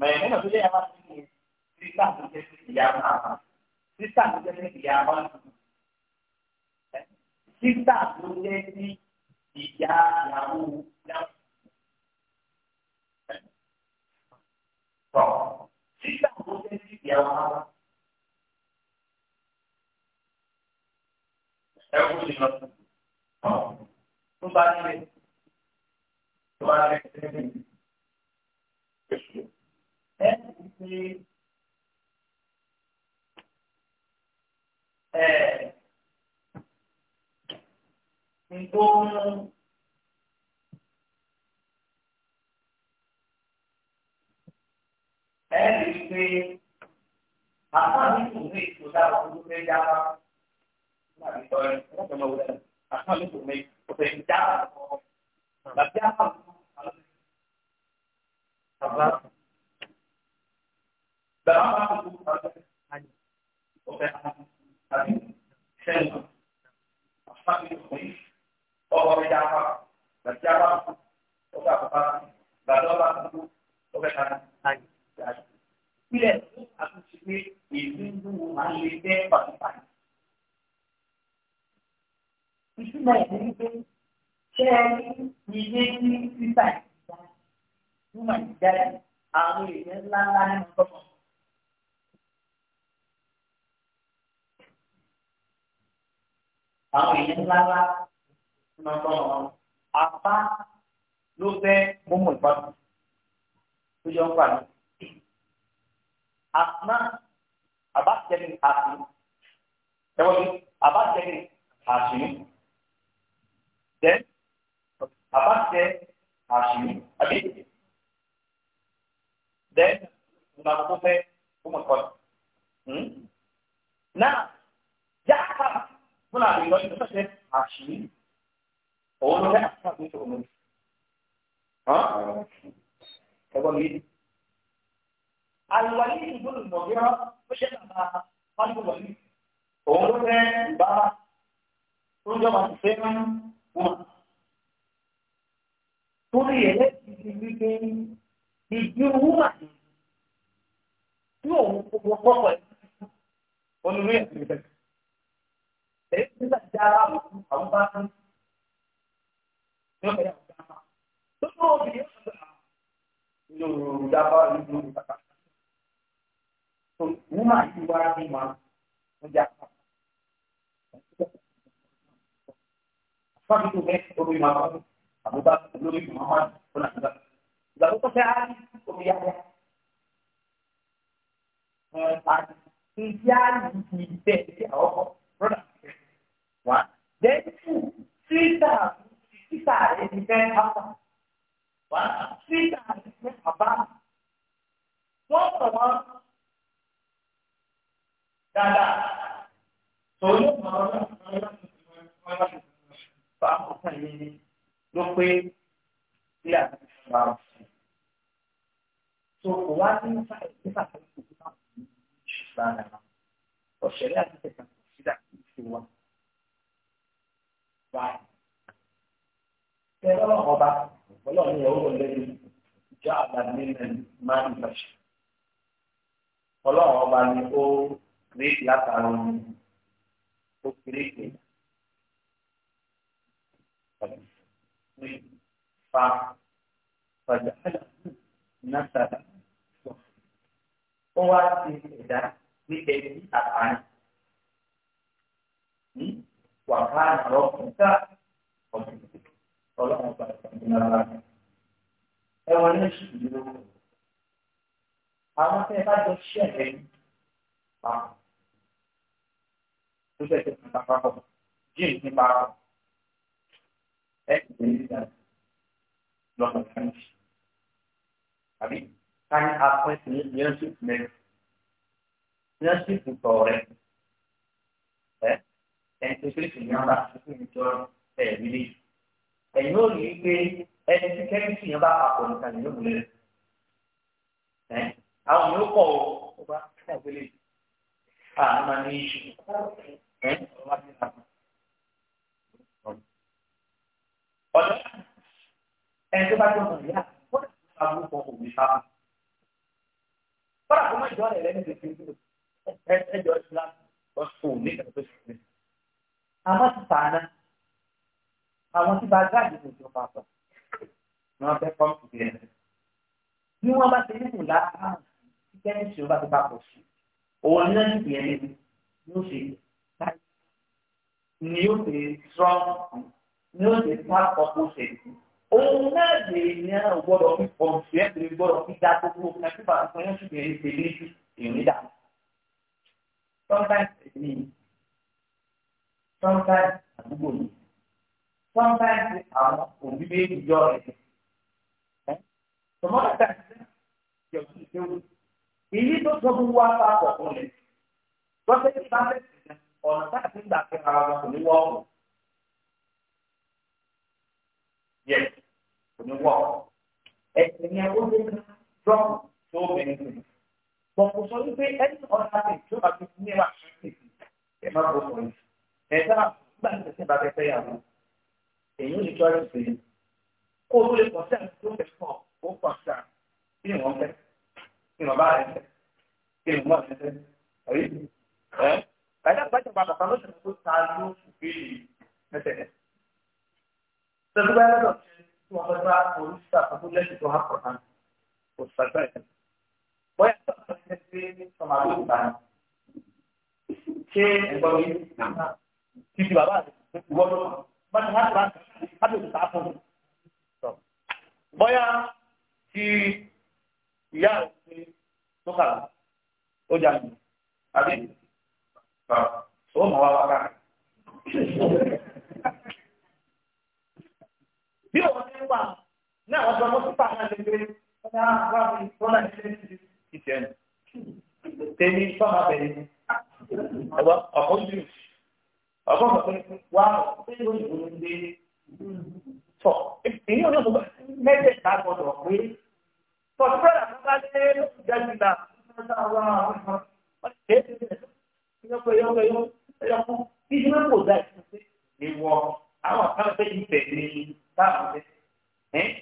Mẹ̀mẹ́nà tó yẹ máa ti ní sísá tó jẹ́ sí ìyá máa hàn. Sísá tó jẹ́ sí ìyá máa hàn. Sísá tó jẹ́ sí ìyá ìyàwó ìyàwó. sísá tó jẹ́ sí ìyá máa hàn. Ẹ kú sí lọ. Tó bá nílé. Tó bá nílé ẹ ti ẹ nǹkan. ẹ̀ẹ́dì wípé àbá mi kò ní ètò dára tó fẹ́ dára àbá mi kò ní ètò fẹ́ dára lọ. Bàbá àbá mi Ablasan. Ben ablasan pou ablasan. Ani. Ope ani. Ani. Selman. Asman ki pou ish. Ope ope yapa. Ben yapa. Ope ablasan. Ben ablasan pou. Ope ani. Ani. Ani. Bile, akou chikwe, e vindou manje pe pati pati. Isi nan e vindou, chè, ni vindou pati pati túmọ̀ ìjẹ́lẹ̀ àwọn èèyàn ńlá ńlá nínú tọ́mọ̀. àwọn èèyàn ńlá ńlá nínú tọ́mọ̀ apá ló fẹ́ mímú ìpamọ́ tó yọ ń pa ní. àtúná àbájẹ́ni àti ẹ̀wọ́n ní àbájẹ́ni àti jẹ́ àbájẹ́ àti àbí then ìlànà tó fẹ́ ó mọ̀ kọ́ náà jáàkà fúnra rẹ̀ lọ ìlú sọ̀tẹ̀ àṣì òun ló fẹ́ àṣàkóso tó omi ẹgbọ́n mi. àlùwalí ìgbóni ìmọ̀gíra ó ṣe kàkà fáńdùwalí òun ló fẹ́ ìbára tó ń jọba ti fẹ́ wọn. torí ẹ̀ lẹ́sìn ti wí pé ìdúró wúwà tí òun gbogbo gbọ́kọ̀ ẹ̀ olórí ẹ̀ ti bẹ̀rẹ̀. Èyí ti sà jẹ́ ara àwọn bá tún ní ọ̀pẹ̀ yàtọ̀ dáná. Tó tó o bìí ọ̀sẹ̀ náà ní òòrùn dábà nínú ìpàtà. Tó wúwà yìí wá bí màá ń jà pa. Fábí bẹ́ẹ̀ tó bí màá bá àbúgbà lórí màmá ọ̀nà ìgbà. Lalu kesehatan kuliahnya. Empat. Tiga tiga oh produk. Wah. Jadi cerita cerita ini kan apa? Wah cerita ini apa? Semua dada. Soalnya malam malam malam malam. Pak Hasan ini, ilé àti ìfura ọ̀sẹ̀. So kò wá ní nípa tó kù tó náà ní ìṣúra ara. Ọ̀ṣẹ̀lẹ̀ àti ìfẹ̀kà kò sí dà kí ìṣe wa. Báyìí. Ṣé ọlọ́run ọba ọlọ́run yẹn ó wọ lẹ́yìn ìjọ àgbà nílẹ̀ máa ń bàṣẹ. Ọlọ́run ọba ni ó kìrìkì látara ó kìrìkì. فجعله نسلا هو إذا بدأت أفعال وكان ربك Ọlọ́run pàṣẹ ìgbàlá. Ẹ wọ ní oṣù yìí lóko. Àwọn tẹ́ bá jọ ṣẹ̀lẹ̀ ní pàmò. Tó ṣẹ̀ṣẹ̀ nípa pàmò. Jíì nípa pàmò. Ẹ sì lè ní ìdájọ́ lọ́nà french àbí ká ní apẹ́ ní leadership men leadership tọ̀ rẹ̀ ẹ ẹni tó ṣe ìṣèlú yàrá tó ń jọ ẹ̀ nílé ẹ̀yin ò rí i pé ẹni tí kẹ́mísì yẹn bá papọ̀ nìkan ni yóò múlẹ̀ ẹ àwọn yóò kọ̀ ọ́ ó bá kẹ́kẹ́ àgbélé àwọn máa ní iṣu ẹ ọ̀rọ̀ wá sí ìlànà ọ̀dọ́ ẹni tó bá jọ mọ̀ níyà ó lè fi ká lórúkọ òun ká. Fọ́nà kò mọ ìjọ rẹ̀ lẹ́nu tó ti ń lò ẹjọ́ ìṣúná lọ sí òun nígbà tó ṣe fún mi. Àmọ́ ti tààná àwọn tí bá gáàdì ní ìjọba sọ ni wọ́n fẹ́ pọ́ǹpù bí ẹni. Bí wọ́n bá ti nípò láàárọ̀ tí kẹ́ni ó bá ti bá pọ̀ sí òun náà ní ìyẹn ní ló ṣe láì yóò ṣe strong ni yóò ṣe smart couple ṣe òun náà lè ní gbọ́dọ̀ fi ọ̀sùn ẹ̀ lè gbọ́dọ̀ fi dá gbogbo ọ̀sùn ẹ̀ fífà fún yóò ṣùgbọ́n èyí ṣe ní ju ìrìn dà. sometimes it sometimes àdúgbò ni sometimes àwọn òbí méjì jọ rẹ̀ ẹ̀ tọmọdé tàbí ìjọba ìṣẹ́wó èyí tó sọ fún wa papọ̀ fún mi lọ́sẹ̀ tí bá fẹ́ sìn ọ̀nà táàbí gbà fẹ́ ara wọn kò ní wọ́ọ̀mù. Yes kò ní wọ̀ ẹ̀sìn yẹn ó lé ní drọ́m tó bẹ̀rẹ̀ sí. bọ̀ kò sọ wípé ẹni ọ̀la rẹ̀ tó bá fi ní ẹ̀rọ àṣírí ẹ̀ má bọ̀ sọ̀rọ̀ ẹ̀ sábà gbà ní ẹ̀sìn bá fẹ́ yàwó èyí ní tó ẹ̀sìn sèyí kó o tó lè pọ̀ sí àti tó fẹ́ pọ̀ ó pọ̀ sí à kí ni wọ́n fẹ́ kí ni wọ́n bá rẹ̀ fẹ́ kí ni wọ́n fẹ́ fẹ́ ẹ̀rí ẹ̀ ẹ̀dá gbàjọ padà kan ló ṣe ta ló fi mẹ́tẹ̀ẹ̀ tí wọ́n fẹ́ bá oríṣiríṣi àkókò lẹ́sìn tó hàn kọ̀ọ̀kan kò sàgbà ẹ̀. bóyá tó àwọn ẹgbẹ́ gbé ọmọ àlọ́ ìgbà ni ṣé ẹ̀gbọ́n mi ti di bàbá rẹ̀ ìwọ́n ló bá ti hàn kọ̀ọ̀kan láti òkúta fún mi. bóyá ti ìyá rẹ̀ ṣe tó kà ó jà mí àbí ó mọ̀ wá wá ká bí òun ní wà náà ọjọ́ mọ́ sípà náà lè gbé ọjà wà ní bọ́lá ìdílé ti ìṣẹ́ ni. tèmi fọ́nà bẹ̀rẹ̀ ẹ̀wọ́ ọ̀pọ̀ jù ọ̀pọ̀ ọ̀pọ̀ wà ṣé ìwé ìwé ń gbé tọ̀ èyí ò ní ọ̀pọ̀ mẹ́tẹ̀ẹ̀ta gbọ́dọ̀ pé tọ̀tí bẹ́ẹ̀ bá dé jẹ́jú ìjọba kò dá ìfúnṣe táàmù tẹ́tẹ́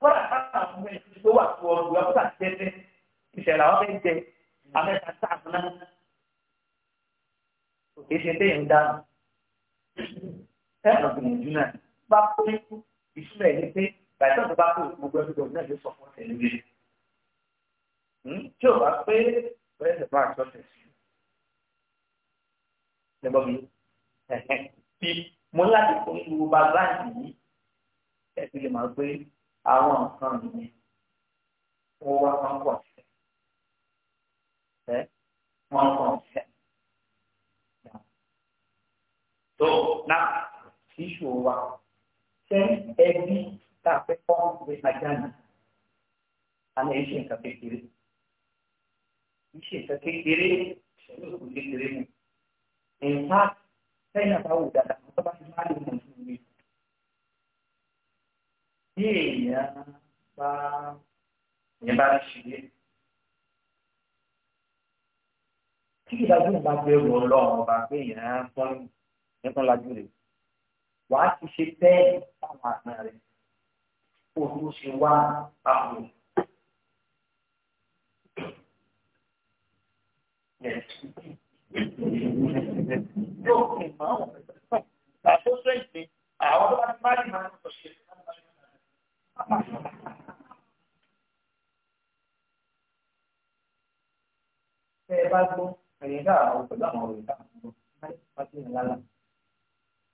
kọ́lá táàmù mẹ́rin tó wà fún ọdún ọdún àti tẹ́tẹ́ ìṣẹ̀lẹ̀ àwọn fẹ́ jẹ abẹ́ta táàmù náà òkè ṣe tẹ́yìn dáhùn tẹ́ẹ̀nà gbìyànjú náà bá pé ìṣúná ẹ̀yìn pé bàtà tó bá pé gbogbo ẹgbẹ́ òun náà ló sọ fún ẹ̀yìn rẹ̀ hmm? tí ò bá pé bẹ́ẹ̀ lè bá àtúntò sí i lẹ́gbọ́n mi bí mo láti fún gbogbo bá láǹtì ẹ̀sìn lè máa gbé àwọn nǹkan yìí ó wá kán pọ̀ sí ẹ wọ́n pọ̀ sí ẹ. tó na ṣíṣù wa ṣé ẹbí tá a fẹ́ kọ́ pé ajá ni a lè ṣe nǹkan kékeré ṣe nǹkan kékeré ṣẹlẹ̀ òkú kékeré mu. in fact sẹ́yìn àtàwọn òdàdà tó bá ti máa lè mọ̀ bí èèyàn bá èèyàn bá ń ṣe kí ìdájọ́ ìgbà bẹ̀rù ọlọ́run ọba pé èèyàn tán nìkan lajú rẹ̀ wàá ti ṣe bẹ́ẹ̀ táwọn àna rẹ̀ kó o tó ṣe wá àwọn. Yóò fi mọ́ àwọn ọ̀sẹ̀ tó ṣe ìpín àwọn tó ti máa ń máa ń sọ̀ṣẹ́. Ṣé ẹ bá gbọ́ ẹ̀yìn dáa àwọn pẹ̀lú àwọn ọ̀rọ̀ ìta àwọn ọ̀rọ̀ pàtó ìyẹn lálá.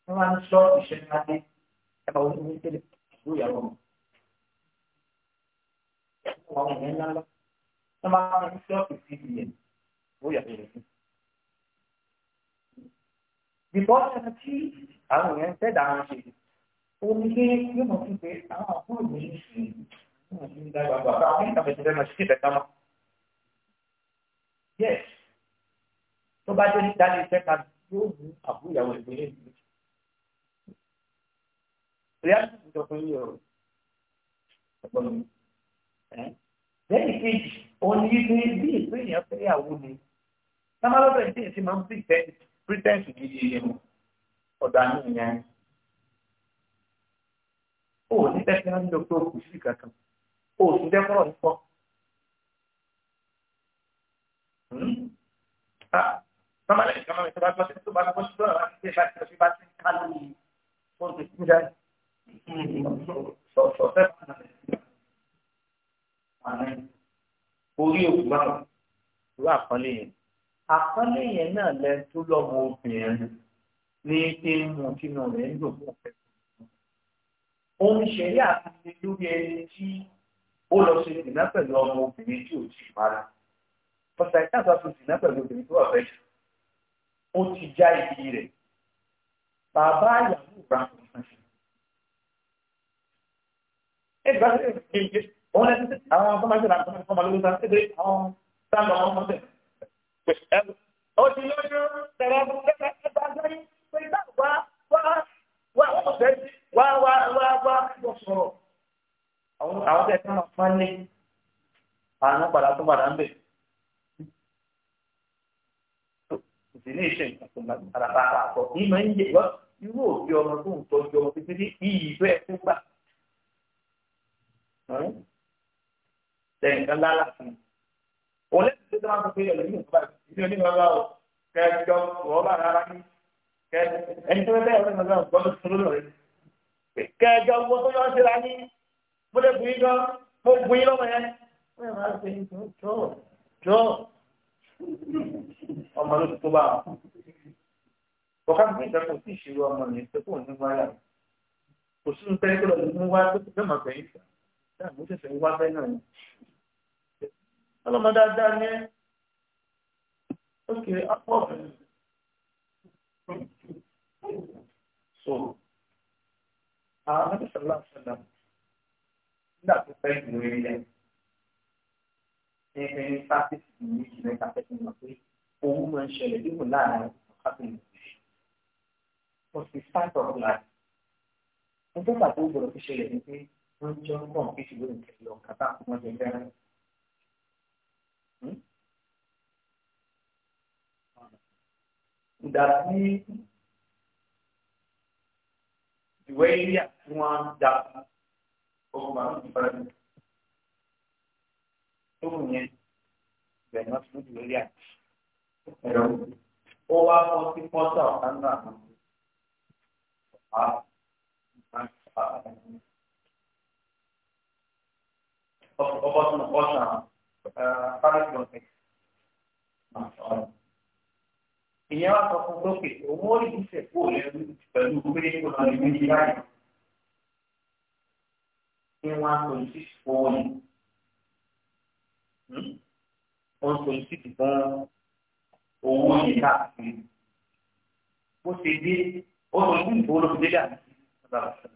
Wọ́n máa ń sọ ìṣẹ́ni adé ẹ̀ka oníṣẹ́ tẹ́lẹ̀ ìlú ìyàwó wọn. Àwọn ìyẹn lálá. Wọ́n máa ń sọ ìṣẹ́ni ìyẹn ìlú ìyàwó wọn. àwọn ìyẹn ń fẹ́ dáhùn ṣe omi lé yóò mọ̀ sí pé àwọn àbúrò yìí sí ìdàgbàgbà àwọn ìtàkùn ìdàgbà yes tó bá jẹ́ níta ní ìfẹ́ kan yóò mú àbúrò ìyàwó ìpínlẹ̀ ìlú. reality ti sọ fún yìí o ẹ̀gbọ́n mi. lẹ́yìn kejì òun ni ibi bí ìpínlẹ̀ fẹ́ yàwó ni sábà lọ́bẹ̀ ní ìsìn máa ń pè tẹ́ pírítẹ́ǹsì gidi ìyẹn ọ̀dọ̀ àníyàn ó ní tẹ́tẹ́ ń lò pé o kù sí kankan o sì dẹ́kọ̀rọ̀ nípa. Sọ́mọ́lẹ̀ ìjọba mi tó bá gbọ́ sí tó bá gbọ́ sí tó bá ti ṣe bá ti lọ sí bá ti ká lórí oṣù tí ń jáde. Sọ̀tọ̀ fẹ́ orí òkú bá irú àkọlé yẹn. Àkọlé yẹn náà lẹ tó lọ́mọ obìnrin ní pé mo kí n rẹ̀ ń lò fún ọ̀fẹ́ òun ní ṣẹ̀rí àti lórí ẹni tí ó lọ ṣe ìdìná pẹ̀lú ọmọ obìnrin tí ò ti para pọ̀tà ìdáàbò àti ìdìná pẹ̀lú obìnrin tó wà fẹ́ jù ó ti já ibi rẹ̀ bàbá ìyàwó ìgbà kan ṣe. ẹ gbà sí ìgbìyànjú òun ẹni tí àwọn ọmọdé náà kọ́mọ kọ́mọ lórí sáà ṣẹ́gbẹ́ àwọn sáà ọmọ ọmọdé. ó ti lóyún tẹ̀lé ẹgbẹ́ ẹgbẹ́ ẹgbẹ́ ẹgbẹ́ ẹgbẹ́ ẹgbẹ́ ẹgbẹ́ ẹgbẹ́ ẹgbẹ́ ẹgbẹ́ ẹgbẹ́ ẹgbẹ́ wá wá wá wá lọ sọ̀rọ̀ àwọn àwọn tẹ̀ fún ọmọ ní àánú padà tó padà ń bẹ̀. ìdílé ìṣe àràbà àpọ̀ yìí máa ń yẹ wá irú òbí ọmọ tó ń tọ́jú ọmọ títí ní iyì tó ẹ̀ tó gbà. Tẹ̀yìnká lálà fún un. Òun lẹ́sìn tó dáná fún pé ẹlòmíì ń bá ìdílé onímọ̀ bá ọ̀ kẹ́ẹ̀jọ́ wọ́n rárá ní ẹni tó bẹ́ẹ̀ ọ̀rẹ́ mọ̀ bá ọ̀ gbọ́dọ̀ tó kẹjọ wo tó yọ síra ní mo lè bu yín gan mo bu yín lọ́mọ yẹn wọ́n yẹn máa ń pè é jọ jọ ọmọ ló ti tó bá wọn. ọ̀ká mi ìjà kò ìṣirò ọmọ yẹn tó kò ní wáyà kò sí ní pẹ́ẹ́kì lọ́dún mú wá tó ti fẹ́ màá fẹ́yìn fà dáa mo ṣẹ̀ṣẹ̀ wá fẹ́ náà ni. ọlọ́mọ dáadáa ní ẹ́ ó kiri apọ̀ ọ̀fẹ́ so àwọn mẹ́tẹ̀sọ̀lá sọ̀lá nígbà tó fẹ́ ìlú ilẹ̀ ní ẹni sáfíìsì ní ìlú mẹ́ta fẹ́sẹ̀ mọ̀ pé owó máa ń ṣẹlẹ̀ dípò láàárín ọ̀kápẹ́ ìlú rẹ̀ ó sì start up life ó tó gbà tó gbọdọ̀ fi ṣẹlẹ̀ ní pé wọ́n jọ ń pọ̀ kí ìṣòro ìkẹlẹ̀ ọ̀kátà wọn jẹ fẹ́ràn. Hmm? ìdàtí ìwé ilé tí wọ́n ń da ogun màálù ti bára mi. tó wù yẹn bẹ̀rẹ̀ náà fún ìwé ilé àti ẹ̀rọ ó wá kọ́ sí pọ́tà ọ̀kan náà àwọn ọ̀pọ̀ ọ̀pọ̀ ọ̀sán ọ̀sán pàrọ̀ ìgbọ̀nsẹ̀ ìyẹn wá sọ fún lókè òun ó yìí ṣe kó lẹ́rú pẹ̀lú pé kó lọ ní méjì báyìí. ní one twenty six fún one twenty six fún owó yìí káàkiri. bó ṣe dé ó sọ fún ìfowó ló fi dé dàbí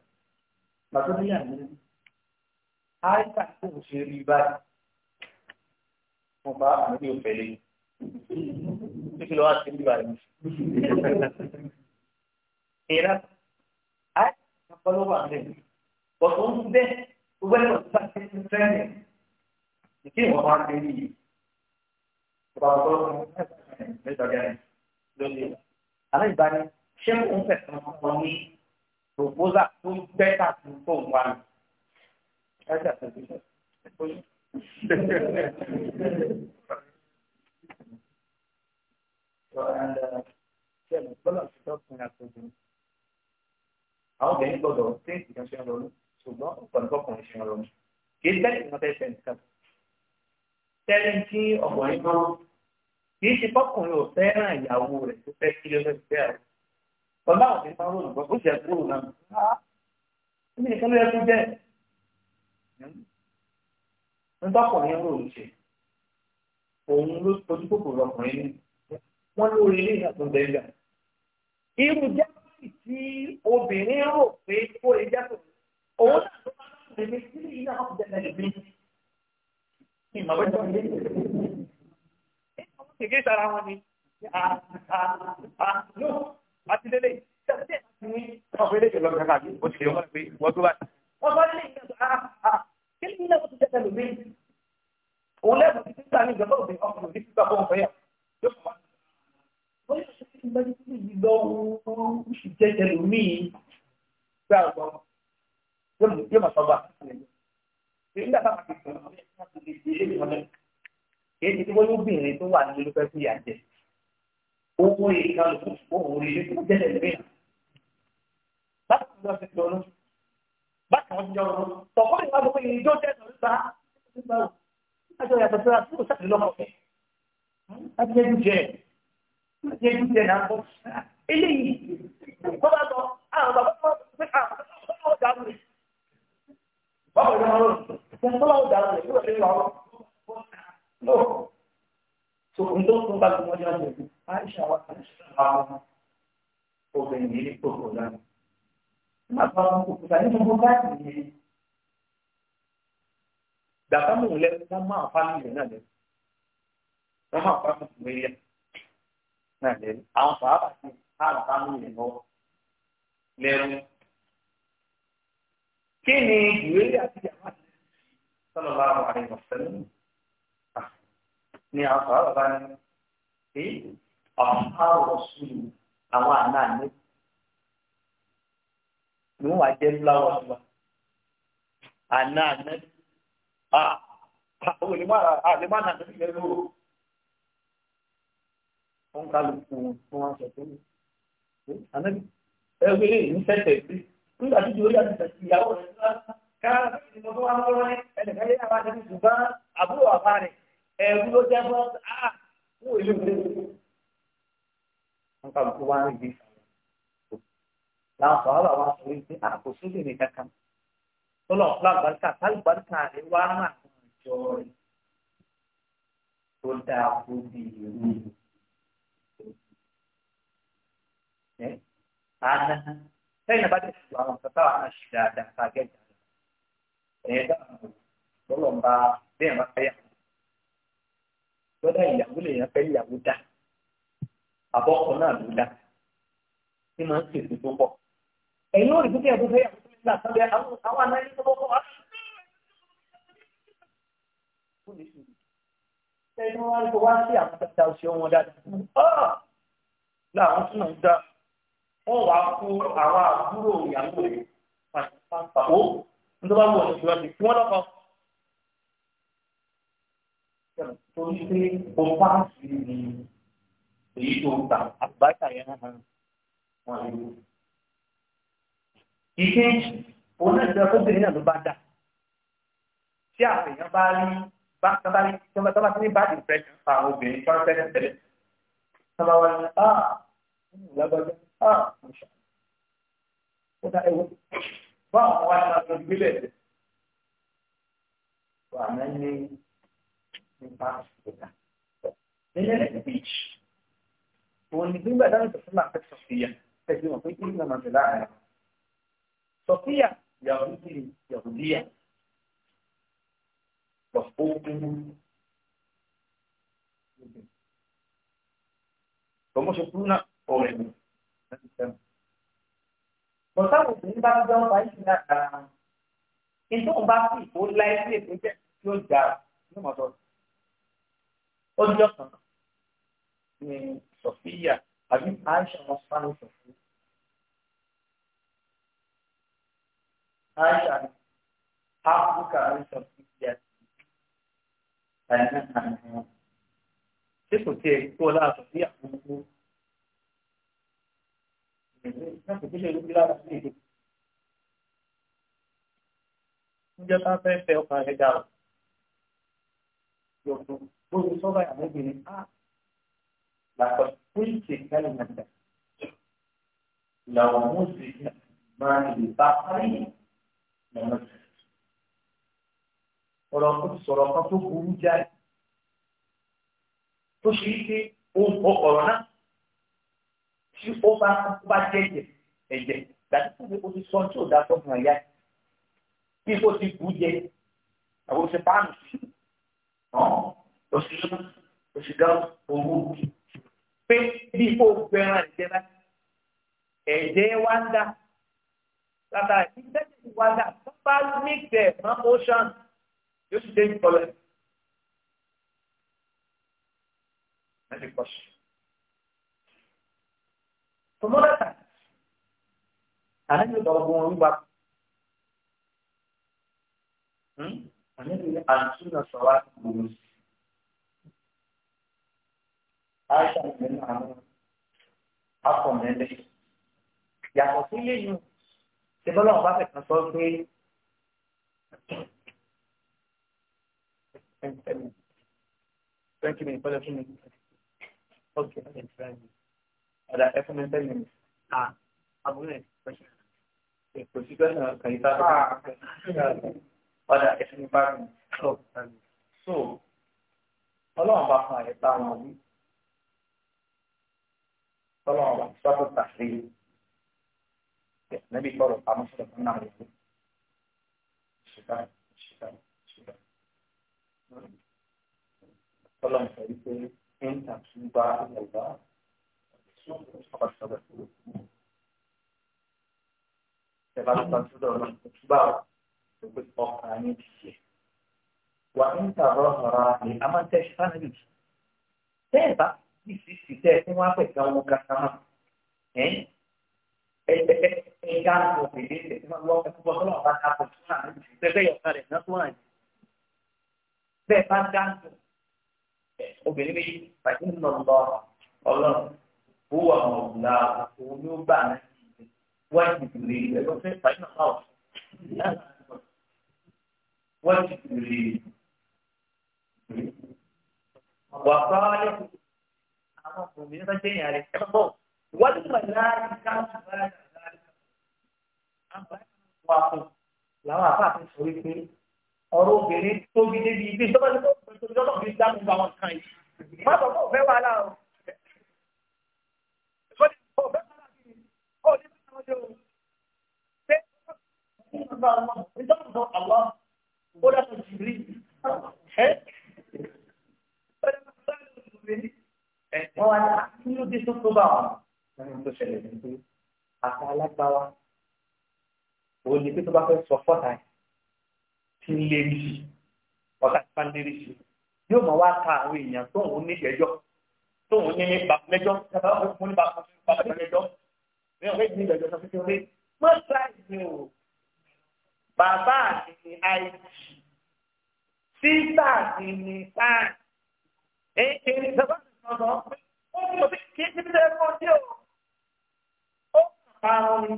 bàtọ́ níyà ní àìsà tó ń ṣe rí báyìí. mo bá àwọn ilé òfẹ́ lé kí ló wá sí nígbà yìí. ìyẹn náà ọlọ́wọ́ àlẹ́ bọ̀tọ̀ ń bẹ́ gbogbo ẹ̀rọ tó bá ti ń fẹ́rẹ̀ ìdí ìwọ̀n máa ń bẹ ní yìí ìgbà tó ń bẹ lọ́dọ̀ rẹ̀ lórí rẹ̀ àlẹ́ ìgbà ni ṣé òun fẹ̀sán wọn ní proposa tó bẹ́ tà tó tó ń wá ní ẹ̀ṣẹ̀ tó ti So, and uh, ṣe lè gbọ́dọ̀ ṣe tó fún yàtọ̀ obìnrin. Àwọn obìnrin gbọ́dọ̀ ṣe ìkan ṣe ń ronú ṣùgbọ́n ọ̀pọ̀lọpọ̀ ọkùnrin ṣe ń ronú. Kì í tẹ́lẹ̀ ìmọ̀ tẹ́lẹ̀ tẹ́lẹ̀ kan. Tẹ́lẹ̀ tí ọkùnrin náà kì í ṣe fọkùnrin ò fẹ́ràn ìyàwó rẹ̀ tó fẹ́ kí ló fẹ́ fẹ́ rẹ̀. Bàbá òfin máa ń ròyìn bọ́ bó ṣe kúrò náà. Níbi ìkan ló yẹ kó jẹ́. Nítorí ọkùnrin ń ṣe. Òun ló tojú kòkòrò ọkùnrin ní wọ́n lórí ilé ìyá tó ń bẹ̀rẹ̀ lẹ́nu. irú jákèjì tí obìnrin rò pé kó lè jákèjì òun náà tó bá lọ́wọ́ lè ní sílé iná ọ̀hún jẹ́lẹ̀ lè bí. ìmọ̀ bẹ́ẹ̀ tó ń lé. kèké sara wọn ni àlọ́ àti lélẹ̀ tẹ̀síẹ̀ láti ní ọ̀fẹ́ lè jọlọ kàkà bí o ti lè wọ́n pé wọ́n tó bá ti. wọ́n bá lè wọ́n yóò ṣe kí n bá dé sí ìlú lọ wọ́n sì jẹ́ ẹlòmíì gbà gbọ́ yóò máa sọ́gbà nígbà táwọn ti sọ̀rọ̀ ọ̀rẹ́ láti lè ṣe é lọ́dọ̀ kí ẹni tí wọ́n yóò bìnrin tó wà ní olùfẹ́ sí ìyàjẹ́ owó ìka lòkù òun rí lójú jẹ́lẹ̀ lómìnà láti lọ́ọ́ ti lọ́ọ́ bákan ọjọ́ tọ̀kọ́ ìwà gbogbo ìjọ jẹ́ ìtọ́lúta nígbà wo láti ọ̀yàtọ̀ síra tí kò sáà lọ́kọ̀ọ́ ṣe ń jẹ náà bọ́. eléyìí tó bá sọ àwọn bàbá tó bá sọ àwọn ọ̀dà wù. báwo ni wọn lọ tó bá ọ̀dà wù lẹ́yìn ìwé ìwà wọn. so ǹdó tó bá gbọmọ ní ọjọ́ ìlú àìsàn wa àìsàn wa obìnrin yìí kòkòrò náà. nígbà tó wọn kòkòrò náà nínú gbogbo báyìí yìí dàtà mò ń lẹ wọn máa fa nílẹ̀ náà lẹ wọn máa fa tuntun lẹ́yìn náà lẹ́nu àwọn fàábà sí àwọn fáwọn èèyàn lọ́wọ́ lẹ́nu. kí ni ìwéyà àti ìyàwó àti sọ́nà bá wà ní ọ̀sẹ̀lẹ̀ ni àwọn fàábà bá ní èyí ọ̀hún àwọn sùn àwọn àná àná ni wọn wà jẹ fúláwà wa àná àná a àwọn onímọ̀ máa nà ní ìlẹ̀ lóru wọn kálukú wọn wọn sọ fún mi anabi ẹgbẹ́ yìí ń tẹsẹ sí nígbà tí jòlí àti tẹsí ìyàwó rẹ ńlá káàkiri ni mo tó wà lọ́wọ́ rẹ ẹnìkan yẹn àwọn àti ṣùgbọ́n àbúrò àbá rẹ ẹrú ló jẹ fún ah fún ìlú rẹ wọn kálukú wọn rìn bí làwọn sọ wàhálà wọn sọ wípé àkóso lè ní kankan tọlọ fúlàgbàríkà tálùbáríkà rẹ wà hàn jọ rẹ tó dáa fún bí ìlú rẹ. عنها فإن بدأت الإسلام فطلع عنها الشدادة فاجئت عنها lọ́lọ́run bá bẹ́ẹ̀ máa fẹ́ yàwó lọ́dọ̀ ìyàwó lèèyàn fẹ́ yàwó dá àbọ̀kọ náà ló dá tí máa ń ṣètò tó pọ̀ ẹ̀yin ò rí pé ẹ̀bùn fẹ́ yàwó tó nígbà sábẹ́ àwọn anáyé tó bọ́ wá. ẹni wọn wá ń bọ̀ wá sí àwọn dáadáa ṣe wọn dáadáa láwọn tún náà ń dá wọ́n wá kú àwọn àbúrò ìyàwó rẹ̀ pàtàkó nígbà wo ni ìjọba ti fún wọn lọ́kọ. torí pé o bá sì ní èyí tó ń ta àbájá yẹn hàn wọn lè wò. ìkejì òun náà ti ọkọ̀ obìnrin náà ló bá dà tí àfihàn bá rí bá tábà ní tábà ní bá ti fẹ́ àwọn obìnrin tó tẹ̀lé tábà wà ní bá ah, lágbájá. Ah, ó dá ewu bá àwọn wá ní ọdún ìgbélé ẹ̀ wà ní ní nípa ìgbà nínú ẹ̀ bíjì òun ni gbígbà dáhùn tó fún máa fẹ́ sọ̀fìyà tẹ̀sí wọn pé kí ní se puna, pobre bọ̀dá kò sí bá gbọ́ ọba yìí náà dára nítorí òun bá sì kó láì sí ètò ìjẹ́ tí ó dà ní mọ̀tọ́ ó ní ọ̀kan ní sọfíà àbí aisha wọn sáré sọfíà Níjọ́ tá a fẹ́ fẹ́ ọkàn rẹ̀ dà o. Yọ̀tún gbogbo sọ́ba àmọ́bìnrin á làkọ̀ píìtì kálí nàìjà. Làwọn mọ́sí máa lè bá parí lọ́nà. Ọ̀rọ̀ tó sọ̀rọ̀ kan tó burú jáde. Tó ṣe é pé ó ń bọ̀ ọ̀rọ̀ náà tí ó bá kó bá jẹ́ ẹ̀jẹ̀ ẹ̀jẹ̀ dàbí fún mi kó ti sọ tí ò dá sọ́gun àyà bí kò ti bù jẹ àwọn oṣù páànù sí oṣù yóò oṣù gá owó pé bí kò gbẹran ẹ̀jẹ̀ náà ẹ̀jẹ̀ wá ń dà tata ìgbẹ́jì wá dà tó bá mix ẹ̀ mọ́ ocean yóò sì dé ìkọlẹ̀. question tomorrow time. Àlejò tọrọ bọ̀ wọn wíwá. Àlejò ní àtúnà sọ̀rọ̀ àti gbogbo sí. Aisha ìgbẹ́ náà mú akọ̀ mẹ́lẹ̀. Yàtọ̀ sí yéyù, ṣe bọ́lá ọba fẹ̀kan sọ pé twenty minutes, twenty minutes, twenty Okay, I'm trying ọ̀dà ẹ̀fún mi ah, mi. à àbúrò ẹ̀ kò kan, bẹ́ẹ̀ náà kàn yí tá a so ọlọ́run bá fún àyè tá a wọn wí. ọlọ́run bá sọ́kù tàṣí níbi tọrọ pamọ́ sọ̀rọ̀ fún náà lọ́wọ́. Ọlọ́run sọ wípé ń tàṣí Ṣé bá lọ́pàá tó dọ̀rọ̀ bá gbogbo ọkàn ní ti ṣe. Wà ń tàbọ̀ ọ̀rọ̀ àlè, a máa ń tẹ́ ṣe fánìlì. Tẹ́ ẹ̀ bá ní sísì tẹ́ ẹ tí wọ́n á pẹ̀ ká wọn ká sáà. Ẹ ká lọ bèbè tẹ̀ tí wọ́n lọ ẹ púpọ̀ tọ́lọ̀ bá ká pọ̀ tó náà níbi tẹ́ bẹ́ẹ̀ yọ̀ọ̀ká rẹ̀ náà tó wà ní. Bẹ́ẹ̀ bá dáńtò obìnrin méjì, bàtí ń هو مولاه ونوبان وجبريل فإن خاف وجبريل وصالح أما مؤمنين فجين عليك والملائكة بعد ذلك أما واقف làwọn àfáàfin sọ wípé ọ̀rọ̀ obìnrin tóbi débi ibi tó bá ti tó tó tó fi dáhùn bá wọn kàn yìí. má bọ̀ bọ̀ fẹ́ wàhálà o. ṣe o pé nígbà wọn nítorí sọ àwọn ó dàtọ̀ jù rí ẹ́ wọ́n wá ní inú dé tó tó bá wọn lẹ́yìn tó ṣẹlẹ̀ ní pé àti alágbára òun ni pé tó bá fẹ́ sọ fọ́tà tí ń lé rí ọ̀tá tí wọ́n lé rí sí yóò mi ò fẹ́ di ìgbàjọ sọ fún mi mọ́ sáìsì mi ò bàbá mi ni ig sísà mi ni sáì èké ní sábà mi sọ lọ pé ó ní òbí kí ní bí ẹ kọ́ sí o ó kà á wọn ni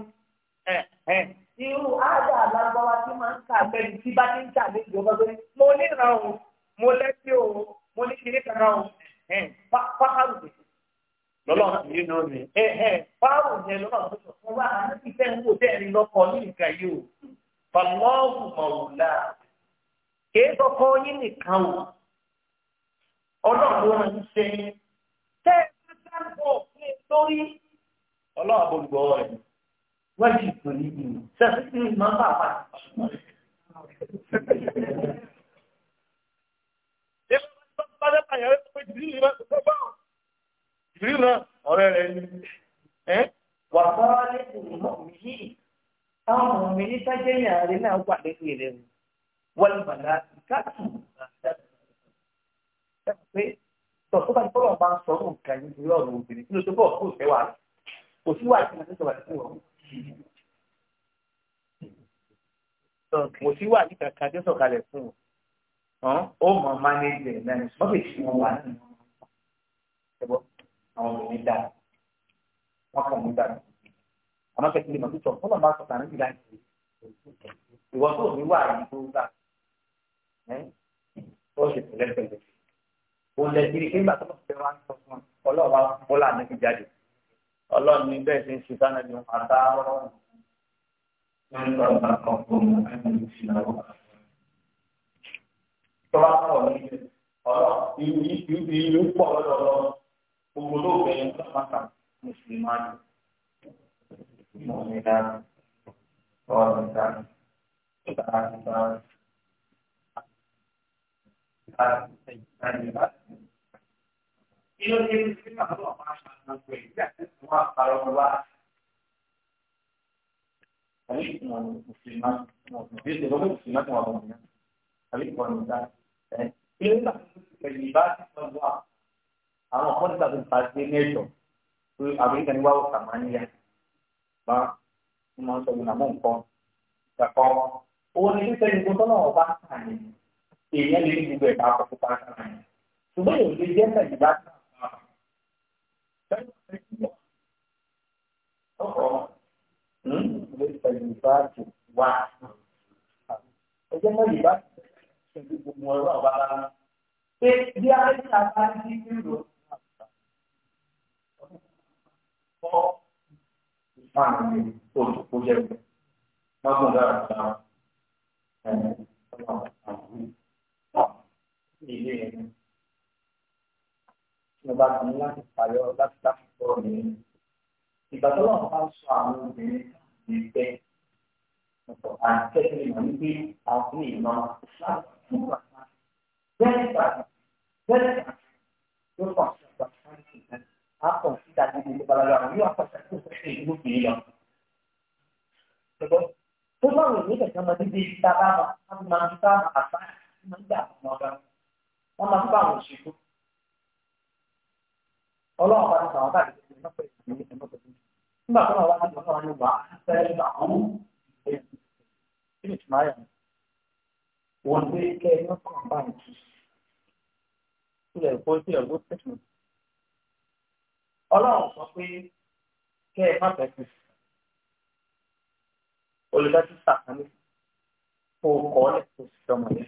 ẹ ẹ irú àdá alágbára tí máa ń kà bẹ́ẹ̀ tí bá ti ń kà ní ìjọba pé mo níran o mo lẹ́sí o mo ní kiri kan o pàápàá lùdìsí lọ́lọ́run sì nínú mi. ẹ ẹ fáwọn yẹn lọ́lọ́run tó sọ fún wa àwọn ti fẹ́ ń wò tẹ́ ń lọ́kọ ní nǹkan yìí o. fàlọ́ọ̀hù mọ̀ọ́lá kìí tọkọ yín nìkan o. ọlọ́run ń ṣe tẹ́ ẹ bá bọ̀ ní lórí ọlọ́run àbọ̀lùbọ̀ rẹ̀ wọ́n ti pè é yìí sẹ́sì sí máa bá wa. Ìgbà tó bá dé báyọ̀ ẹ̀ pé jìbìlì rẹ̀ kò tó bá ìrírí náà ọ̀rẹ́ rẹ̀ ni. wà á bá lẹ́kùn mọ́ mi yìí táwọn ọmọ mi ní sájẹ́yìn ààrẹ náà wà lẹ́kùn rẹ̀ o wọ́n ní bàdá ìkáàtù pé tọ̀tún bá tọ́lọ̀ bá ń sọ fún nǹkan yìí lórí ọ̀rọ̀ obìnrin kí ló tó bọ̀ kó fẹ́ wà kò sí wà nípa tó wà kò sí wà nípa kan tó sọ̀kalẹ̀ fún wọn ó mọ̀ mánéjì ẹ̀ náà wọ́n fi wọn wà nínú ẹ̀bọ̀ àwọn obìnrin dà wọ́n kàn mú dànù àmọ́ kẹ́kẹ́ lè mọ̀ tó tọ̀ fún bàbá sọ̀tà níbi láti ìwọ tó ní wà ní tó gbà ó ṣe pẹ̀lẹ́pẹ̀lẹ́ kò lẹ̀ kiri kí nígbà tó lọ fẹ́ wá sọ fún ọlọ́run wa bọ́lá níbi jáde ọlọ́run ní bẹ́ẹ̀ ṣe ń ṣe sáná ní ọ̀tá ọlọ́run. Tọ́lá sọ̀rọ̀ ní ọ̀rọ̀ ìlú pọ̀ lọ́dọ̀ ọlọ́run gbogbo ló bẹ yẹn tó pátá mùsùlùmáàdì mọ̀mìnà ọ̀rọ̀dà àgbà àgbà. Ilé oúnjẹ ní sílẹ̀ àwọn ọmọ àṣà àgbẹ̀ ìgbà tí wọ́n á parọ́ wá. Àlejò àwọn mùsùlùmáàdì mọ̀mìnà ìdílé lọ́wọ́ mùsùlùmáàdì wà mọ̀mìnà àlejò àwọn mùsùlùmáàdì. Ilé ìgbà àwọn ọmọdé tàbí pàṣẹ mẹ́jọ pé àmẹ́ríkà ní wàhùn sàmáníyà bá ń máa ń sọ ìlànà nǹkan ìgbàkọ́ owó ní sísẹ́ ní gbọ́dọ̀ náà bá kàn ní èèyàn lè ní gbogbo ẹ̀ka àkọ́kọ́ bá kàn ní ṣùgbọ́n èèyàn lè jẹ́ ẹ̀ka ìgbà kan ọkọ̀ lè pẹ̀lú ìbáàjò wá ẹjẹ́ mọ́ ìbáàjò pẹ̀lú gbogbo ọ̀rọ̀ àbára pé bí a ta ní ìlú fọ́ fáànù tó kó jẹ́ mi má dára ta ọ̀nà ní ilé yẹn Mo bá ti ní láti pààyọ láti láti pọ̀ ní ìgbà tó lọ́wọ́ bá ń sọ àwọn obìnrin ní ìgbẹ́ ọ̀pọ̀ àtẹ́sí ìmọ̀ nígbé àwọn ìmọ̀ fún bàtà bẹ́ẹ̀ bàtà bẹ́ẹ̀ bàtà ló pàṣẹ bàtà ní ìgbà apa kita di kepala orang ini apa satu itu bilang betul Tuhan ini kan sama di kita apa sama kita apa mendak orang sama bangun situ Allah akan sama tadi kenapa ini kenapa ini Mbak kalau orang itu orang yang saya tahu ini cuma yang Wanda kayaknya kurang banyak. Sudah, boleh tidak, boleh tidak ọlọ́run sọ pé kẹ́ ẹ má bẹ̀rù olùdájú sàkánì kó o kọ́ ọ́lẹ̀ kó o fi ọmọ yẹn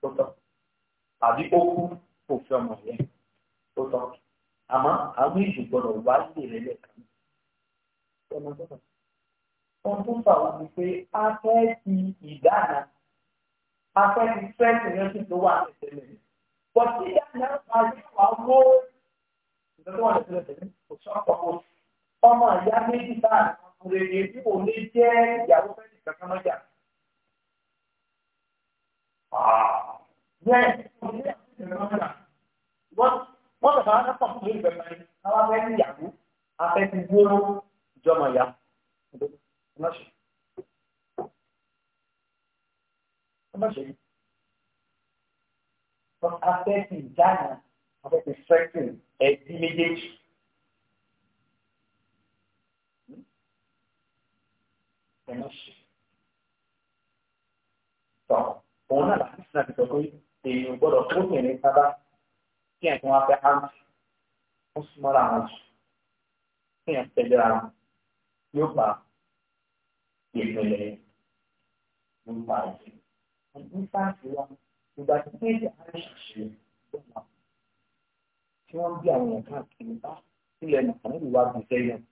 tó tọ́ àbí ó kú kó o fi ọmọ yẹn tó tọ́ àmọ́ àwọn èèyàn gbọ́dọ̀ wá lè rẹ̀ lẹ́ẹ̀kan wọ́n tún fà wọ́n ti pé a fẹ́ ti ìdáná a fẹ́ ti fẹ́ẹ̀tì yẹn tó wà ní ìṣẹ̀lẹ̀ bọ̀dé ìdáná máa yẹ wà ìtọ́jú wọn lè tẹ̀lé kò sọ àpapọ̀ ọmọ ìyá méjì bá àkùnrin rèé tí kò ní jẹ́ ìyàwó fẹ́ẹ́ kankan lọ́jà. bẹ́ẹ̀ kò ní ìyàwó kankan lọ́jà wọ́n bàbá wọn kọ́ fún ìgbẹ́ mẹ́rin káwá fẹ́ ní ìyàwó afẹ́ ti gbóró ìjọba ìyá. Afẹ́ ti ìdáná, afẹ́ ti strengthen ẹbí méjèèjì. Tọ́ òun náà láti sinà ti sọ pé èèyàn gbọ́dọ̀ fóbìnrin sábà kí ẹ̀ tí wọ́n fẹ́ hàn jù ó súnmọ́ ra hàn jù kí ẹ̀ tẹ̀lé ra yóò bá ìpìlẹ̀ yóò bá ìpìlẹ̀. Nípa ìwà ìgbà tí kéde àárín ṣàṣeyọrí ló máa tí wọ́n ń bí àwọn èèyàn káàkiri bá sílẹ̀ nìkan níbi wá bí sẹ́yìn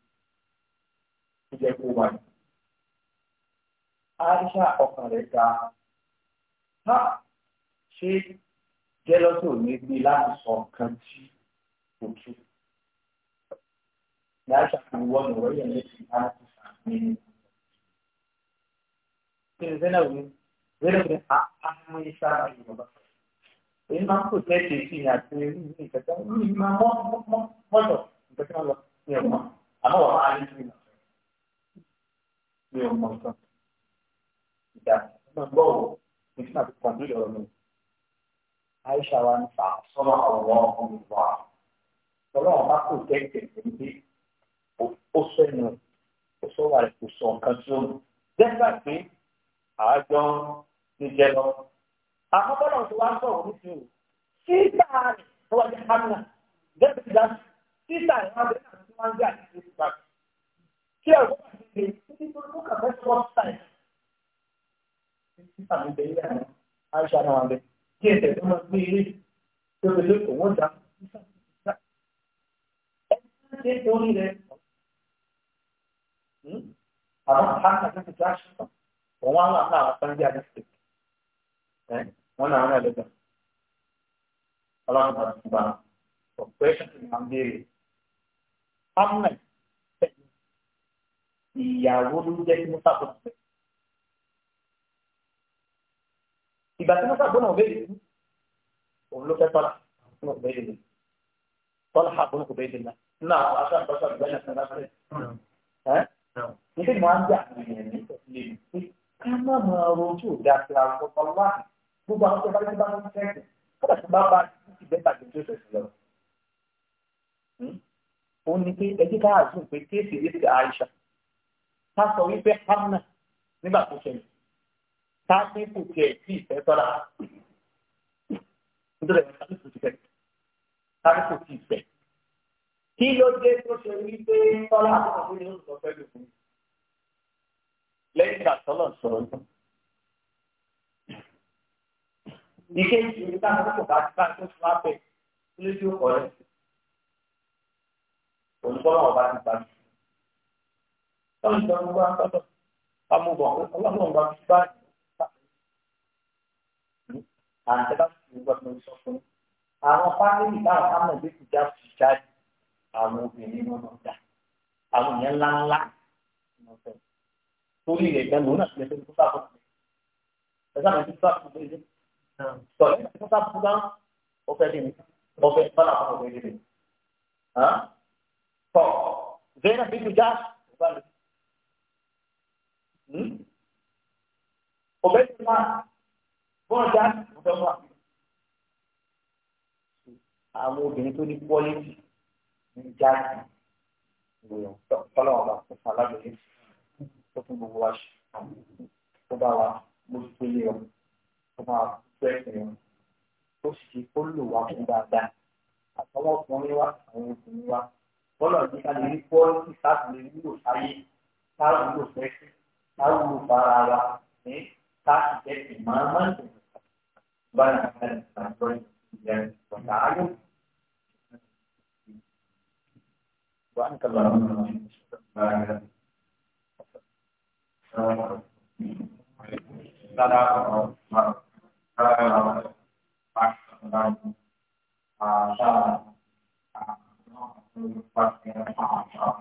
ó jẹ́ kó wà ní. Aisha ọkàn rẹ̀ ga ha ṣé jẹ́lọ́sì ò ní gbé láti sọ nǹkan tí kò tú. Aisha kan wọ́n ní ọ̀rọ̀ yẹn lẹ́sìn láti sàmì. Kí ni Zainab ní? Zainab ní àmì ìṣáájú Yorùbá èyí máa ń pò mẹ́tẹ̀ sí i àti irú ní ìkẹta irú yìí máa mọ́ mọ́ mọ́tọ̀ ìkẹta lọ ní ọmọ àmọ́ wà á ní sí ìlànà ní ọmọ ìtàn ìdá ọmọ gbọ́ wò ní sí àti pàdé ọ̀rọ̀ mi Aisha wa ń fà sọ́nà ọ̀rọ̀ ọmọ ìwà ọlọ́run bá pò mẹ́tẹ̀ ó sẹ́nu ó sọ́wọ́ àìkú sọ nǹkan tí ó ń dẹ́gbà pé àájọ ń jẹ́ lọ́wọ́. àmọ́ bọ́lá ti wá sọ̀rọ̀ ní sísà rẹ̀ tó wájú hamina gẹ́gẹ́ bí dáhùn sísà rẹ̀ wá bẹ́ẹ̀ náà tí ń gbé àti ìlú ìgbà kí ẹ̀rọ bá ti tó kà fẹ́ sọ sísà rẹ̀ sísà mi kí tó máa gbé tó lè lé sísà ṣe hmm? àwọn tó ti ṣùgbọ́n òun wà wọn náà náà ló gbà ọlọ́run bá ti gbà ọ̀pẹ́sẹ̀ tó máa ń béèrè ahmed tẹ̀lé ìyàwó ló jẹ́ kí musa tó tẹ̀. ìgbà tí musa gbọ́nà òbẹ́lẹ̀ yìí òun ló fẹ́ tọ́lá fún òbẹ́lẹ̀ yìí tọ́lá àbúrò kò bẹ́ẹ̀ dè náà náà aṣọ àtọ́sọ àgbẹ̀yìn àtàlà fẹ́. nítorí wọn á gbà ní ìtọ́sílẹ̀ ká má máa rojú ìdásíra ọ̀pọ̀lọpọ̀ gbogbo àwọn tó bá ti bá ń sẹ́yìn kọ́dà tó bá bá ti bẹ́ẹ̀ bàjẹ́ tó ṣẹ̀ṣẹ̀ lọ. Hmm? ó ní pé ẹjí ká àzùn pé kéèsì ilé ti àìṣà ká sọ wípé hamna nígbà tó ṣẹlẹ̀ ká ní kò tiẹ̀ tí ìfẹ́ tọ́lá nítorí ẹ̀ka ní kò tiẹ̀ ká ní kò tí ìfẹ́. kí ló dé tó ṣe wípé tọ́lá àtọ́kọ̀ tó ní oṣù tó fẹ́ lò lẹ́yìn ìgbà tọ́lọ̀ sọ̀rọ̀ náà. ìkejì ìgbà tó kò bá ti bá tó fún abẹ ilé tí ó kọ rẹ olùkọ́lọ́ ọba ti bá mi. Táwọn ìgbà gbogbo àtọ́tọ̀ amúgbọ̀n ọlọ́run ọba ti bá mi. Àǹtẹ̀ bá ti gbọ́dọ̀ mi sọ fún mi. Àwọn fámìlì báwọn fámìlì bí kò já sí jáde àwọn obìnrin wọn náà dà. Àwọn ìyẹn tọ́ ẹ ní ká fún bá ó fẹ́ dé mi ó fẹ́ bọ́lá fún òwe dé mi. tọ́ zẹ́nà bí tu já ọba lè. ọbẹ̀ tí wọ́n bọ́ọ̀ já ọbẹ̀ wà. àwọn obìnrin tó ní pọ́lìtì ń já ìròyìn tọ́lọ́wọ́n bá fún alágbèrè tó fún gbogbo wa ṣe tó bá wa mo ti pélé ọ tó bá wa pẹ̀sìn wọn ó sì kó lò wá fún dáadáa àtọwọ́ ọkùnrin wa àwọn obìnrin wa bọ́lá ní ká lè rí pọ́ọ́lì káàtó lè wúlò sáyé káàtó lò pẹ́sìn káàtó lò fara wa ní káàtó jẹ́ ìmọ̀ọ́mọ́ báyìí ká lè sàgbọ́ ìyẹn ọ̀tá ayọ̀. وأنت اللهم بارك السلام عليكم 啊，上啊，然后嗯，把那个放上。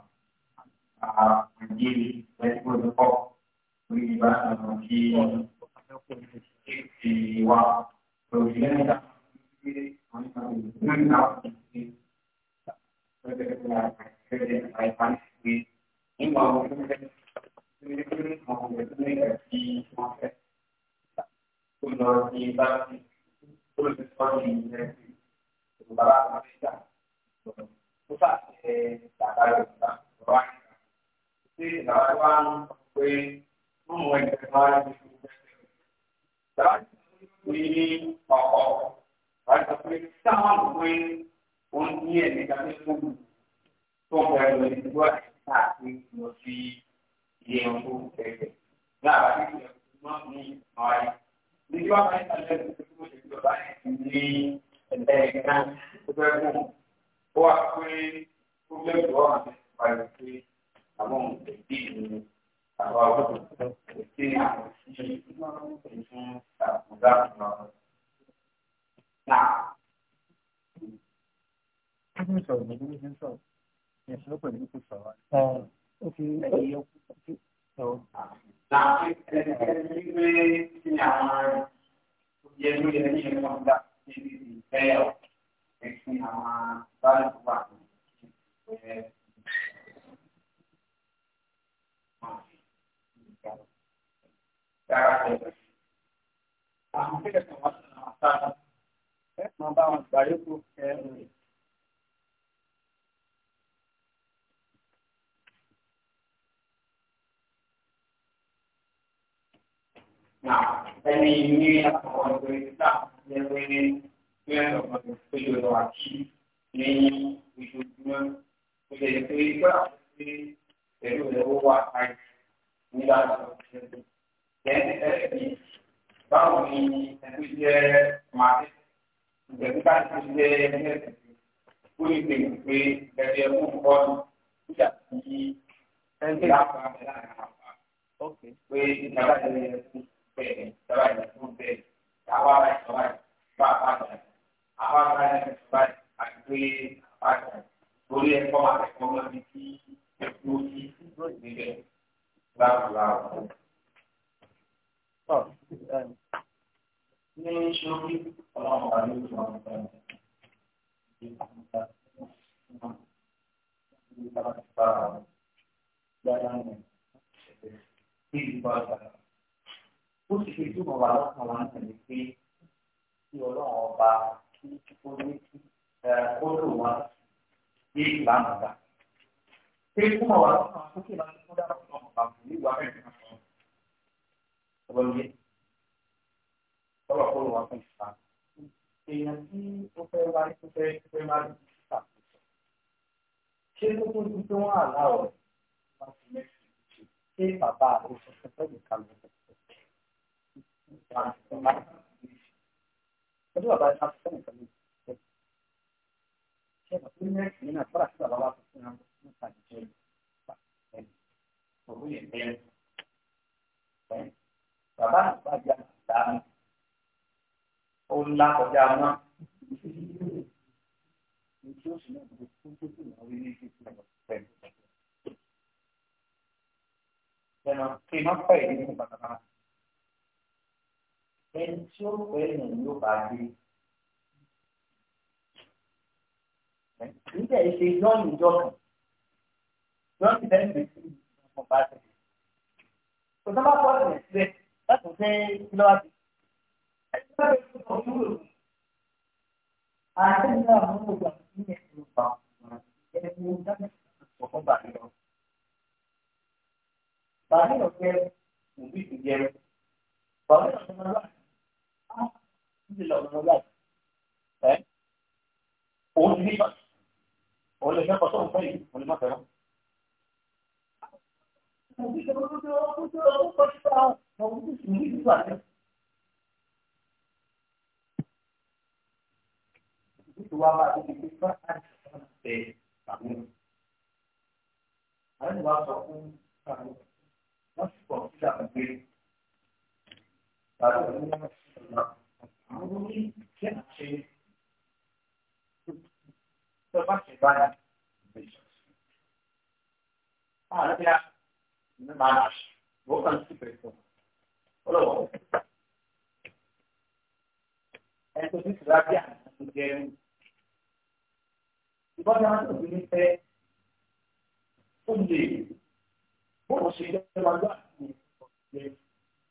啊，对呀，你们拿哪去？我敢去北京，我老。哎，最近主要这样时间，你把那手机塞，兄弟，我谁的玩转？你你，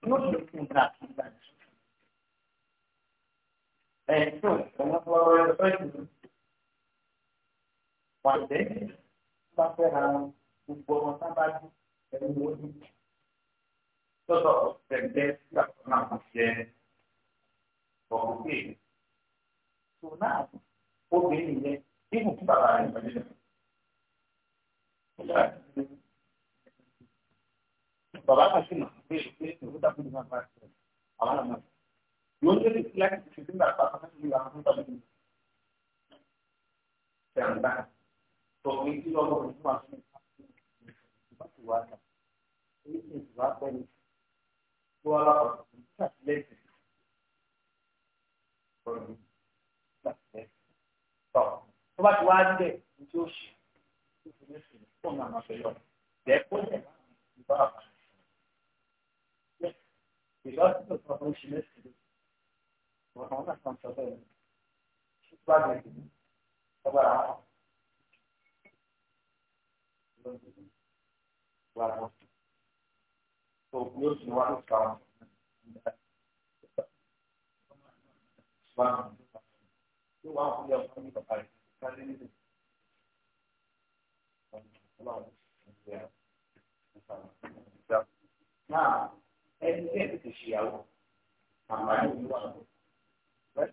我是不拿平板。哎，对，我们说分，反正，那非常。gbogbo ọmọ sábà ẹni wọ́n dì lọ́dọ̀ ọ̀sẹ̀gbẹ́ tí àwọn náà kò jẹ́ náà obìnrin yẹn ibùn kí bàbá rẹ̀ pẹ̀lú rẹ̀. Bàbá náà sì máa ń gbé ìgbé ìlú dàbí ìlú náà pàṣẹ àwọn àmọ́. Yóò ń tẹ́lẹ̀ láti fi sígbà pàpà láti ìlú àwọn tó tàbí ìlú. Ṣé àǹdá? Tọ̀gbìn tí lọ́wọ́ rẹ̀ fún àṣírí pàtó wá kà ní ìsìn wá pẹ́ ní tó alákọ̀ọ́ ní sàtìlẹ́yìn ọ̀rọ̀ ní sàtìlẹ́yìn tọ̀ tó bá ti wá dẹ̀ ní tí ó ṣe tó fi ní sùn fún àwọn àmọ́ pẹ̀lú ọ̀rọ̀ bẹ́ẹ̀ kó lẹ̀ máa ń bá àwọn ìgbàlódé tó sọ fún ṣílẹ̀ sílẹ̀ ọ̀rọ̀ náà kàn sọ bẹ́ẹ̀ ṣùgbọ́n àgbẹ̀ ọba àwọn. Claro. So, close to one count. One. You want to be a family of five. Now, anything to show, I'm not the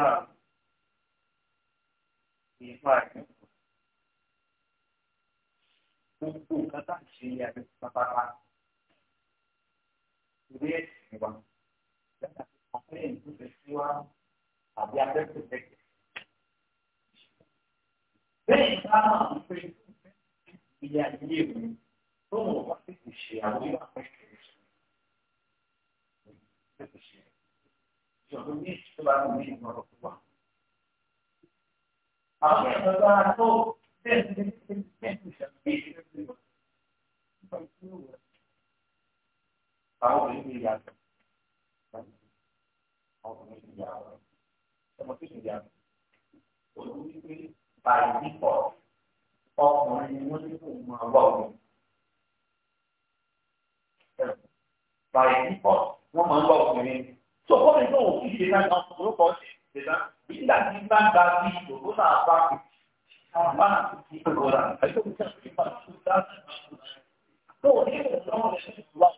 one ìfọ àti gbogbo nǹkan tá à ń ṣe àti ìwé ẹ̀sìn wa lẹ́yìn àti àfẹ́yìn fẹ́ sí wa àbí abẹ́kùn tẹ́kẹ̀. bẹ́ẹ̀ ni a máa ń pè é ilé mi tó mọ̀ wá sí ti àwọn ìwà pẹ́kẹ̀ ìṣòro. ìṣòro ní ìṣòro àwọn ìṣòro tó wà àwọn báyìí nípọ̀ ọkùnrin ni wọ́n ní kò máa wà báyìí nípọ̀ wọ́n máa ń wà ọkùnrin tó kọ́ mi tó kí ṣe náà lọ́kọ̀ọ́ sí nígbà tí bá gba bí òkú náà bá kù àwọn bá ti kò rà àyè òkú náà ti máa tún dá sí ìmọ̀ tó o ní ìwọ̀n lọ́wọ́ rẹ̀ ní ìwà.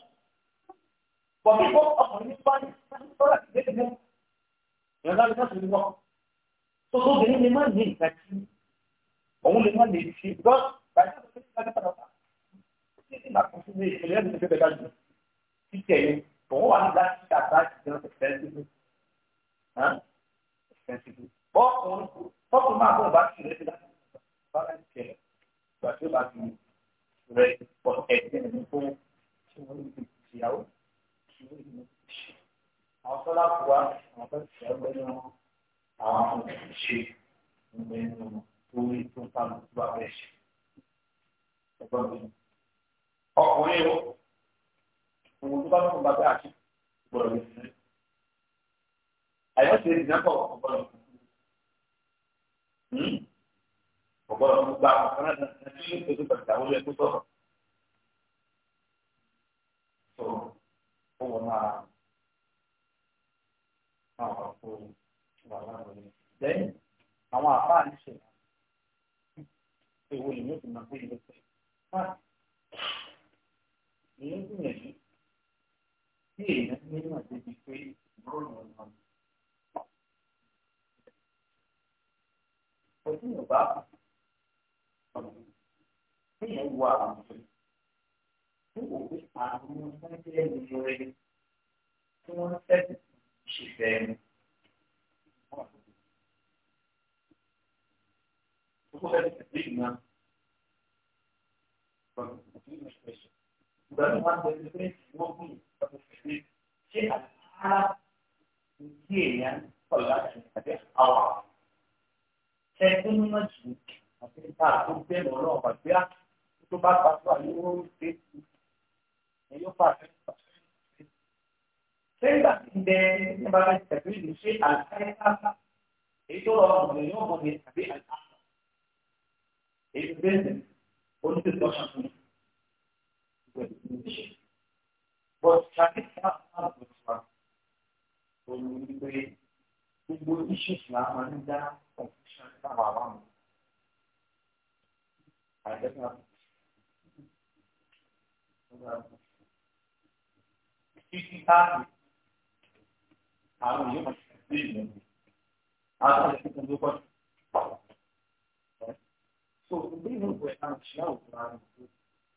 Bọ̀dé kó ọkùnrin bá ní sọ́dọ̀ àti bẹ́ẹ̀ mú. Ìyọ̀dá ló sọ̀rọ̀ wọn. Tótó obìnrin lè má ní ìgbà tí òun lè má lè ṣe gbọ́ bàtà tó ti ká nípa lọ́ta. Títí tí màá kún sí ní ìṣẹ̀lẹ̀ ẹ̀mí ìṣẹ̀lẹ̀ bẹ́ẹ̀ dájú. Títẹ̀ yẹn, òun wà ní láti ṣe àbájáde ẹ̀sìn tó bọ́ọ̀kùn bọ́ọ̀kùn máa bọ̀ bá ti rẹ̀ ti láti bá láti tẹ̀ ìgbà tí ó bá ti rẹ̀ pọ̀ ẹ̀jẹ̀ ní fún tí wọ́n lè fi ìyàwó tí wọ́n lè fi ṣe àwọn sọ́lá fún wa àwọn tó ti ṣe ọgbẹ́ náà àwọn àwọn tó ti ṣe ọgbẹ́ náà tó ní tó ń ta ló tó bá fẹ́ ṣe ẹgbọ́n mi ọkùnrin o òun tó bá tó ń bá bẹ́ àti gbọ́dọ̀ lè fi àyọ̀ ṣe ìdìbò náà kọ̀ ọ̀gbọ́dọ̀ gbogbo àwọn kan náà ní ojú pàtàkì àwọn olóyè sọ̀rọ̀ tó ó wọ máa máa wà fún wà láwọn olóyè lẹ́yìn àwọn àfáà ní ṣe èwo lè ní ìgbìmọ̀ ìlú pé ìyẹn ah, gbìyànjú bí èèyàn ní ìmọ̀ débi pé ìgbọ́rọ̀ ìmọ̀ kò sí ìgbà tí yẹn wọ àwọn tí kò fi àwọn sẹ́ńtẹ́lẹ̀ nínú rẹ̀ tí wọ́n fẹ́ ṣe fẹ́ẹ́ Ìgbàlú máa ń bẹ̀rẹ̀ pé wọ́n bí ìgbàlú fèsì ṣé àtàrà ní kí èèyàn kọ̀ láti ṣàbẹ̀ àwọn àwọn ẹgbẹ́ ní wọ́n jù àti nípa àti bẹ́ẹ̀ lọ náà wà bí a tó bá pàṣẹ àyè wọ́n ń ṣe é yóò pàṣẹ pàṣẹ. sẹ́ńdà ti bẹ ní bàbá ìtẹ̀sí ìlú ṣe àlùkáyẹ́ká èyí tó rọrùn lè yóò mọ̀ ní àbí àlùkáyẹ́ká èyí tó bẹ́ẹ̀ oníṣẹ́ tó ṣàkóso ìgbẹ̀lú ìṣe. bọ́ọ̀sì ṣàkíyèsí àwọn àgbẹ̀ wa òun ní pé gbogbo iṣẹ́ ìṣúná máa ń dá. Títí táàbù àwọn yóò máa ṣe sí ìlú. Àwọn ọ̀sẹ̀ tuntun ló kọ́. So, bí mo wẹ̀ náà ṣe àwùjọ àwọn ìlú,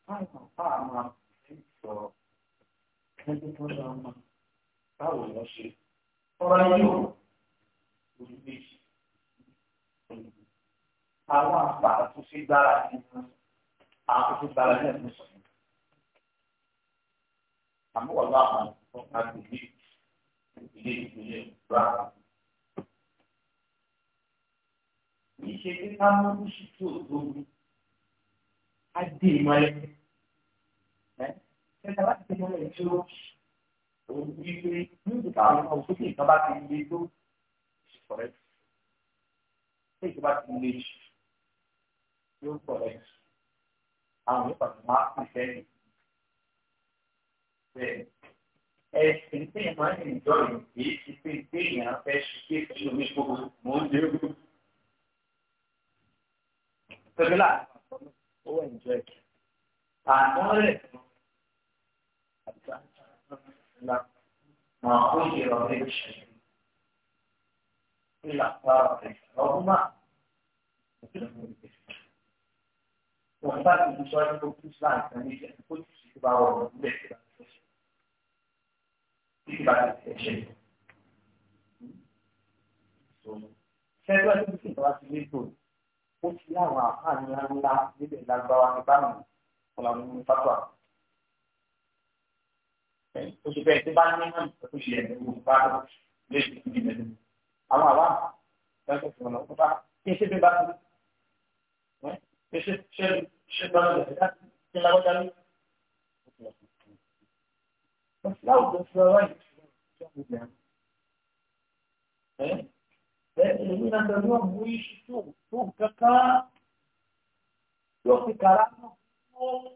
báyìí bá a máa ń sọ̀rọ̀ ẹni tó lọ́mọ báwo lọ ṣe. Ọ̀rọ̀ yóò lórí méjì àwọn àpá àtúnṣe gbára ní ẹ̀sán àtúnṣe gbára ní ẹ̀sán sọ̀rọ̀. àmúwọ̀lá àwọn ọ̀gá gbèlè ilé ìpínlẹ̀ ìgbà. yìí ṣe pé ká mú oṣù tó tóbi á dé ìmọ̀lẹ̀. ṣẹ́ta bá ti tẹ́lẹ̀ ìṣòro òun ní pé níbi táwọn ọmọ òṣèlú ìjọba ti lè tó ìṣòro ẹ̀ ṣé ìjọba ti lè ṣe. eu conheço. A roupa marca sério. É, tem tem mais de dois e tem é tem a peste que tem o mesmo mundo. Tá vendo lá? Ou em Jack. Agora é... uma coisa eu vejo. Pela fábrica, alguma. não fábrica. wọ́n bá ti di sọ́ọ́dún tó kú sílá nǹkan ní ìṣẹ̀lẹ̀ kó tù sí bá wọ̀ ọ́ nílẹ̀ tó bá ti ṣẹ̀ṣẹ̀. Títí bá ti ṣẹ̀ṣẹ̀. Ṣẹ́gbẹ́ tó ti ìjọba ti létò, ó ti láwọn àǹfààní ńláńlá nílẹ̀ lágbáwá ní báwọn ọ̀làwọ̀n ní pápá. Oṣù bẹ́ẹ̀ tí bá ní náà tó ṣe ẹ̀mí wo bá lè fi ìdílé. Àwọn àbá, ìjọba tó ti wọn lọ, ṣe ṣe ṣe bá lọ sí láti ṣe láwọ́ dání. láwùjọ fún ọwọ́ ìṣòro ìjọba ìgbà ẹ ẹ èmi náà bẹ̀rù náà mú iṣu tó tó kankan yóò fi kàrá náà fún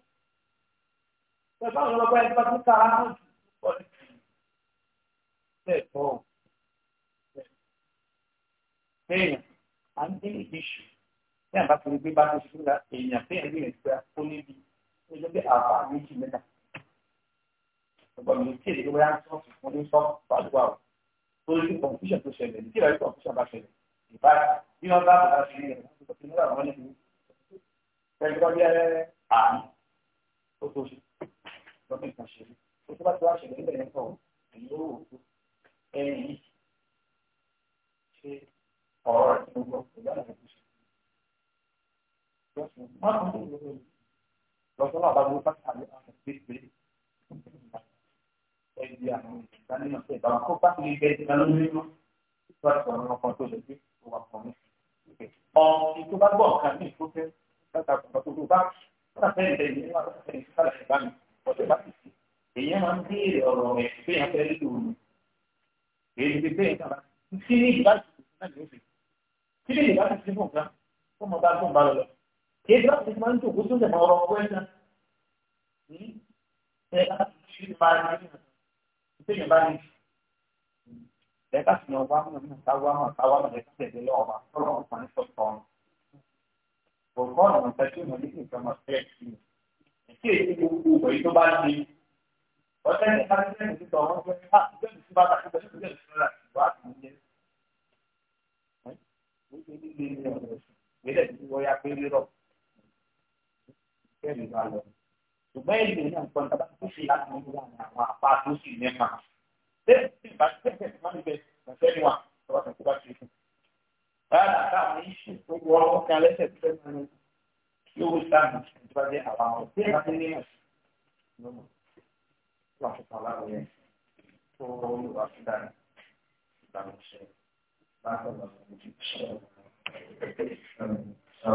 ọ ní àbá torí pé bá ti ṣúra èèyàn fẹ́ ẹ̀rí ẹ̀ gbà ó níbi ó jẹ́ pé àbá méjì mẹ́ta ọgbọ́n mi tí èdè ló wáyà ń sọ́ọ̀tù fún ní sọ́ọ̀tù pàdúwà o torí pé confusion tó ṣẹlẹ̀ ní kíláà confusion bá ṣẹlẹ̀ ìbá bí wọ́n bá bàbá ṣe ní ẹ̀rọ tó ti nílò àwọn níbi ẹgbẹ́ bí àmì ó tó ṣe lọ́dún kan ṣe ó tó bá ti wá ṣẹlẹ̀ níbẹ̀ yẹn kọ̀ èyí ó wò ó ẹni yìí ṣe ọ̀rọ̀ rẹ̀ tó ń gbọ́ Rasulullah bá gbogbo pátá ní àwọn ìgbésí ẹbí àwọn ìdánimọ̀ sí ìbára kó bá ti gbé ìdáná nínú ìgbà tó ń lọ́kàn tó lè gbé ìwà kan ní. Ọ̀hún tó bá gbọ́ ọ̀kan ní ìfúnfẹ́ láta kọ̀ọ̀kan tó bá bá fẹ́ ìdẹ́ ìdí níwájú fẹ́ ìdí sára ìgbà mi ọ̀dọ̀ bá ti sí. Èyí máa ń béèrè ọ̀rọ̀ rẹ̀ pé yẹn fẹ́ lílo òun. Èyí ti bẹ́ẹ̀ sára. Kí ni ìbáṣepọ̀ náà ló fi? Kí ni ìbáṣepọ̀ náà? Ó mọ bá gbọ́n bá lọ lọ. Ele vai se mandar o curso de maior coisa. Será que se imagina? Você imagina? Deve ser uma coisa que está uma uma uma de que se leva, só um pan só tom. Por fora não tem nenhuma dica mais técnica. Se ele o cubo e do balde. Você tem que fazer isso, então, você tem que fazer isso, você tem que fazer isso. Ele kẹ́mi bá lọ. ṣùgbọ́n ìlú náà nǹkan tá a bá tó ṣe láti mú wà ní àwọn apá tó sì mẹ́fà. bẹ́ẹ̀ sì bá tẹ̀sẹ̀ máa ń bẹ ni wà lọ́wọ́ tó bá ṣe fún. báyà káwọn iṣu tó wọ ọkàn alẹ́sẹ̀ tó fẹ́ mọ́ yóò sáàmù tó bá jẹ́ àwọn ọ̀rọ̀ tí a ti ní ọ̀sẹ̀ láti pàlà rẹ̀ tó olùwà fún dáadáa ìbámu ṣe bá a